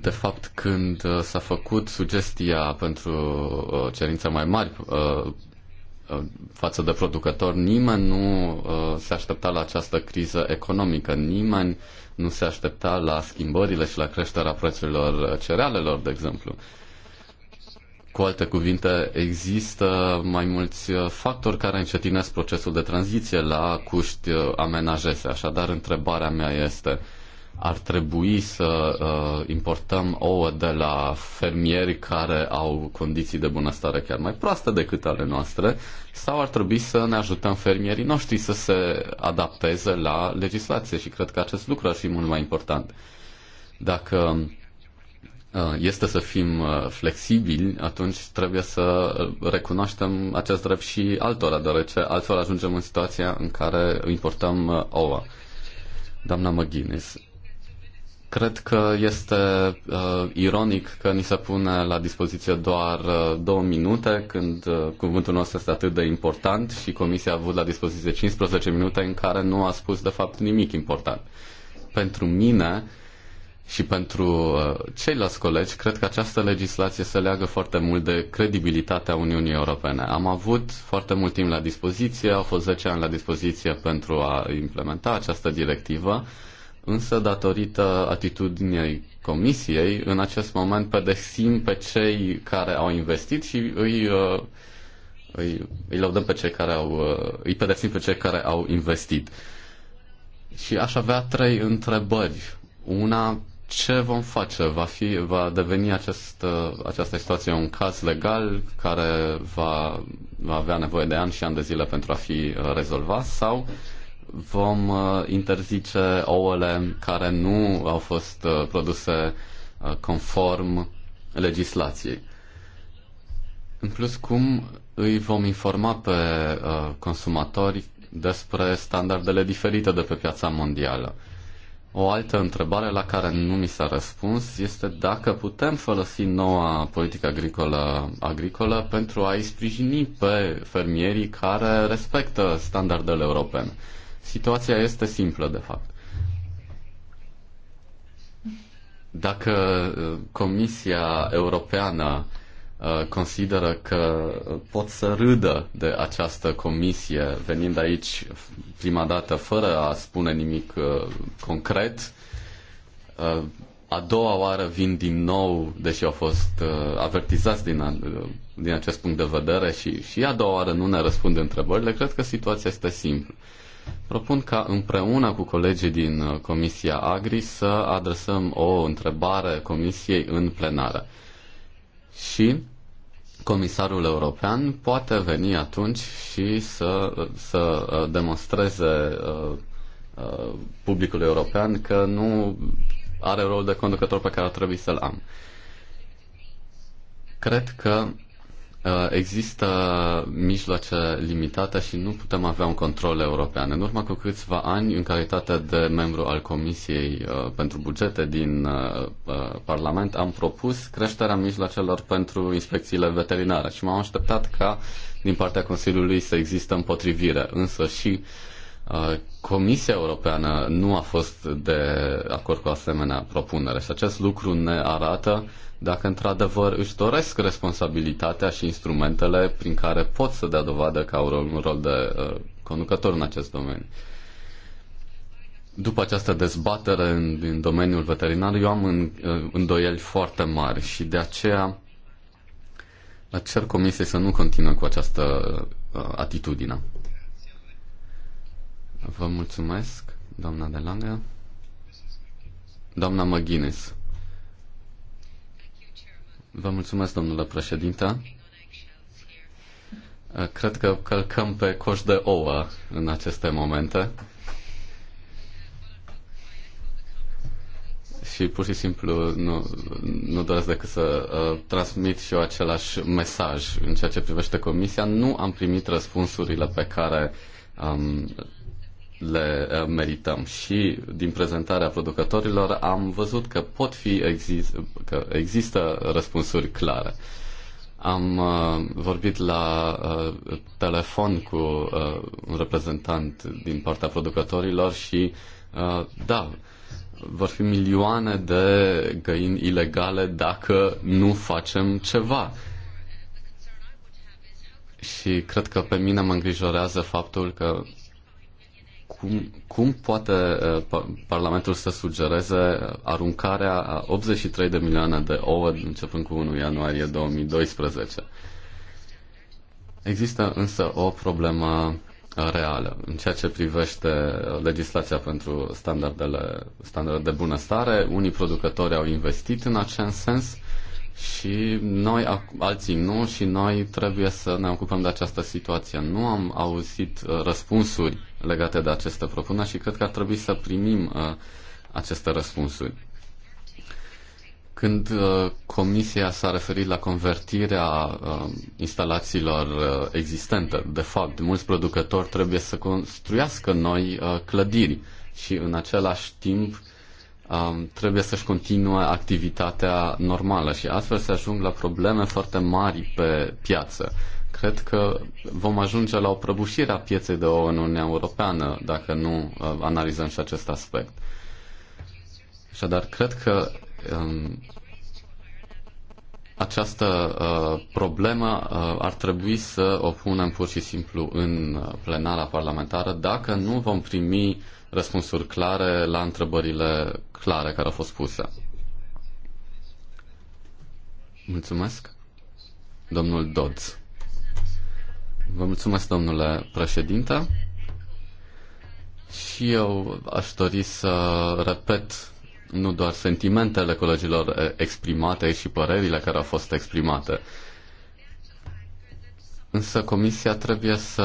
De fapt, când uh, s-a făcut sugestia pentru uh, cerințe mai mari uh, față de producător, nimeni nu se aștepta la această criză economică, nimeni nu se aștepta la schimbările și la creșterea prețurilor cerealelor, de exemplu. Cu alte cuvinte, există mai mulți factori care încetinesc procesul de tranziție la cuști amenajese. Așadar, întrebarea mea este, uh, ar trebui să uh, importăm ouă de la fermieri care au condiții de bunăstare chiar mai proaste decât ale noastre sau ar trebui să ne ajutăm fermierii noștri să se adapteze la legislație și cred că acest lucru ar fi mult mai important. Dacă uh, este să fim uh, flexibili, atunci trebuie să recunoaștem acest drept și altora, deoarece altfel ajungem în situația în care importăm uh, ouă. Doamna McGuinness, Cred că este uh, ironic că ni se pune la dispoziție doar uh, două minute, când uh, cuvântul nostru este atât de important și Comisia a avut la dispoziție 15 minute în care nu a spus de fapt nimic important. Pentru mine și pentru uh, ceilalți colegi, cred că această legislație se leagă foarte mult de credibilitatea Uniunii Europene. Am avut foarte mult timp la dispoziție, au fost 10 ani la dispoziție pentru a implementa această directivă. Uh, însă datorită atitudinii comisiei, în acest moment pedepsim pe cei care au investit și îi, uh, îi, îi laudăm pe cei care au, uh, îi pedepsim pe cei care au investit. Și aș avea trei întrebări. Una, ce vom face? Va, fi, va deveni acest, uh, această situație un caz legal care va, va avea nevoie de ani și ani de zile pentru a fi rezolvat sau uh, vom uh, interzice ouăle care nu au fost uh, produse uh, conform legislației. În plus, cum îi vom informa pe consumatori despre standardele diferite de pe piața mondială? O altă întrebare la care nu mi s-a răspuns este dacă putem folosi noua politică agricolă, agricolă pentru a-i sprijini pe fermierii care respectă standardele europene. Situația este simplă, de fapt. Dacă uh, Comisia Europeană uh, consideră că uh, pot să râdă de această comisie venind aici prima dată fără a spune nimic concret, a doua oară vin din nou, deși au fost uh, avertizați din, din acest punct de vedere și, și a doua oară nu ne răspund întrebările, cred că situația este simplă. Propun ca împreună cu colegii din uh, Comisia Agri să adresăm o întrebare Comisiei în plenară. Și comisarul european poate veni atunci și să, să uh, demonstreze uh, publicul european că nu are rol de conducător pe care ar trebui să-l am. Cred că Uh, există mijloace limitate și nu putem avea un control european. În urmă cu câțiva ani, în calitate de membru al Comisiei uh, pentru Bugete din uh, Parlament, am propus creșterea mijloacelor pentru inspecțiile veterinare și m-am așteptat ca din partea Consiliului să există împotrivire. Însă și uh, Uh, Comisia Europeană nu a fost de acord cu asemenea propunere și acest lucru ne arată dacă într-adevăr își doresc responsabilitatea și instrumentele prin care pot să dea dovadă că au un rol de uh, conducător în acest domeniu. După această dezbatere în, în domeniul veterinar, eu am în, uh, îndoieli foarte mari și de aceea cer comisiei să nu continue cu această atitudine. Vă mulțumesc, doamna de Lange. Doamna McGuinness. Vă mulțumesc, domnule președinte. Cred că călcăm pe coș de ouă în aceste momente. Și pur și simplu nu, nu doresc decât să uh, transmit și eu același mesaj în ceea ce privește comisia. Nu am primit răspunsurile pe care um, le eh, merităm. Și din prezentarea producătorilor am văzut că pot fi exist, că există răspunsuri clare. Am uh, vorbit la uh, telefon cu uh, un reprezentant din partea producătorilor și uh, da, vor fi milioane de găini ilegale dacă nu facem ceva. Și cred că pe mine mă îngrijorează faptul că cum, cum poate uh, Parlamentul să sugereze aruncarea a 83 de milioane de ouă începând cu 1 ianuarie 2012? Există însă o problemă reală în ceea ce privește legislația pentru standardele, standarde de bunăstare. Unii producători au investit în acest sens și noi, alții nu, și noi trebuie să ne ocupăm de această situație. Nu am auzit uh, răspunsuri legate de această propunere și cred că ar trebui să primim uh, aceste răspunsuri. Când uh, Comisia s-a referit la convertirea instalațiilor existente, de fapt, mulți producători trebuie să construiască noi clădiri și în același timp um, trebuie să-și continue activitatea normală și astfel se ajung la probleme foarte mari pe piață. Cred că vom ajunge la o prăbușire a pieței de ouă în Uniunea Europeană dacă nu uh, analizăm și acest aspect. Așadar, cred că um, această uh, problemă uh, ar trebui să o punem pur și simplu în uh, plenara parlamentară dacă nu vom primi răspunsuri clare la întrebările clare care au fost puse. Mulțumesc. Domnul Dodds. Vă mulțumesc, domnule președinte. Și eu aș dori să repet nu doar sentimentele colegilor exprimate și părerile care au fost exprimate. Însă Comisia trebuie să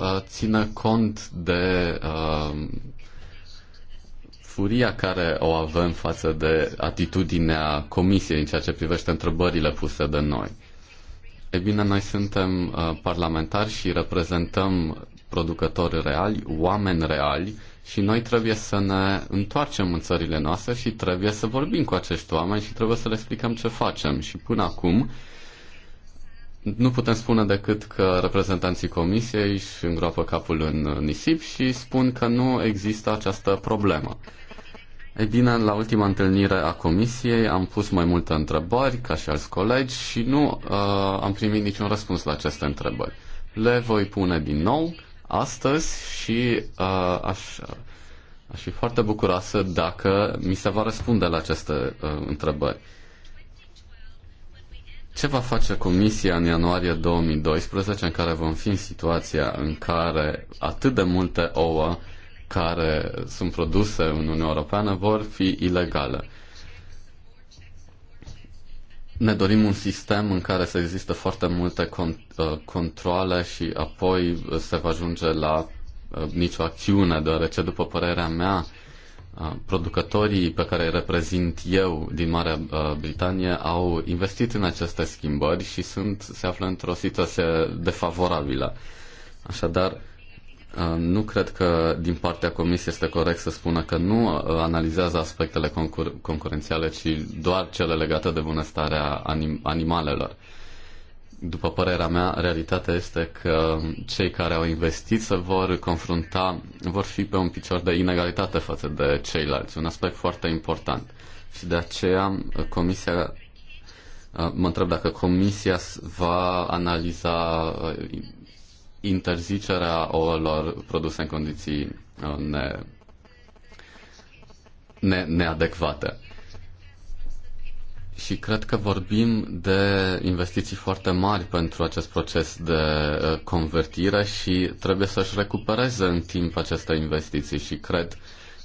uh, țină cont de uh, furia care o avem față de atitudinea Comisiei în ceea ce privește întrebările puse de noi. E bine, noi suntem uh, parlamentari și reprezentăm producători reali, oameni reali și noi trebuie să ne întoarcem în țările noastre și trebuie să vorbim cu acești oameni și trebuie să le explicăm ce facem. Și până acum nu putem spune decât că reprezentanții comisiei își îngroapă capul în nisip și spun că nu există această problemă. Ei bine, la ultima întâlnire a comisiei am pus mai multe întrebări, ca și alți colegi, și nu uh, am primit niciun răspuns la aceste întrebări. Le voi pune din nou astăzi și uh, aș, aș fi foarte bucuroasă dacă mi se va răspunde la aceste uh, întrebări. Ce va face Comisia în ianuarie 2012, în care vom fi în situația în care atât de multe ouă care sunt produse în Uniunea Europeană vor fi ilegale. Ne dorim un sistem în care să există foarte multe cont- uh, controle și apoi se va ajunge la uh, nicio acțiune, deoarece, după părerea mea, uh, producătorii pe care îi reprezint eu din Marea Britanie au investit în aceste schimbări și sunt, se află într-o situație defavorabilă. Așadar, Uh, nu cred că din partea Comisiei este corect să spună că nu uh, analizează aspectele concur- concurențiale, ci doar cele legate de bunăstarea anim- animalelor. După părerea mea, realitatea este că cei care au investit se vor confrunta, vor fi pe un picior de inegalitate față de ceilalți, un aspect foarte important. Și de aceea uh, Comisia Mă întreb dacă Comisia va analiza interzicerea ouălor produse în condiții uh, ne, ne, neadecvate. Și cred că vorbim de investiții foarte mari pentru acest proces de uh, convertire și trebuie să-și recupereze în timp aceste investiții și cred,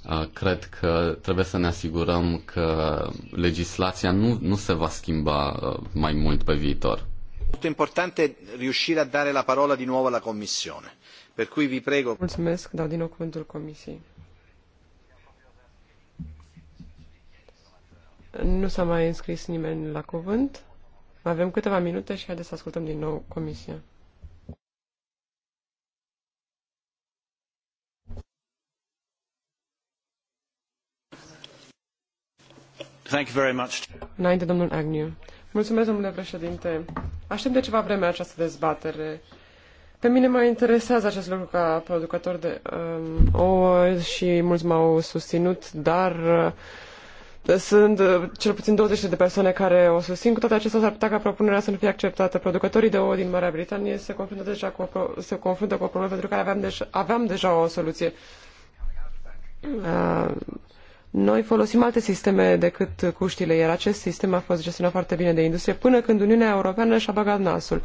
uh, cred că trebuie să ne asigurăm că legislația nu, nu se va schimba mai mult pe viitor. Molto importante riuscire a dare la parola di nuovo alla Commissione. Per cui vi prego. Mulțumesc, dau din nou cuvântul Comisiei. Nu s-a mai înscris nimeni la cuvânt. Avem câteva minute și haideți să ascultăm din nou Comisia. Thank you very much. Înainte, domnul Agnew. Mulțumesc, domnule președinte. Aștept de ceva vreme această dezbatere. Pe mine mă interesează acest lucru ca producător de um, ouă și mulți m-au susținut, dar uh, sunt uh, cel puțin 20 de persoane care o susțin. Cu toate acestea s-ar putea ca propunerea să nu fie acceptată. Producătorii de ouă din Marea Britanie se confruntă deja cu o, se confruntă cu o problemă pentru care aveam, deja aveam deja o soluție. Uh, noi folosim alte sisteme decât cuștile, iar acest sistem a fost gestionat foarte bine de industrie până când Uniunea Europeană și-a băgat nasul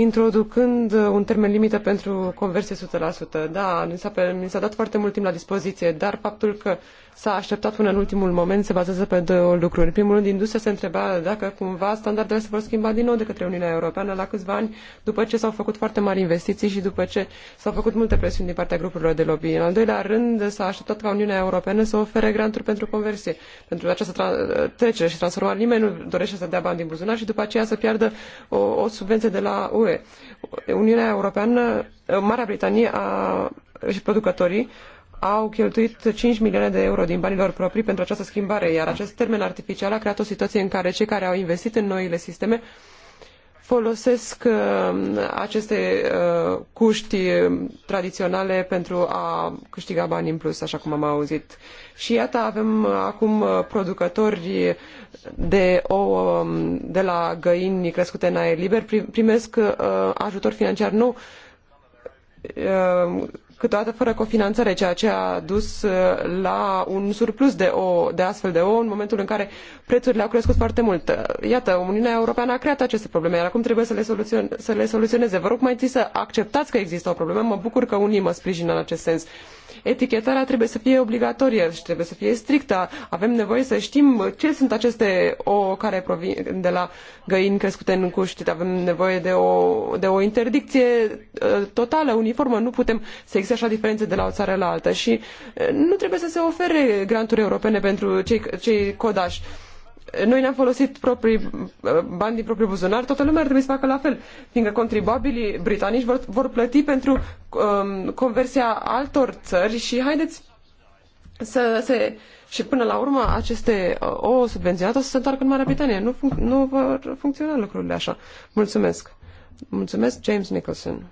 introducând uh, un termen limită pentru conversie 100%. Da, mi s-a, mi s-a dat foarte mult timp la dispoziție, dar faptul că s-a așteptat până în ultimul moment se bazează pe două lucruri. În primul rând, industria se întreba dacă cumva standardele se vor schimba din nou de către Uniunea Europeană la câțiva ani după ce s-au făcut foarte mari investiții și după ce s-au făcut multe presiuni din partea grupurilor de lobby. În al doilea rând, s-a așteptat ca Uniunea Europeană să ofere granturi pentru conversie. Pentru această trecere și transformare nimeni nu dorește să dea bani din buzunar și după aceea să piardă o, o subvenție de la UE UE. Uniunea Europeană, Marea Britanie a, și producătorii au cheltuit 5 milioane de euro din banilor proprii pentru această schimbare, iar acest termen artificial a creat o situație în care cei care au investit în noile sisteme uh, folosesc uh, aceste uh, cuști um, tradiționale pentru a câștiga bani în plus, așa cum am auzit. Și iată, avem uh, acum producători de ouă um, de la găini crescute în aer liber, primesc ajutor financiar nou câteodată fără cofinanțare, ceea ce a dus uh, la un surplus de, o, de astfel de ouă în momentul în care prețurile au crescut foarte mult. Uh, iată, Uniunea Europeană a creat aceste probleme, iar acum trebuie să le, soluțion- să le soluționeze. Vă rog mai întâi să acceptați că există o problemă. Mă bucur că unii mă sprijină în acest sens etichetarea trebuie să fie obligatorie și trebuie să fie strictă. Avem nevoie să știm ce sunt aceste ouă care provin de la găini crescute în cuști. Avem nevoie de o, de o interdicție ă, totală, uniformă. Nu putem să existe așa diferențe de la o țară la alta și ă, nu trebuie să se ofere granturi europene pentru cei, cei codași noi ne-am folosit proprii uh, bani din propriul buzunar, toată lumea ar trebui să facă la fel, fiindcă contribuabilii britanici vor, vor plăti pentru um, conversia altor țări și haideți să se... Și până la urmă, aceste uh, o subvenționate o să se întoarcă în Marea Britanie. Nu, func- nu vor funcționa lucrurile așa. Mulțumesc. Mulțumesc, James Nicholson.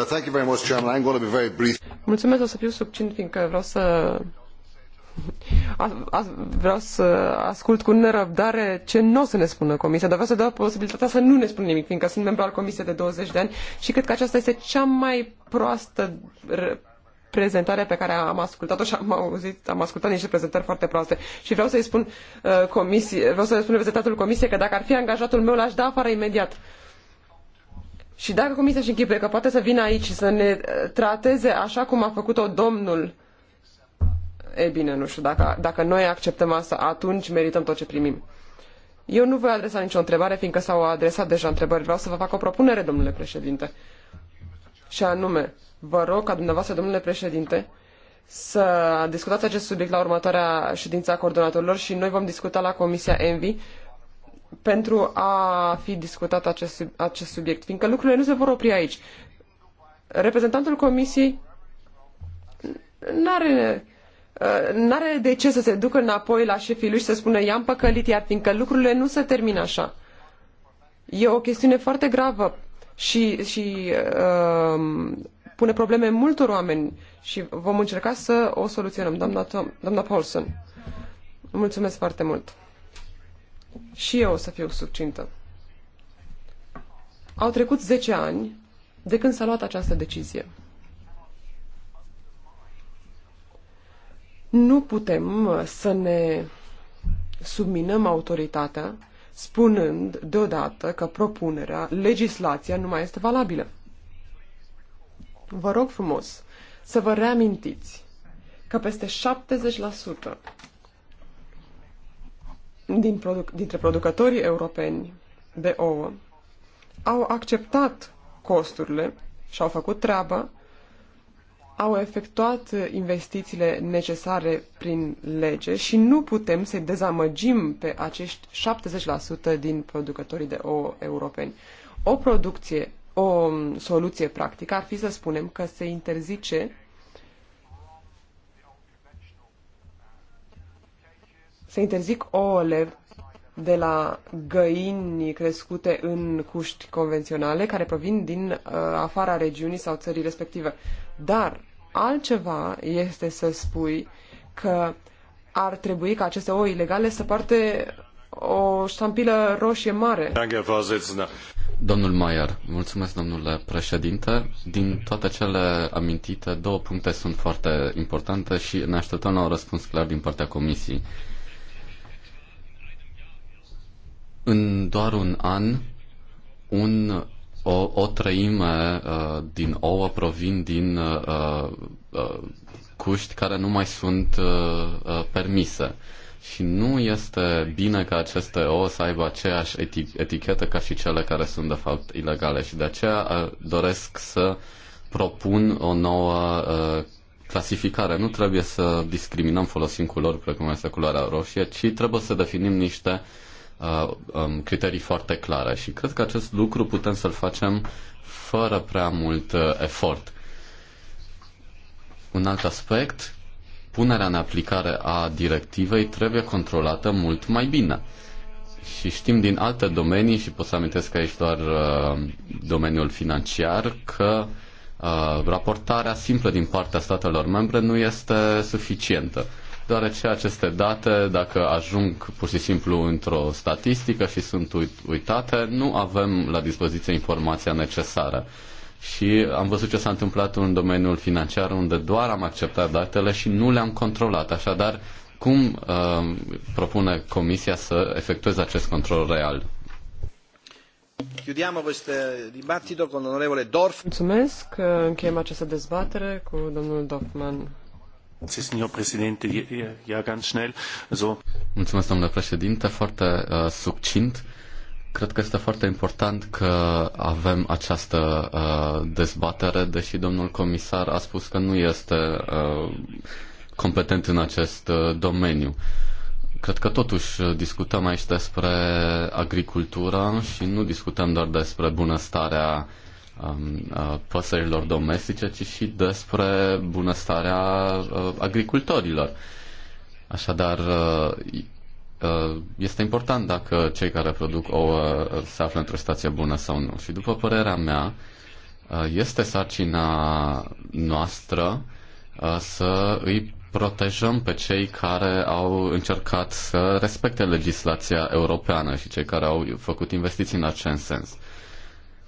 Uh, Mulțumesc, o să fiu succint, fiindcă vreau să a, a, vreau să ascult cu nerăbdare ce nu o să ne spună comisia, dar vreau să dau posibilitatea să nu ne spună nimic, fiindcă sunt membru al comisiei de 20 de ani și cred că aceasta este cea mai proastă prezentare pe care am ascultat-o și am auzit, am ascultat niște prezentări foarte proaste și vreau să-i spun uh, comisie, vreau să spun reprezentantul comisiei că dacă ar fi angajatul meu l-aș da afară imediat. Și dacă Comisia și închipuie că poate să vină aici să ne eh, trateze așa cum a făcut-o domnul, e bine, nu știu, dacă, dacă noi acceptăm asta, atunci merităm tot ce primim. Eu nu voi adresa nicio întrebare, fiindcă s-au adresat deja întrebări. Vreau să vă fac o propunere, domnule președinte. Și anume, vă rog ca dumneavoastră, domnule președinte, să discutați acest subiect la următoarea ședință a coordonatorilor și noi vom discuta la Comisia Envi pentru a fi discutat acest, acest subiect, fiindcă lucrurile nu se vor opri aici. Reprezentantul Comisiei nu are uh, are de ce să se ducă înapoi la șefii lui și să spună i-am păcălit iar, fiindcă lucrurile nu se termină așa. E o chestiune foarte gravă și, și uh, pune probleme multor oameni și vom încerca să o soluționăm. Doamna, Tom, doamna Paulson, mulțumesc foarte mult. Și eu o să fiu succintă. Au trecut 10 ani de când s-a luat această decizie. Nu putem uh, să ne subminăm autoritatea spunând deodată că propunerea, legislația nu mai este valabilă. Vă rog frumos să vă reamintiți că peste 70% din produc- dintre producătorii europeni de ouă au acceptat costurile și au făcut treaba, au efectuat investițiile necesare prin lege și nu putem să-i dezamăgim pe acești 70% din producătorii de ouă europeni. O producție, o soluție practică ar fi să spunem că se interzice să interzic ouăle de la găini crescute în cuști convenționale care provin din uh, afara regiunii sau țării respective. Dar altceva este să spui că ar trebui ca aceste ouă ilegale să poarte o ștampilă roșie mare. Domnul Maier, mulțumesc domnule președinte. Din toate cele amintite, două puncte sunt foarte importante și ne așteptăm la un răspuns clar din partea comisiei. În doar un an, un, o, o treime uh, din ouă provin din uh, uh, cuști care nu mai sunt uh, uh, permise. Și nu este bine ca aceste ouă să aibă aceeași eti- etichetă ca și cele care sunt de fapt ilegale și de aceea uh, doresc să propun o nouă uh, clasificare. Nu trebuie să discriminăm folosind culori precum este culoarea roșie, ci trebuie să definim niște uh, Uh, um, criterii foarte clare și cred că acest lucru putem să-l facem fără prea mult uh, efort. Un alt aspect, punerea în aplicare a directivei trebuie controlată mult mai bine. Și știm din alte domenii, și pot să amintesc aici doar uh, domeniul financiar, că uh, raportarea simplă din partea statelor membre nu este suficientă deoarece aceste date, dacă ajung pur și simplu într-o statistică și sunt uitate, nu avem la dispoziție informația necesară. Și am văzut ce s-a întâmplat în domeniul financiar, unde doar am acceptat datele și nu le-am controlat. Așadar, cum uh, propune Comisia să efectueze acest control real? Chiudiamo questo dibattito con l'onorevole Dorf. Mulțumesc. Încheiem această dezbatere cu domnul Dorfman. Mulțumesc, domnule președinte, foarte uh, succint. Cred că este foarte important că avem această uh, dezbatere, deși domnul comisar a spus că nu este uh, competent în acest uh, domeniu. Cred că totuși discutăm aici despre agricultură și nu discutăm doar despre bunăstarea uh, Um, uh, păsărilor domestice, ci și despre bunăstarea uh, agricultorilor. Așadar, uh, este important dacă cei care produc ouă se află într-o stație bună sau nu. Și după părerea mea, este sarcina noastră să îi protejăm pe cei care au încercat să respecte legislația europeană și cei care au făcut investiții în acest sens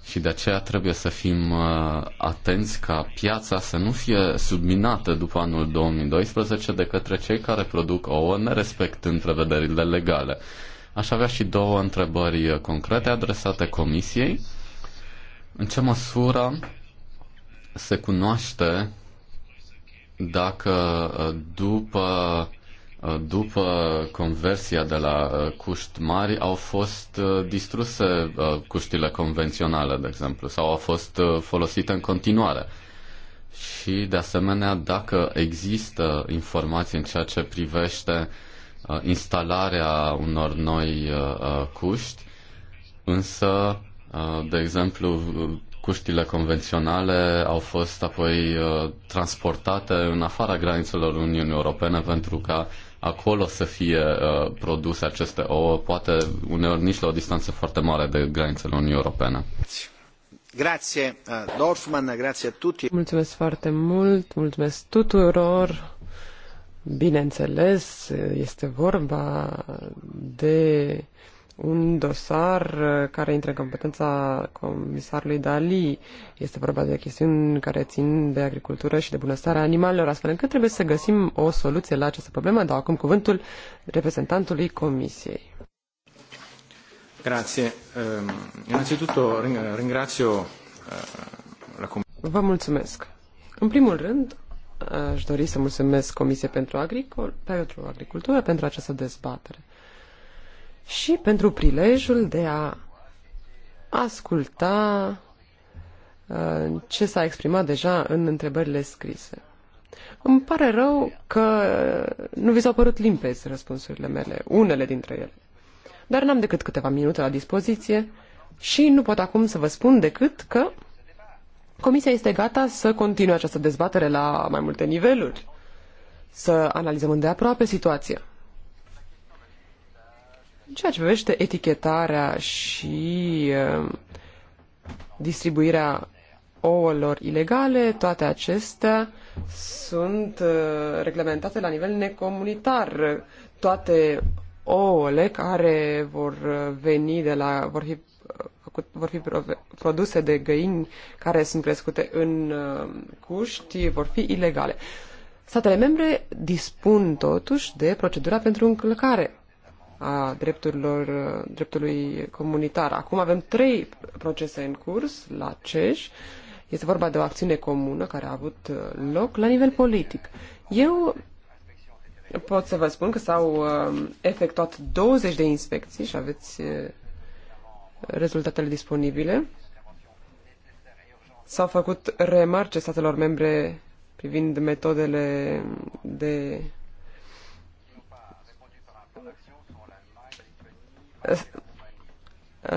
și de aceea trebuie să fim uh, atenți ca piața să nu fie subminată după anul 2012 de către cei care produc ouă nerespectând prevederile legale. Aș avea și două întrebări uh, concrete adresate Comisiei. În ce măsură se cunoaște dacă uh, după după conversia de la uh, cuști mari au fost uh, distruse uh, cuștile convenționale, de exemplu, sau au fost folosite în continuare. Și, de asemenea, dacă există informații în ceea ce privește instalarea unor noi cuști, însă, de exemplu, cuștile convenționale au fost apoi transportate în afara granițelor Uniunii Europene pentru ca acolo să fie uh, produse aceste ouă, poate uneori nici la o distanță foarte mare de granițele Uniunii Europene. Grazie, uh, Dorfman, grazie a tutti. Mulțumesc foarte mult, mulțumesc tuturor. Bineînțeles, este vorba de un dosar uh, care intră în competența comisarului Dali. Este vorba de chestiuni care țin de agricultură și de bunăstarea animalelor, astfel încât trebuie să găsim o soluție la această problemă. Dau acum cuvântul reprezentantului comisiei. Grazie. Ehm, innanzitutto ringrazio eh, la Vă mulțumesc. În primul rând, aș dori să mulțumesc Comisiei pentru, Agricol, pentru Agricultură pentru această dezbatere și pentru prilejul de a asculta uh, ce s-a exprimat deja în întrebările scrise. Îmi pare rău că nu vi s-au părut limpezi răspunsurile mele, unele dintre ele. Dar n-am decât câteva minute la dispoziție și nu pot acum să vă spun decât că Comisia este gata să continue această dezbatere la mai multe niveluri, să analizăm îndeaproape situația. În ceea ce privește etichetarea și distribuirea ouălor ilegale, toate acestea sunt reglementate la nivel necomunitar. Toate ouăle care vor veni de la, vor fi, vor fi produse de găini care sunt crescute în cuști, vor fi ilegale. Statele membre dispun totuși de procedura pentru încălcare a drepturilor, dreptului comunitar. Acum avem trei procese în curs la CEJ. Este vorba de o acțiune comună care a avut uh, loc la nivel politic. Eu pot să vă spun că s-au uh, efectuat 20 de inspecții și aveți uh, rezultatele disponibile. S-au făcut remarce statelor membre privind metodele de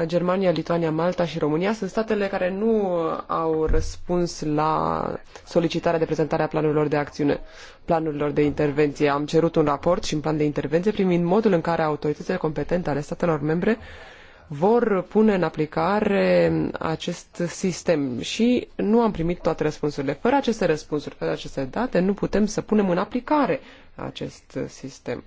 Germania, Lituania, Malta și România sunt statele care nu au răspuns la solicitarea de prezentare a planurilor de acțiune, planurilor de intervenție. Am cerut un raport și un plan de intervenție privind modul în care autoritățile competente ale statelor membre vor pune în aplicare acest sistem și nu am primit toate răspunsurile. Fără aceste răspunsuri, fără aceste date, nu putem să punem în aplicare acest sistem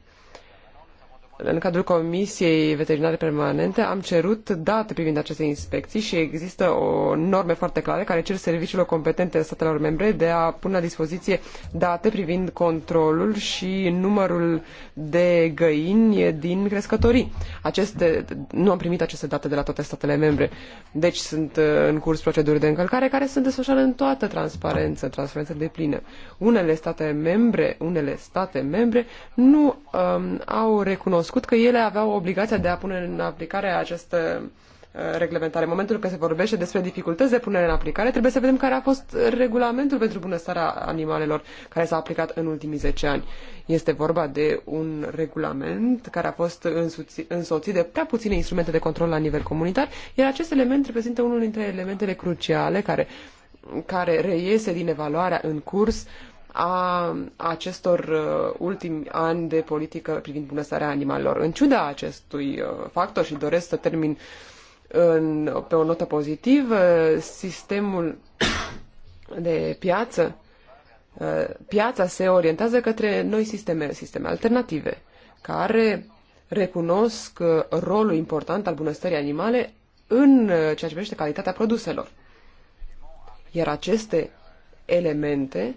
în cadrul Comisiei Veterinare Permanente am cerut date privind aceste inspecții și există o norme foarte clare care cer serviciilor competente statelor membre de a pune la dispoziție date privind controlul și numărul de găini din crescătorii. Aceste, nu am primit aceste date de la toate statele membre, deci sunt uh, în curs proceduri de încălcare care sunt desfășurate în toată transparență, transparență de plină. Unele state membre, unele state membre nu um, au recunoscut recunoscut că ele aveau obligația de a pune în aplicare această uh, reglementare. În momentul când se vorbește despre dificultăți de punere în aplicare, trebuie să vedem care a fost regulamentul pentru bunăstarea animalelor care s-a aplicat în ultimii 10 ani. Este vorba de un regulament care a fost însoțit de prea puține instrumente de control la nivel comunitar, iar acest element reprezintă unul dintre elementele cruciale care, care reiese din evaluarea în curs uh, a acestor uh, ultimi ani de politică privind bunăstarea animalelor. În ciuda acestui uh, factor și doresc să termin în, pe o notă pozitivă, sistemul de piață, uh, piața se orientează către noi sisteme, sisteme alternative, care recunosc rolul important al bunăstării animale în ceea ce privește calitatea produselor. Iar aceste elemente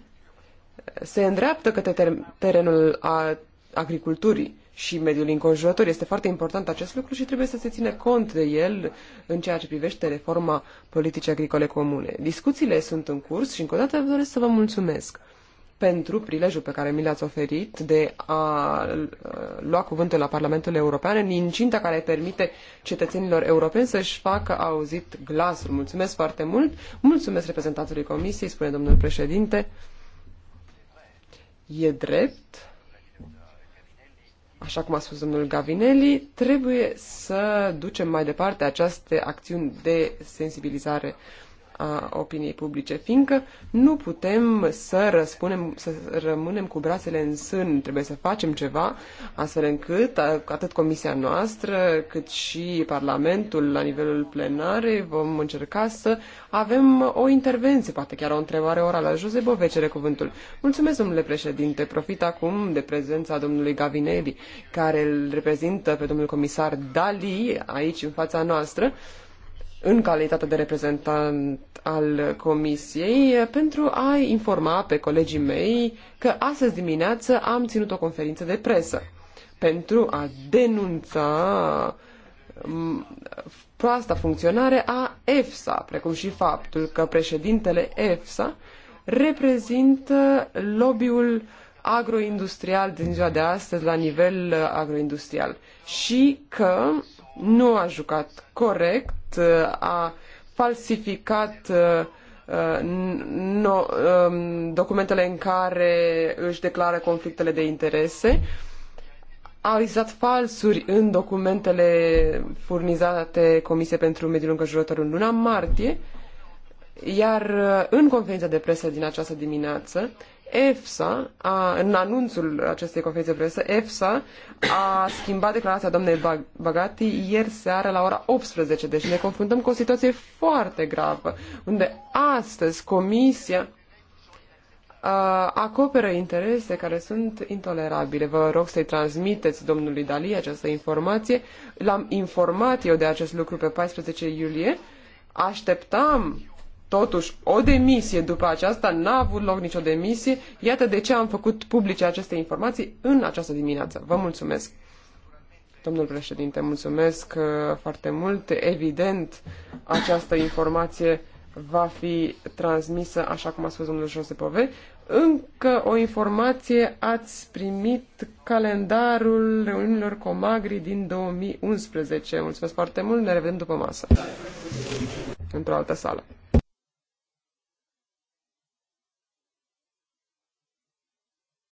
se îndreaptă către terenul a agriculturii și mediul înconjurător. Este foarte important acest lucru și trebuie să se ține cont de el în ceea ce privește reforma politicii agricole comune. Discuțiile sunt în curs și încă o dată doresc să vă mulțumesc pentru prilejul pe care mi l-ați oferit de a lua cuvântul la Parlamentul European în incinta care permite cetățenilor europeni să-și facă auzit glasul. Mulțumesc foarte mult, mulțumesc reprezentantului Comisiei, spune domnul președinte. E drept, așa cum a spus domnul Gavinelli, trebuie să ducem mai departe aceste acțiuni de sensibilizare a opiniei publice, fiindcă nu putem să răspunem, să rămânem cu brațele în sân, trebuie să facem ceva, astfel încât atât comisia noastră, cât și Parlamentul la nivelul plenare vom încerca să avem o intervenție, poate chiar o întrebare orală. Jose Bovecere, cere cuvântul. Mulțumesc, domnule președinte. Profit acum de prezența domnului Gavinelli, care îl reprezintă pe domnul comisar Dali aici în fața noastră în calitate de reprezentant al Comisiei pentru a informa pe colegii mei că astăzi dimineață am ținut o conferință de presă pentru a denunța mm, proasta funcționare a EFSA, precum și faptul că președintele EFSA reprezintă lobby-ul agroindustrial din ziua de astăzi la nivel uh, agroindustrial și că nu a jucat corect, uh, a falsificat uh, uh, no, um, documentele în care își declară conflictele de interese, a realizat falsuri în documentele furnizate Comisiei pentru Mediul Înconjurător în luna martie, iar în conferința de presă din această dimineață EFSA, a, în anunțul acestei conferințe de presă, EFSA a schimbat declarația doamnei Bagati ieri seară la ora 18. Deci ne confruntăm cu o situație foarte gravă, unde astăzi Comisia a, acoperă interese care sunt intolerabile. Vă rog să-i transmiteți domnului Dali această informație. L-am informat eu de acest lucru pe 14 iulie. Așteptam Totuși, o demisie după aceasta n-a avut loc nicio demisie. Iată de ce am făcut publice aceste informații în această dimineață. Vă mulțumesc. Domnul președinte, mulțumesc uh, foarte mult. Evident, această informație va fi transmisă, așa cum a spus domnul Jose Încă o informație, ați primit calendarul reuniunilor Comagri din 2011. Mulțumesc foarte mult, ne revedem după masă, într-o altă sală.